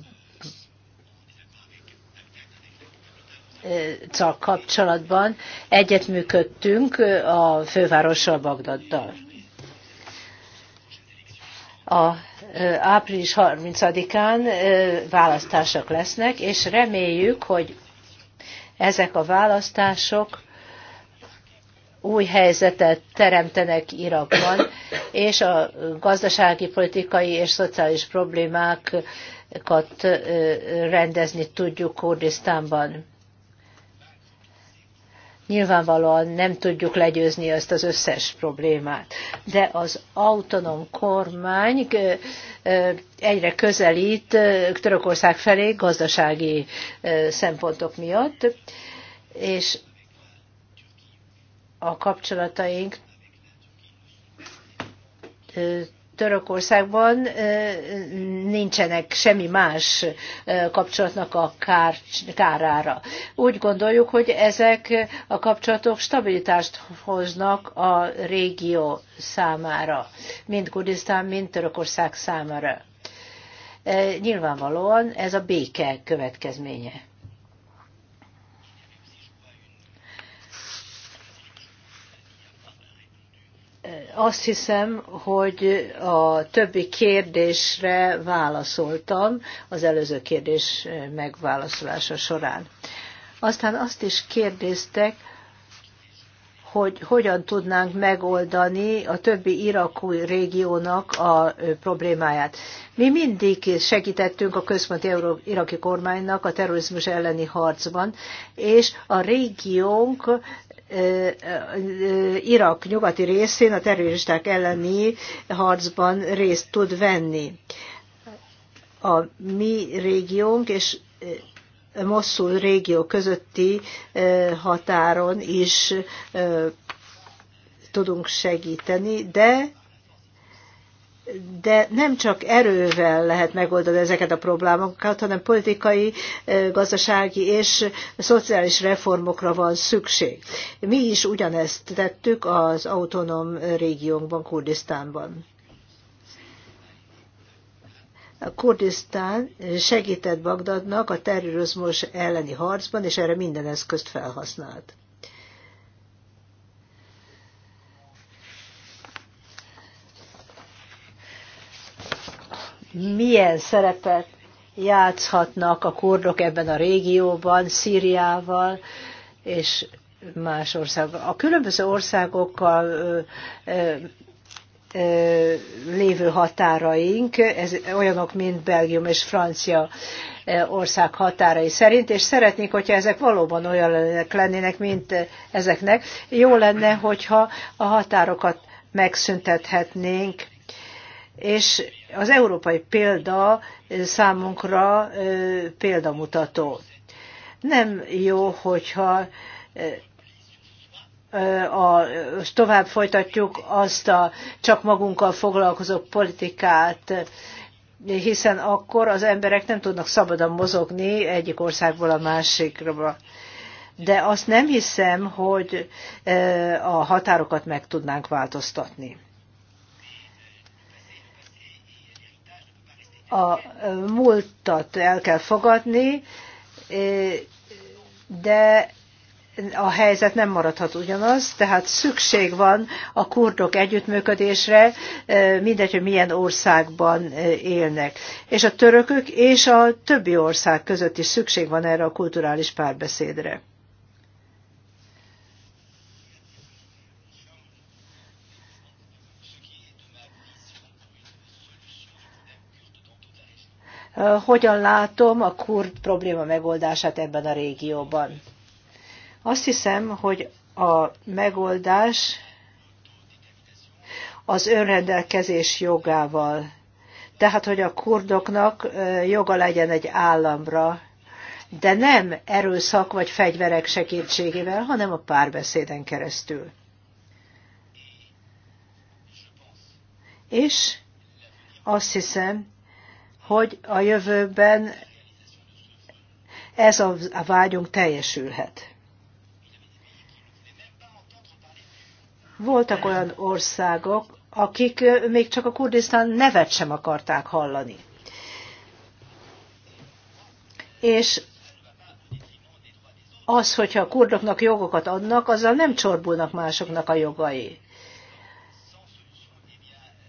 kapcsolatban egyetműködtünk a fővárossal Bagdaddal. A április 30-án választások lesznek, és reméljük, hogy ezek a választások új helyzetet teremtenek Irakban, és a gazdasági, politikai és szociális problémákat rendezni tudjuk Kurdisztánban. Nyilvánvalóan nem tudjuk legyőzni ezt az összes problémát, de az autonóm kormány egyre közelít Törökország felé gazdasági szempontok miatt, és a kapcsolataink Törökországban nincsenek semmi más kapcsolatnak a kár, kárára. Úgy gondoljuk, hogy ezek a kapcsolatok stabilitást hoznak a régió számára, mind Kurdisztán, mind Törökország számára. Nyilvánvalóan ez a béke következménye. azt hiszem, hogy a többi kérdésre válaszoltam az előző kérdés megválaszolása során. Aztán azt is kérdeztek, hogy hogyan tudnánk megoldani a többi irakú régiónak a problémáját. Mi mindig segítettünk a központi iraki kormánynak a terrorizmus elleni harcban, és a régiónk Irak nyugati részén a terroristák elleni harcban részt tud venni. A mi régiónk és Mosszul régió közötti e, határon is e, tudunk segíteni, de de nem csak erővel lehet megoldani ezeket a problémákat, hanem politikai, e, gazdasági és szociális reformokra van szükség. Mi is ugyanezt tettük az autonóm régiónkban, Kurdisztánban. Kurdisztán segített Bagdadnak a terrorizmus elleni harcban, és erre minden eszközt felhasznált. Milyen szerepet játszhatnak a kurdok ebben a régióban, Szíriával és más országokkal? A különböző országokkal lévő határaink, ez olyanok, mint Belgium és Francia ország határai szerint, és szeretnék, hogyha ezek valóban olyan lennének, mint ezeknek. Jó lenne, hogyha a határokat megszüntethetnénk, és az európai példa számunkra példamutató. Nem jó, hogyha a, tovább folytatjuk azt a csak magunkkal foglalkozó politikát, hiszen akkor az emberek nem tudnak szabadon mozogni egyik országból a másikra. De azt nem hiszem, hogy a határokat meg tudnánk változtatni. A múltat el kell fogadni, de a helyzet nem maradhat ugyanaz, tehát szükség van a kurdok együttműködésre, mindegy, hogy milyen országban élnek. És a törökök és a többi ország között is szükség van erre a kulturális párbeszédre. Hogyan látom a kurd probléma megoldását ebben a régióban? Azt hiszem, hogy a megoldás az önrendelkezés jogával. Tehát, hogy a kurdoknak joga legyen egy államra, de nem erőszak vagy fegyverek segítségével, hanem a párbeszéden keresztül. És azt hiszem, hogy a jövőben ez a vágyunk teljesülhet. Voltak olyan országok, akik még csak a Kurdisztán nevet sem akarták hallani. És az, hogyha a kurdoknak jogokat adnak, azzal nem csorbulnak másoknak a jogai.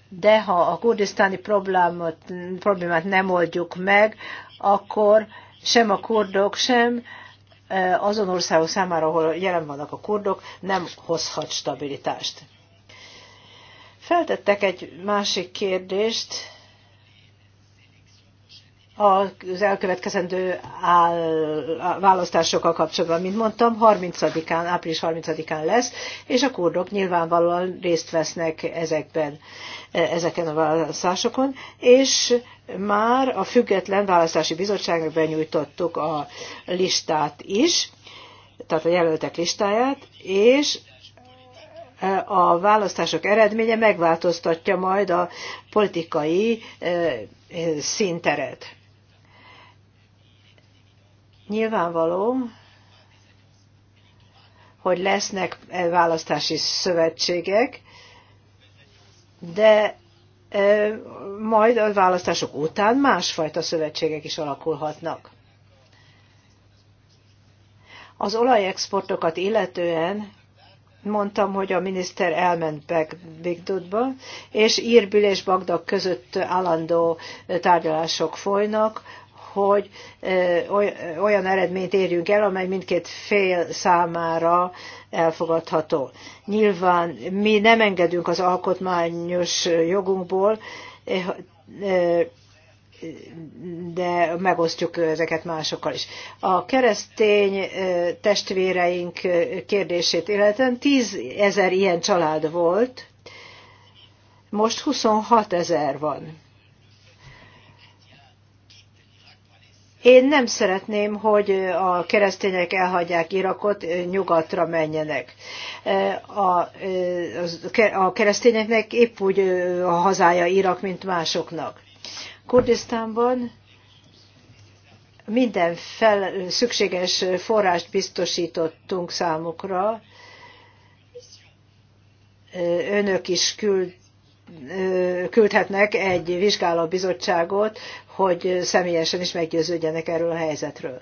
De ha a kurdisztáni problémát, problémát nem oldjuk meg, akkor sem a kurdok, sem Eh, azon országok számára, ahol jelen vannak a kurdok, nem hozhat stabilitást. Feltettek egy másik kérdést, az elkövetkezendő választásokkal kapcsolatban. Mint mondtam, 30-án, április 30-án lesz, és a kurdok nyilvánvalóan részt vesznek ezekben, ezeken a választásokon, és már a Független Választási Bizottságnak benyújtottuk a listát is, tehát a jelöltek listáját, és e, a választások eredménye megváltoztatja majd a politikai e, szinteret. Nyilvánvaló, hogy lesznek választási szövetségek, de majd a választások után másfajta szövetségek is alakulhatnak. Az olajexportokat illetően mondtam, hogy a miniszter elment Bigdudba, és Irbil és Bagdad között állandó tárgyalások folynak hogy olyan eredményt érjünk el, amely mindkét fél számára elfogadható. Nyilván mi nem engedünk az alkotmányos jogunkból, de megosztjuk ezeket másokkal is. A keresztény testvéreink kérdését illetően 10 ezer ilyen család volt, most 26 ezer van. Én nem szeretném, hogy a keresztények elhagyják Irakot, nyugatra menjenek. A, keresztényeknek épp úgy a hazája Irak, mint másoknak. Kurdisztánban minden fel, szükséges forrást biztosítottunk számukra. Önök is küld, küldhetnek egy vizsgálóbizottságot, hogy személyesen is meggyőződjenek erről a helyzetről.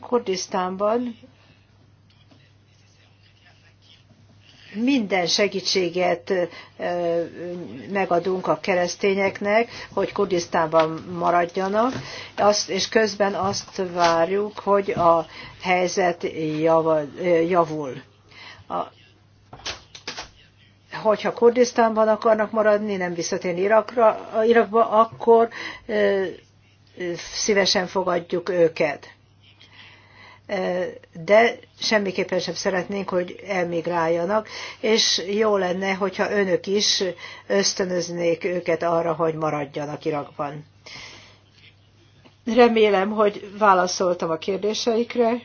Kurdisztánban minden segítséget megadunk a keresztényeknek, hogy Kurdisztánban maradjanak, azt, és közben azt várjuk, hogy a helyzet javul. A, hogyha Kurdisztánban akarnak maradni, nem visszatérni Irakra, Irakba, akkor szívesen fogadjuk őket de semmiképpen sem szeretnénk, hogy elmigráljanak, és jó lenne, hogyha önök is ösztönöznék őket arra, hogy maradjanak Irakban. Remélem, hogy válaszoltam a kérdéseikre.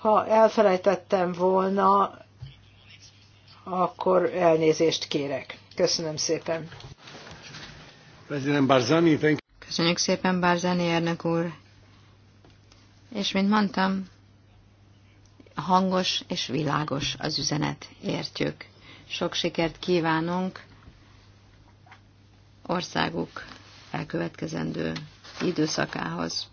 Ha elfelejtettem volna, akkor elnézést kérek. Köszönöm szépen. Köszönjük szépen, Barzani elnök úr. És mint mondtam, hangos és világos az üzenet, értjük. Sok sikert kívánunk országuk elkövetkezendő időszakához.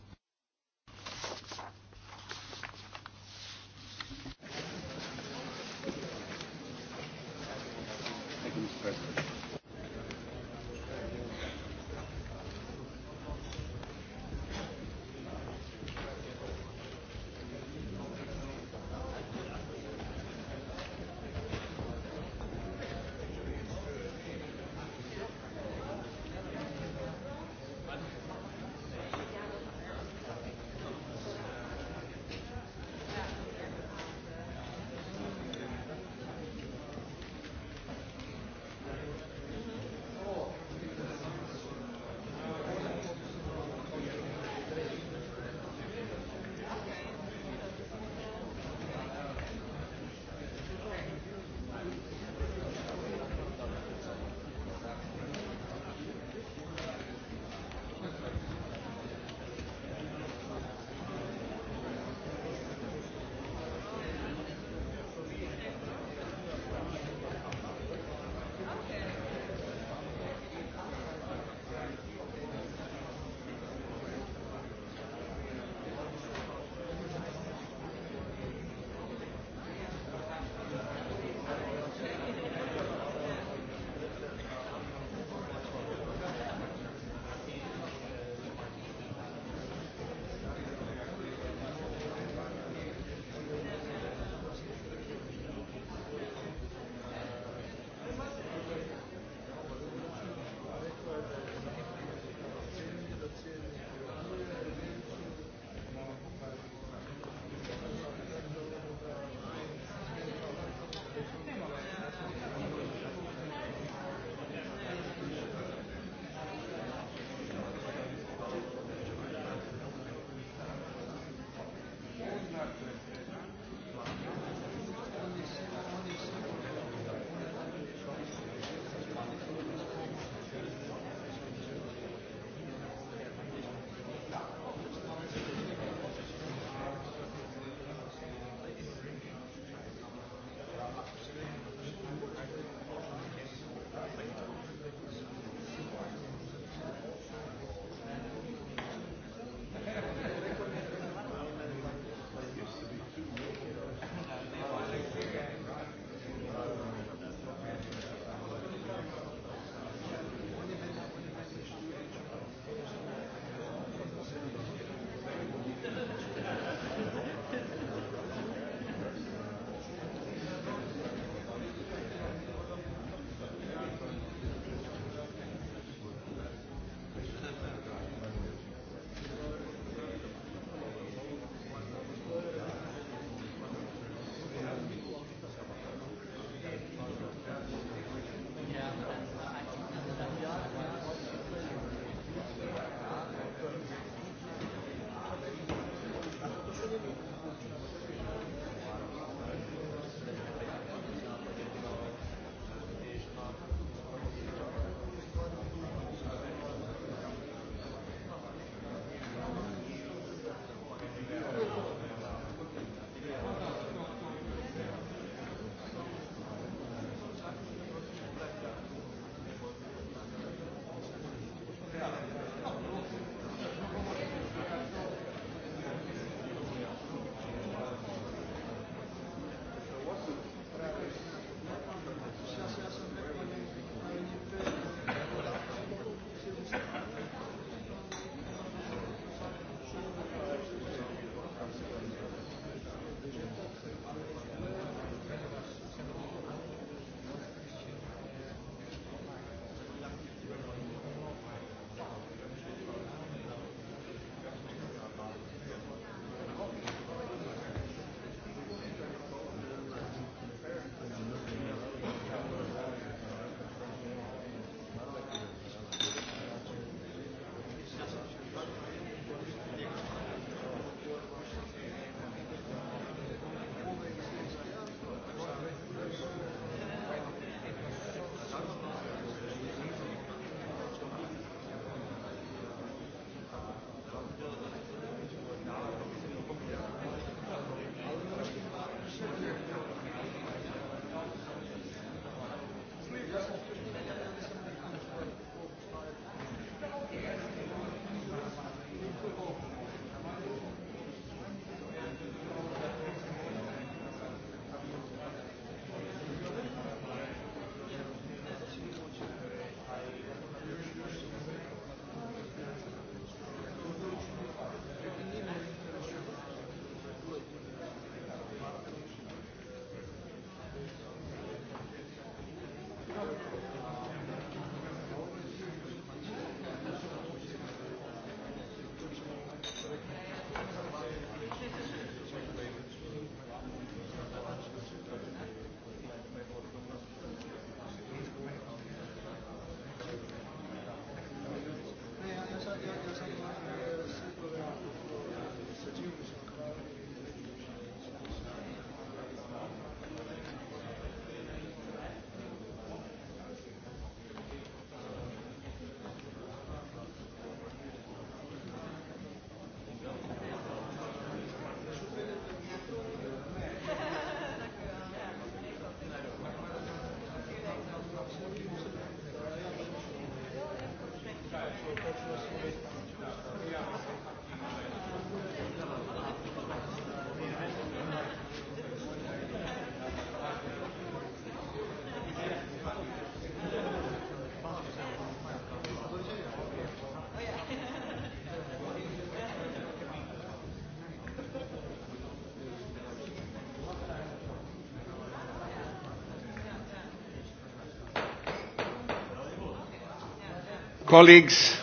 Colleagues,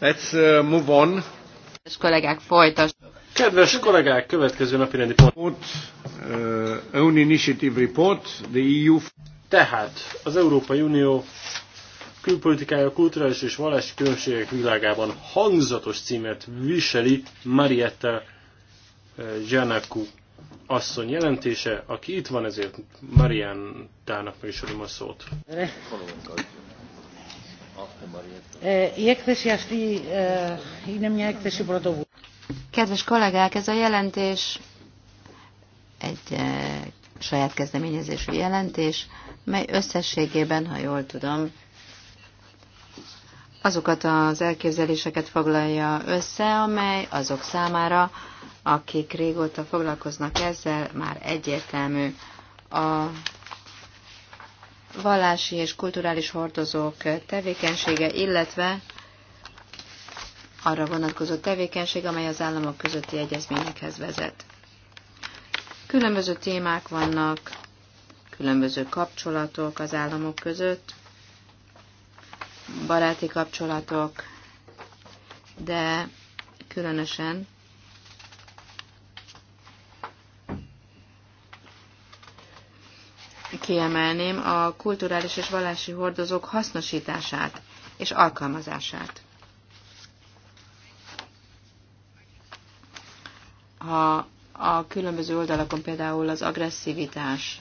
let's uh, move on. Kedves kollégák, folytas. Kedves kollégák, következő napi rendi pont. Uh, own Initiative Report, the EU... Tehát az Európai Unió külpolitikája, kulturális és vallási különbségek világában hangzatos címet viseli Marietta uh, Giannaku asszony jelentése, aki itt van, ezért Mariantának meg is adom a szót. E, e, Kedves kollégák, ez a jelentés egy e, saját kezdeményezésű jelentés, mely összességében, ha jól tudom, azokat az elképzeléseket foglalja össze, amely azok számára, akik régóta foglalkoznak ezzel, már egyértelmű a vallási és kulturális hordozók tevékenysége, illetve arra vonatkozó tevékenység, amely az államok közötti egyezményekhez vezet. Különböző témák vannak, különböző kapcsolatok az államok között, baráti kapcsolatok, de különösen kiemelném a kulturális és vallási hordozók hasznosítását és alkalmazását. Ha a különböző oldalakon például az agresszivitás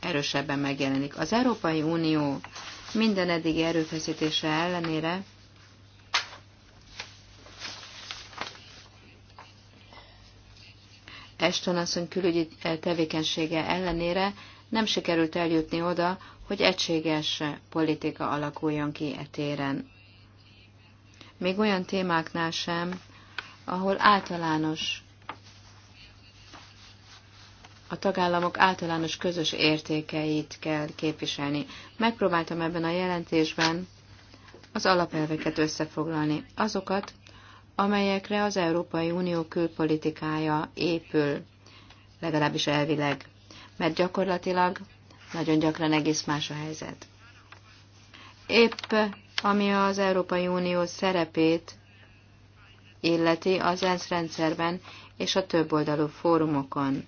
erősebben megjelenik. Az Európai Unió minden eddigi erőfeszítése ellenére Eston asszony külügyi tevékenysége ellenére nem sikerült eljutni oda, hogy egységes politika alakuljon ki e téren. Még olyan témáknál sem, ahol általános a tagállamok általános közös értékeit kell képviselni. Megpróbáltam ebben a jelentésben az alapelveket összefoglalni, azokat, amelyekre az Európai Unió külpolitikája épül, legalábbis elvileg mert gyakorlatilag nagyon gyakran egész más a helyzet. Épp ami az Európai Unió szerepét illeti az ENSZ rendszerben és a többoldalú fórumokon,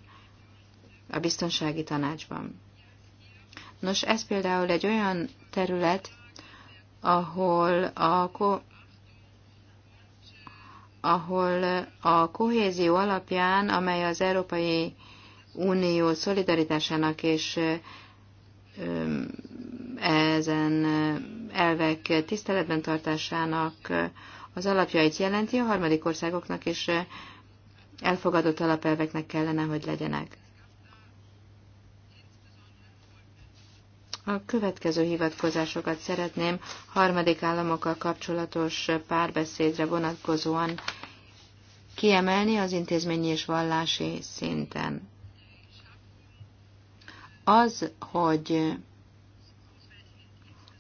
a biztonsági tanácsban. Nos, ez például egy olyan terület, ahol a, ko- ahol a kohézió alapján, amely az európai Unió szolidaritásának és ezen elvek tiszteletben tartásának az alapjait jelenti, a harmadik országoknak is elfogadott alapelveknek kellene, hogy legyenek. A következő hivatkozásokat szeretném harmadik államokkal kapcsolatos párbeszédre vonatkozóan kiemelni az intézményi és vallási szinten az, hogy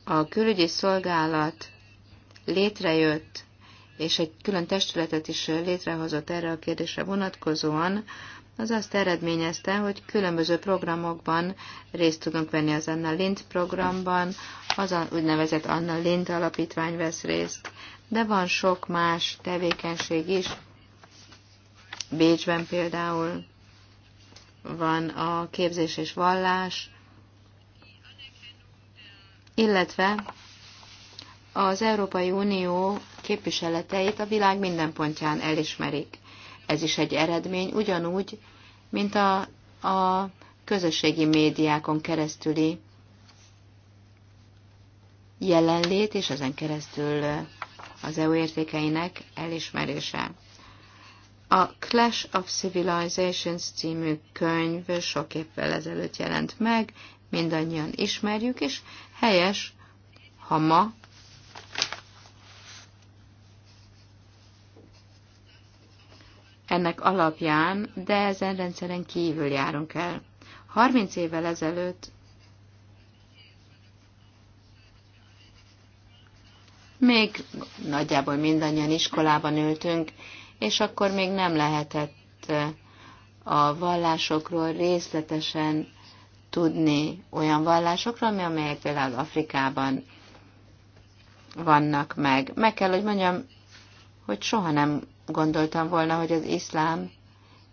a külügyi szolgálat létrejött, és egy külön testületet is létrehozott erre a kérdésre vonatkozóan, az azt eredményezte, hogy különböző programokban részt tudunk venni az Anna LINT programban, az a, úgynevezett Anna LINT alapítvány vesz részt, de van sok más tevékenység is, Bécsben például van a képzés és vallás, illetve az Európai Unió képviseleteit a világ minden pontján elismerik. Ez is egy eredmény, ugyanúgy, mint a, a közösségi médiákon keresztüli jelenlét, és ezen keresztül az EU értékeinek elismerése. A Clash of Civilizations című könyv sok évvel ezelőtt jelent meg, mindannyian ismerjük, és helyes, ha ma ennek alapján, de ezen rendszeren kívül járunk el. 30 évvel ezelőtt még nagyjából mindannyian iskolában ültünk, és akkor még nem lehetett a vallásokról részletesen tudni olyan vallásokról, amelyek például Afrikában vannak meg. Meg kell, hogy mondjam, hogy soha nem gondoltam volna, hogy az iszlám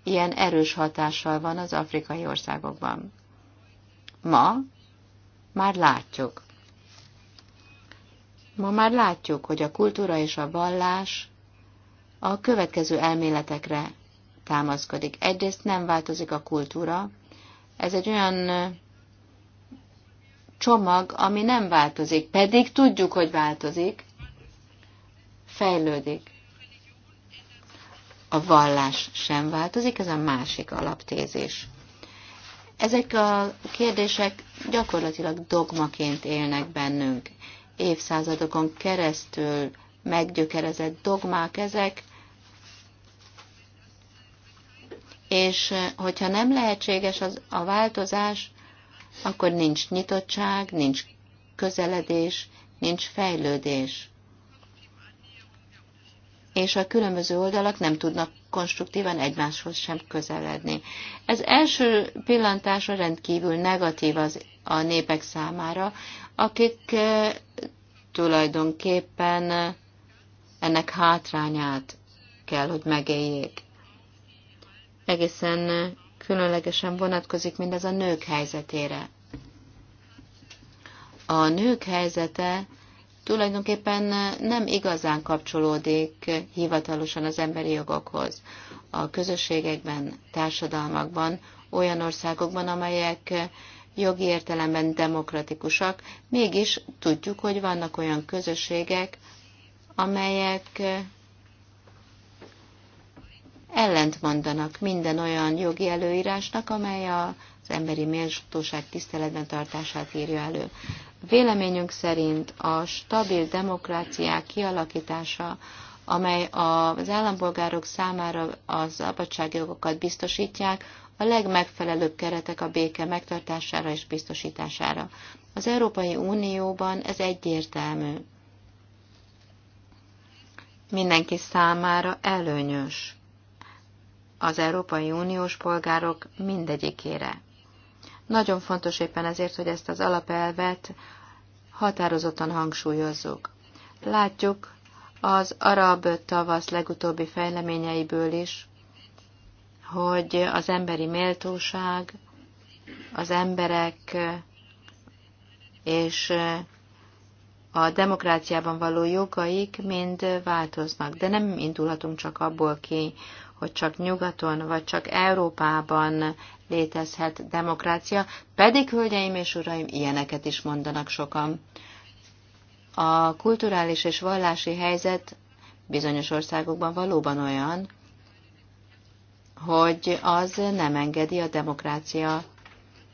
ilyen erős hatással van az afrikai országokban. Ma már látjuk. Ma már látjuk, hogy a kultúra és a vallás a következő elméletekre támaszkodik. Egyrészt nem változik a kultúra. Ez egy olyan csomag, ami nem változik, pedig tudjuk, hogy változik, fejlődik. A vallás sem változik, ez a másik alaptézés. Ezek a kérdések gyakorlatilag dogmaként élnek bennünk. Évszázadokon keresztül meggyökerezett dogmák ezek, és hogyha nem lehetséges az, a változás, akkor nincs nyitottság, nincs közeledés, nincs fejlődés. És a különböző oldalak nem tudnak konstruktívan egymáshoz sem közeledni. Ez első pillantásra rendkívül negatív az a népek számára, akik tulajdonképpen ennek hátrányát kell, hogy megéljék egészen különlegesen vonatkozik mindez a nők helyzetére. A nők helyzete tulajdonképpen nem igazán kapcsolódik hivatalosan az emberi jogokhoz. A közösségekben, társadalmakban, olyan országokban, amelyek jogi értelemben demokratikusak, mégis tudjuk, hogy vannak olyan közösségek, amelyek ellentmondanak minden olyan jogi előírásnak, amely az emberi méltóság tiszteletben tartását írja elő. Véleményünk szerint a stabil demokráciák kialakítása, amely az állampolgárok számára az szabadságjogokat biztosítják, a legmegfelelőbb keretek a béke megtartására és biztosítására. Az Európai Unióban ez egyértelmű. Mindenki számára előnyös az Európai Uniós polgárok mindegyikére. Nagyon fontos éppen ezért, hogy ezt az alapelvet határozottan hangsúlyozzuk. Látjuk az arab tavasz legutóbbi fejleményeiből is, hogy az emberi méltóság, az emberek és a demokráciában való jogaik mind változnak, de nem indulhatunk csak abból ki, hogy csak nyugaton vagy csak Európában létezhet demokrácia, pedig, hölgyeim és uraim, ilyeneket is mondanak sokan. A kulturális és vallási helyzet bizonyos országokban valóban olyan, hogy az nem engedi a demokrácia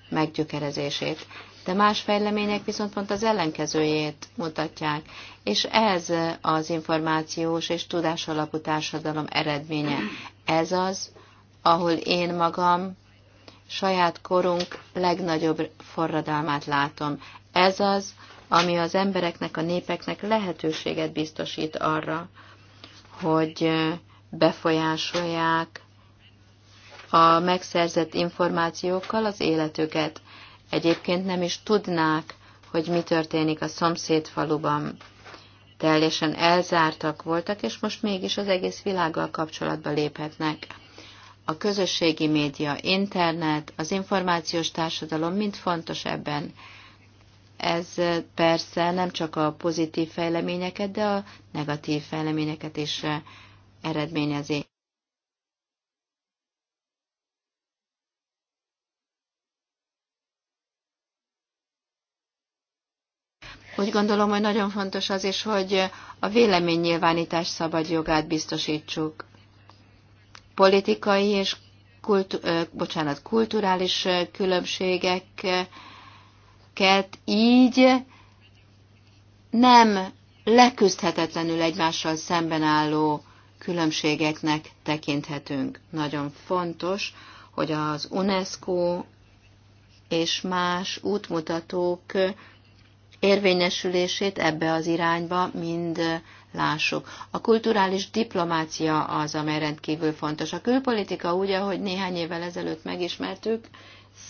meggyökerezését de más fejlemények viszont pont az ellenkezőjét mutatják. És ez az információs és tudásalapú társadalom eredménye. Ez az, ahol én magam saját korunk legnagyobb forradalmát látom. Ez az, ami az embereknek, a népeknek lehetőséget biztosít arra, hogy befolyásolják a megszerzett információkkal az életüket. Egyébként nem is tudnák, hogy mi történik a szomszéd faluban. Teljesen elzártak voltak, és most mégis az egész világgal kapcsolatba léphetnek. A közösségi média, internet, az információs társadalom mind fontos ebben. Ez persze nem csak a pozitív fejleményeket, de a negatív fejleményeket is eredményezi. Úgy gondolom, hogy nagyon fontos az is, hogy a véleménynyilvánítás szabad jogát biztosítsuk. Politikai és kultu, bocsánat, kulturális különbségeket így nem leküzdhetetlenül egymással szemben álló különbségeknek tekinthetünk. Nagyon fontos, hogy az UNESCO és más útmutatók érvényesülését ebbe az irányba mind lássuk. A kulturális diplomácia az, amely rendkívül fontos. A külpolitika úgy, ahogy néhány évvel ezelőtt megismertük,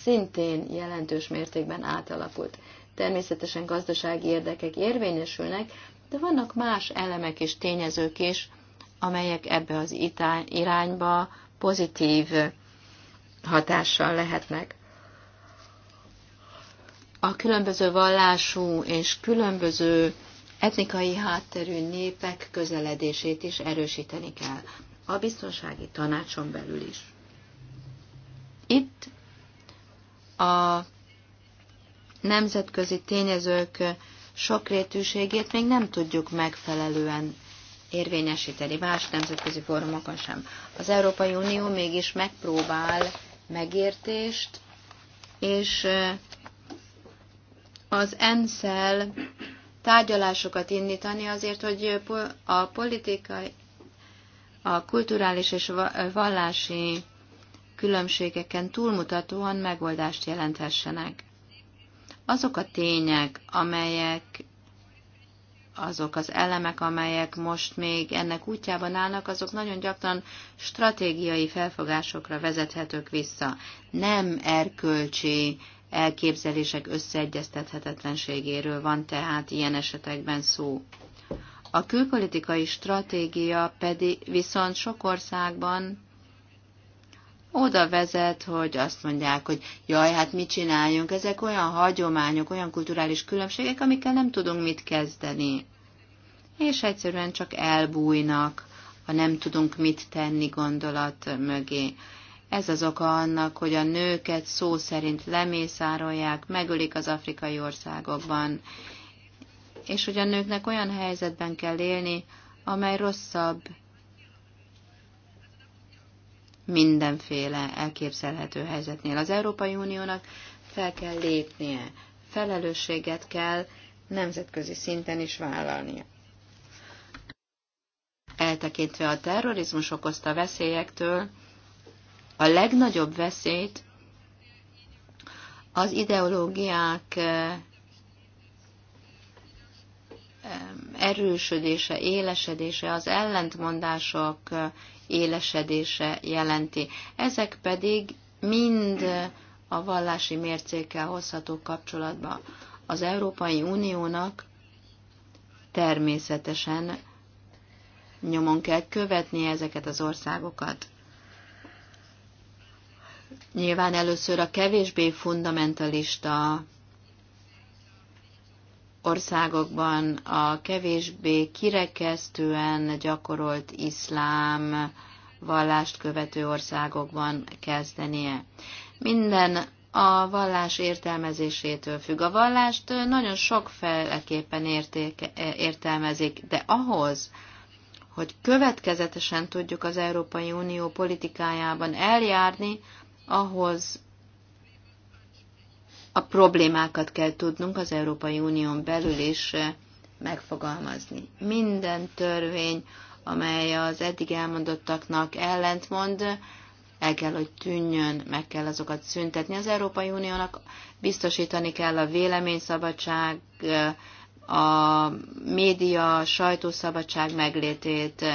szintén jelentős mértékben átalakult. Természetesen gazdasági érdekek érvényesülnek, de vannak más elemek és tényezők is, amelyek ebbe az irányba pozitív hatással lehetnek a különböző vallású és különböző etnikai hátterű népek közeledését is erősíteni kell, a biztonsági tanácson belül is. Itt a nemzetközi tényezők sokrétűségét még nem tudjuk megfelelően érvényesíteni, más nemzetközi fórumokon sem. Az Európai Unió mégis megpróbál megértést és az ENSZ-el tárgyalásokat indítani azért, hogy a politikai, a kulturális és vallási különbségeken túlmutatóan megoldást jelenthessenek. Azok a tények, amelyek azok az elemek, amelyek most még ennek útjában állnak, azok nagyon gyakran stratégiai felfogásokra vezethetők vissza, nem erkölcsi elképzelések összeegyeztethetetlenségéről van tehát ilyen esetekben szó. A külpolitikai stratégia pedig viszont sok országban oda vezet, hogy azt mondják, hogy jaj, hát mit csináljunk, ezek olyan hagyományok, olyan kulturális különbségek, amikkel nem tudunk mit kezdeni. És egyszerűen csak elbújnak a nem tudunk mit tenni gondolat mögé. Ez az oka annak, hogy a nőket szó szerint lemészárolják, megölik az afrikai országokban, és hogy a nőknek olyan helyzetben kell élni, amely rosszabb mindenféle elképzelhető helyzetnél. Az Európai Uniónak fel kell lépnie, felelősséget kell nemzetközi szinten is vállalnia. Eltekintve a terrorizmus okozta veszélyektől, a legnagyobb veszélyt az ideológiák erősödése, élesedése, az ellentmondások élesedése jelenti. Ezek pedig mind a vallási mércékkel hozható kapcsolatba. Az Európai Uniónak természetesen nyomon kell követni ezeket az országokat. Nyilván először a kevésbé fundamentalista országokban a kevésbé kirekesztően gyakorolt iszlám vallást követő országokban kezdenie. Minden a vallás értelmezésétől függ. A vallást nagyon sokféleképpen értelmezik, de ahhoz, hogy következetesen tudjuk az Európai Unió politikájában eljárni, ahhoz a problémákat kell tudnunk az Európai Unión belül is eh, megfogalmazni. Minden törvény, amely az eddig elmondottaknak ellentmond, el kell, hogy tűnjön, meg kell azokat szüntetni. Az Európai Uniónak biztosítani kell a véleményszabadság, eh, a média, a sajtószabadság meglétét,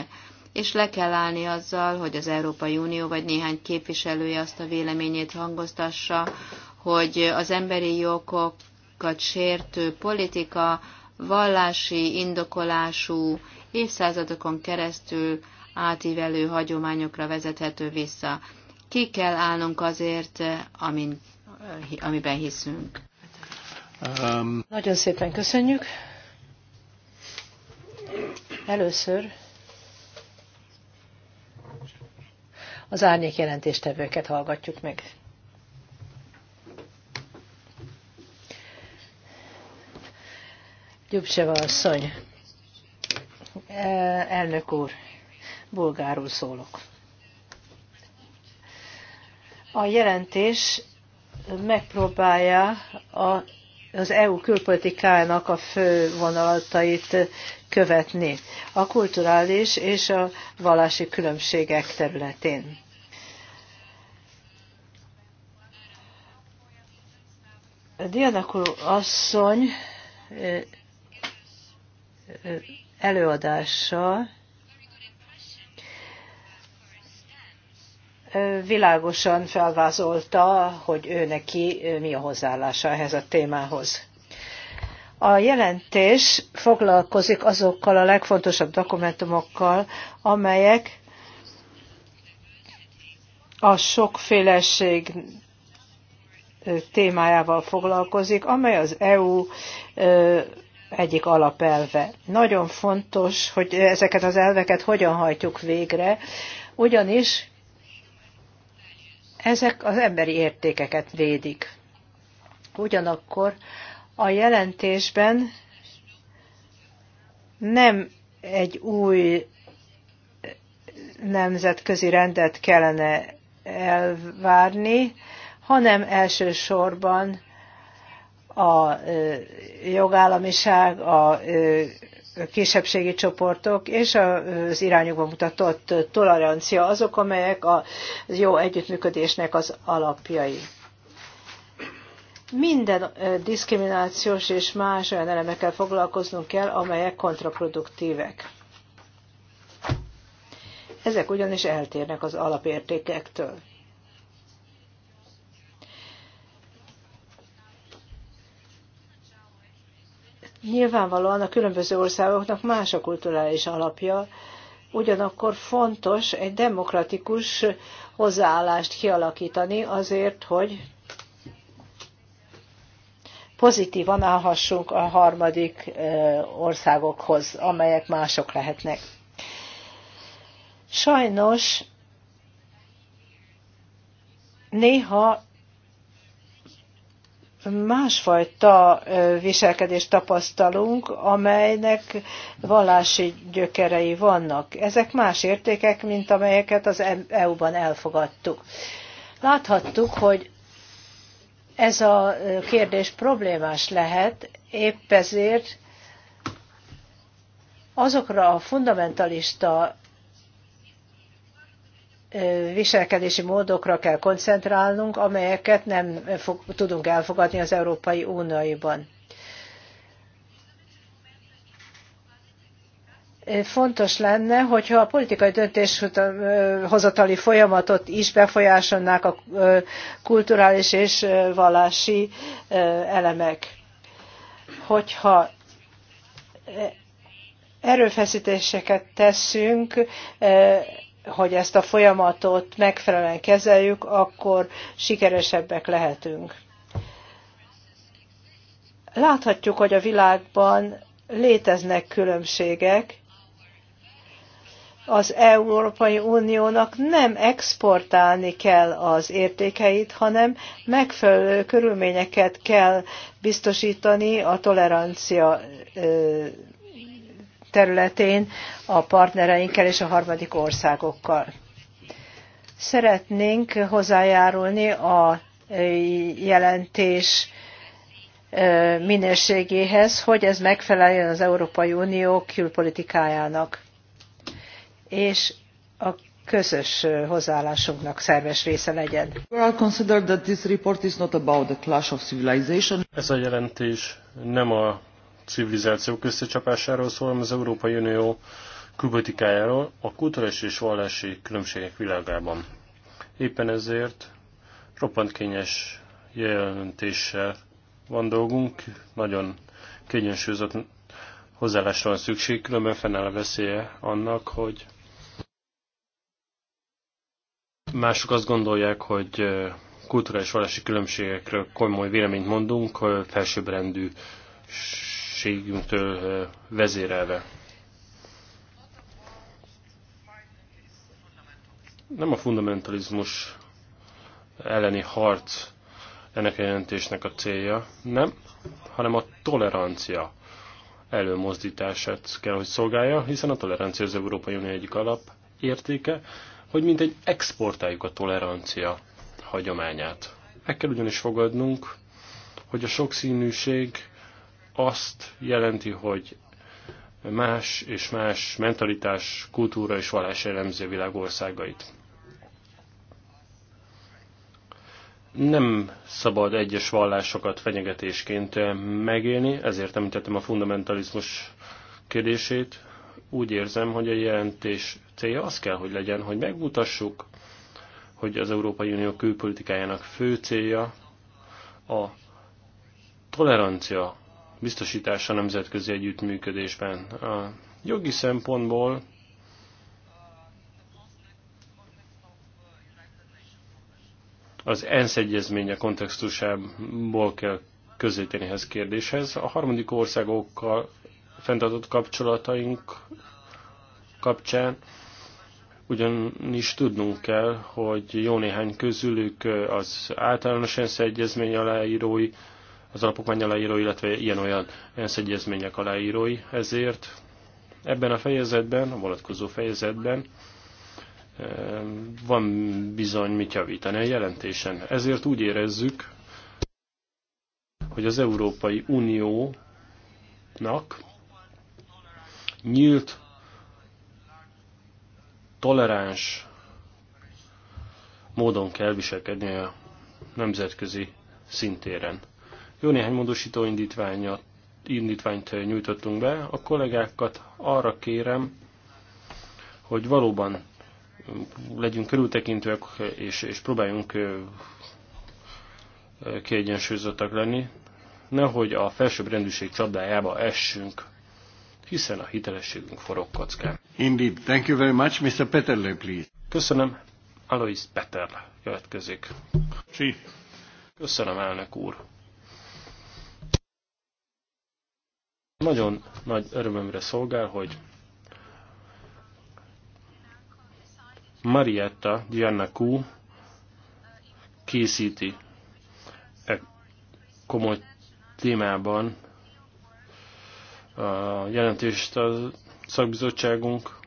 és le kell állni azzal, hogy az Európai Unió vagy néhány képviselője azt a véleményét hangoztassa, hogy az emberi jogokat sértő politika vallási indokolású évszázadokon keresztül átívelő hagyományokra vezethető vissza. Ki kell állnunk azért, amin, amiben hiszünk. Um. Nagyon szépen köszönjük. Először az árnyék jelentéstevőket hallgatjuk meg. Gyubseva asszony, e, elnök úr, bulgárul szólok. A jelentés megpróbálja a az EU külpolitikájának a fő vonalatait követni a kulturális és a vallási különbségek területén. Dianakó asszony eh, eh, előadással világosan felvázolta, hogy ő neki mi a hozzáállása ehhez a témához. A jelentés foglalkozik azokkal a legfontosabb dokumentumokkal, amelyek a sokféleség témájával foglalkozik, amely az EU egyik alapelve. Nagyon fontos, hogy ezeket az elveket hogyan hajtjuk végre, ugyanis ezek az emberi értékeket védik. Ugyanakkor a jelentésben nem egy új nemzetközi rendet kellene elvárni, hanem elsősorban a jogállamiság, a kisebbségi csoportok és az irányokba mutatott tolerancia azok, amelyek a jó együttműködésnek az alapjai. Minden diszkriminációs és más olyan elemekkel foglalkoznunk kell, amelyek kontraproduktívek. Ezek ugyanis eltérnek az alapértékektől. Nyilvánvalóan a különböző országoknak más a kulturális alapja, ugyanakkor fontos egy demokratikus hozzáállást kialakítani azért, hogy pozitívan állhassunk a harmadik országokhoz, amelyek mások lehetnek. Sajnos néha másfajta viselkedést tapasztalunk, amelynek vallási gyökerei vannak. Ezek más értékek, mint amelyeket az EU-ban e elfogadtuk. Láthattuk, hogy ez a kérdés problémás lehet, épp ezért azokra a fundamentalista viselkedési módokra kell koncentrálnunk, amelyeket nem fog, tudunk elfogadni az Európai Unióban. Fontos lenne, hogyha a politikai döntéshozatali folyamatot is befolyásolnák a kulturális és vallási elemek. Hogyha erőfeszítéseket teszünk, hogy ezt a folyamatot megfelelően kezeljük, akkor sikeresebbek lehetünk. Láthatjuk, hogy a világban léteznek különbségek. Az Európai Uniónak nem exportálni kell az értékeit, hanem megfelelő körülményeket kell biztosítani a tolerancia területén a partnereinkkel és a harmadik országokkal. Szeretnénk hozzájárulni a jelentés minőségéhez, hogy ez megfeleljen az Európai Unió külpolitikájának és a közös hozzáállásunknak szerves része legyen. Ez a jelentés nem a civilizációk összecsapásáról szól, hanem az Európai Unió külpolitikájáról a kulturális és vallási különbségek világában. Éppen ezért roppant kényes jelentéssel van dolgunk, nagyon kényensúlyozott hozzáállásra van szükség, különben fennáll a veszélye annak, hogy mások azt gondolják, hogy kulturális vallási különbségekről komoly véleményt mondunk, felsőbbrendű kötelezettségünktől vezérelve. Nem a fundamentalizmus elleni harc ennek a jelentésnek a célja, nem, hanem a tolerancia előmozdítását kell, hogy szolgálja, hiszen a tolerancia az Európai Unió egyik alap értéke hogy mint egy exportáljuk a tolerancia hagyományát. Meg kell ugyanis fogadnunk, hogy a sokszínűség azt jelenti, hogy más és más mentalitás, kultúra és vallás jellemzi a világ országait. Nem szabad egyes vallásokat fenyegetésként megélni, ezért említettem a fundamentalizmus kérdését. Úgy érzem, hogy a jelentés célja az kell, hogy legyen, hogy megmutassuk, hogy az Európai Unió külpolitikájának fő célja a tolerancia, biztosítása a nemzetközi együttműködésben. A jogi szempontból az ENSZ egyezménye kontextusából kell közétenéhez kérdéshez. A harmadik országokkal fenntartott kapcsolataink kapcsán ugyanis tudnunk kell, hogy jó néhány közülük az általános ENSZ egyezmény aláírói, az alapokmány aláírói, illetve ilyen-olyan ENSZ egyezmények aláírói. Ezért ebben a fejezetben, a vonatkozó fejezetben eh, van bizony mit javítani a jelentésen. Ezért úgy érezzük, hogy az Európai Uniónak nyílt, toleráns módon kell viselkedni a nemzetközi szintéren. Jó néhány módosító indítványt nyújtottunk be. A kollégákat arra kérem, hogy valóban legyünk körültekintőek, és, és próbáljunk kiegyensúlyozottak lenni, nehogy a felsőbb rendűség csapdájába essünk, hiszen a hitelességünk forog kocká. Indeed. Thank you very much, Mr. Peterle, please. Köszönöm. Alois Peterle következik. Sí. Köszönöm, elnök úr. Nagyon nagy örömömre szolgál, hogy Marietta Q készíti e komoly témában a jelentést a szakbizottságunk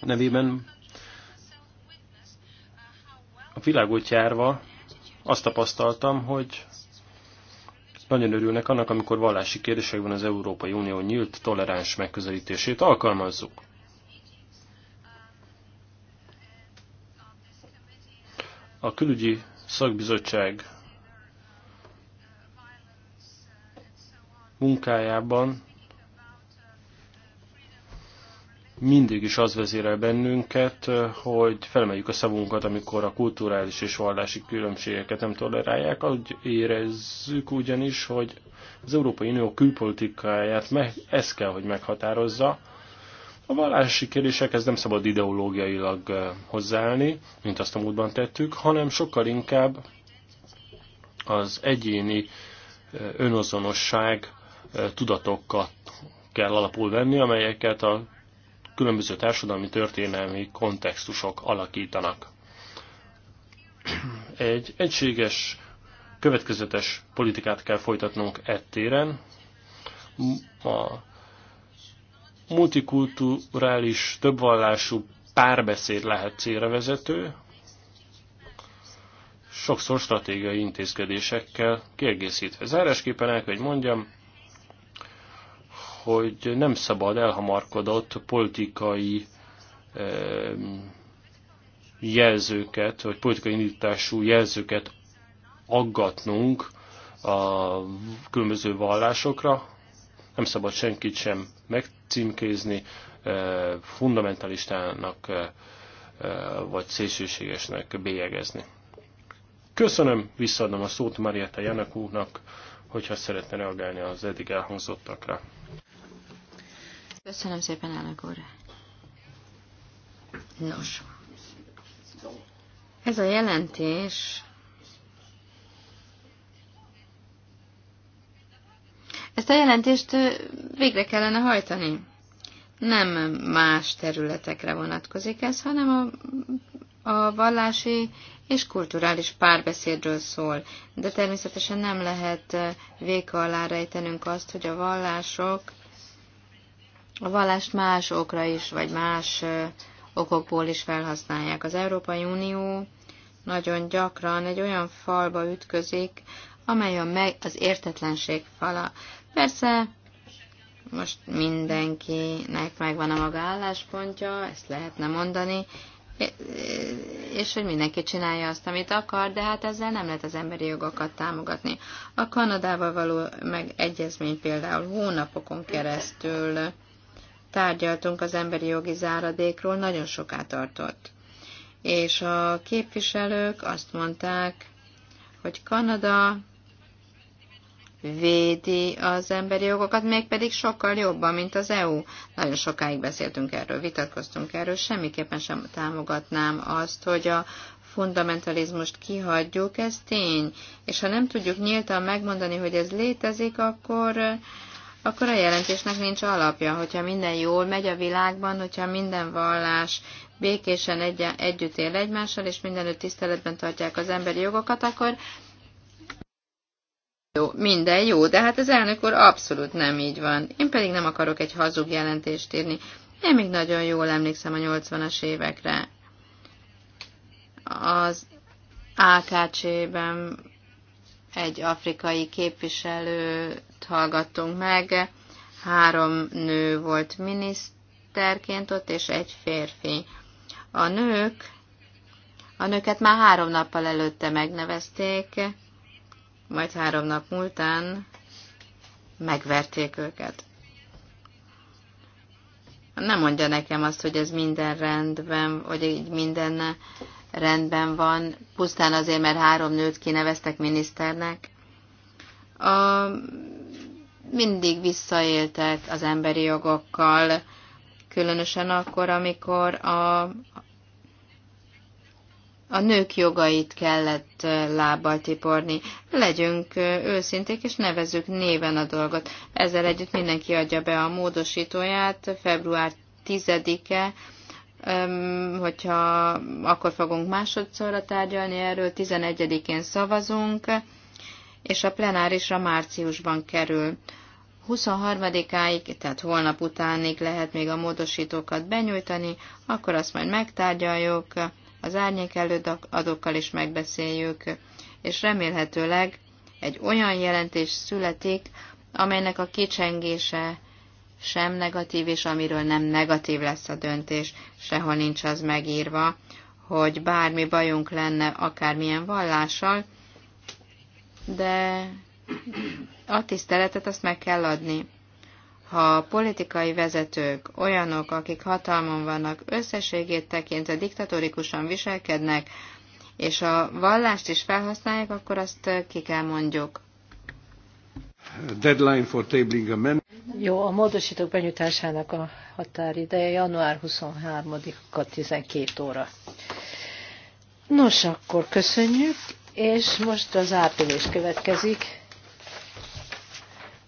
nevében. A világot járva azt tapasztaltam, hogy nagyon örülnek annak, amikor vallási kérdésekben az Európai Unió nyílt, toleráns megközelítését alkalmazzuk. A külügyi szakbizottság munkájában mindig is az vezérel bennünket, hogy felemeljük a szavunkat, amikor a kulturális és vallási különbségeket nem tolerálják. Úgy érezzük ugyanis, hogy az Európai Unió külpolitikáját meg, ez kell, hogy meghatározza. A vallási kérdésekhez nem szabad ideológiailag eh, hozzáállni, mint azt a múltban tettük, hanem sokkal inkább az egyéni eh, önazonosság eh, tudatokat kell alapul venni, amelyeket a különböző társadalmi történelmi kontextusok alakítanak. Egy egységes, következetes politikát kell folytatnunk ettéren. A multikulturális, többvallású párbeszéd lehet célra vezető, sokszor stratégiai intézkedésekkel kiegészítve. Zárásképpen el kell, hogy mondjam, hogy nem szabad elhamarkodott politikai eh, jelzőket, vagy politikai indítású jelzőket aggatnunk a különböző vallásokra. Nem szabad senkit sem megcímkézni, eh, fundamentalistának eh, vagy szélsőségesnek bélyegezni. Köszönöm, visszaadom a szót Marietta Janakúnak, hogyha szeretne reagálni az eddig elhangzottakra. Köszönöm szépen, elnök úr. Nos, ez a jelentés Ezt a jelentést végre kellene hajtani. Nem más területekre vonatkozik ez, hanem a, a vallási és kulturális párbeszédről szól. De természetesen nem lehet véka alá rejtenünk azt, hogy a vallások a vallást más okra is, vagy más okokból is felhasználják. Az Európai Unió nagyon gyakran egy olyan falba ütközik, amely a meg, az értetlenség fala. Persze most mindenkinek megvan a maga álláspontja, ezt lehetne mondani, és hogy mindenki csinálja azt, amit akar, de hát ezzel nem lehet az emberi jogokat támogatni. A Kanadával való megegyezmény például hónapokon keresztül tárgyaltunk az emberi jogi záradékról, nagyon soká tartott. És a képviselők azt mondták, hogy Kanada védi az emberi jogokat, mégpedig sokkal jobban, mint az EU. Nagyon sokáig beszéltünk erről, vitatkoztunk erről, semmiképpen sem támogatnám azt, hogy a fundamentalizmust kihagyjuk, ez tény. És ha nem tudjuk nyíltan megmondani, hogy ez létezik, akkor akkor a jelentésnek nincs alapja, hogyha minden jól megy a világban, hogyha minden vallás békésen egy- együtt él egymással, és mindenütt tiszteletben tartják az emberi jogokat, akkor jó, minden jó, de hát az elnök úr abszolút nem így van. Én pedig nem akarok egy hazug jelentést írni. Én még nagyon jól emlékszem a 80-as évekre. Az AKC-ben egy afrikai képviselő hallgattunk meg. Három nő volt miniszterként ott, és egy férfi. A nők, a nőket már három nappal előtte megnevezték, majd három nap múltán megverték őket. Nem mondja nekem azt, hogy ez minden rendben, hogy így minden rendben van, pusztán azért, mert három nőt kineveztek miniszternek. A mindig visszaéltek az emberi jogokkal, különösen akkor, amikor a, a nők jogait kellett lábbal tiporni. Legyünk őszinték, és nevezzük néven a dolgot. Ezzel együtt mindenki adja be a módosítóját február 10-e, hogyha akkor fogunk másodszorra tárgyalni erről, 11-én szavazunk, és a plenárisra márciusban kerül. 23-áig, tehát holnap utánig lehet még a módosítókat benyújtani, akkor azt majd megtárgyaljuk, az árnyék előadókkal is megbeszéljük, és remélhetőleg egy olyan jelentés születik, amelynek a kicsengése sem negatív, és amiről nem negatív lesz a döntés, sehol nincs az megírva, hogy bármi bajunk lenne akármilyen vallással, de a tiszteletet azt meg kell adni. Ha a politikai vezetők, olyanok, akik hatalmon vannak, összességét tekintve diktatórikusan viselkednek, és a vallást is felhasználják, akkor azt eh, ki kell mondjuk. Deadline for tabling amendment. Jó, a módosítók benyújtásának a határideje január 23-a 12 óra. Nos, akkor köszönjük, és most az április következik.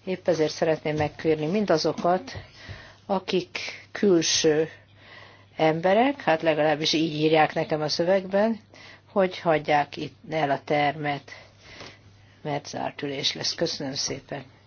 Épp ezért szeretném megkérni mindazokat, akik külső emberek, hát legalábbis így írják nekem a szövegben, hogy hagyják itt el a termet, mert zárt ülés lesz. Köszönöm szépen!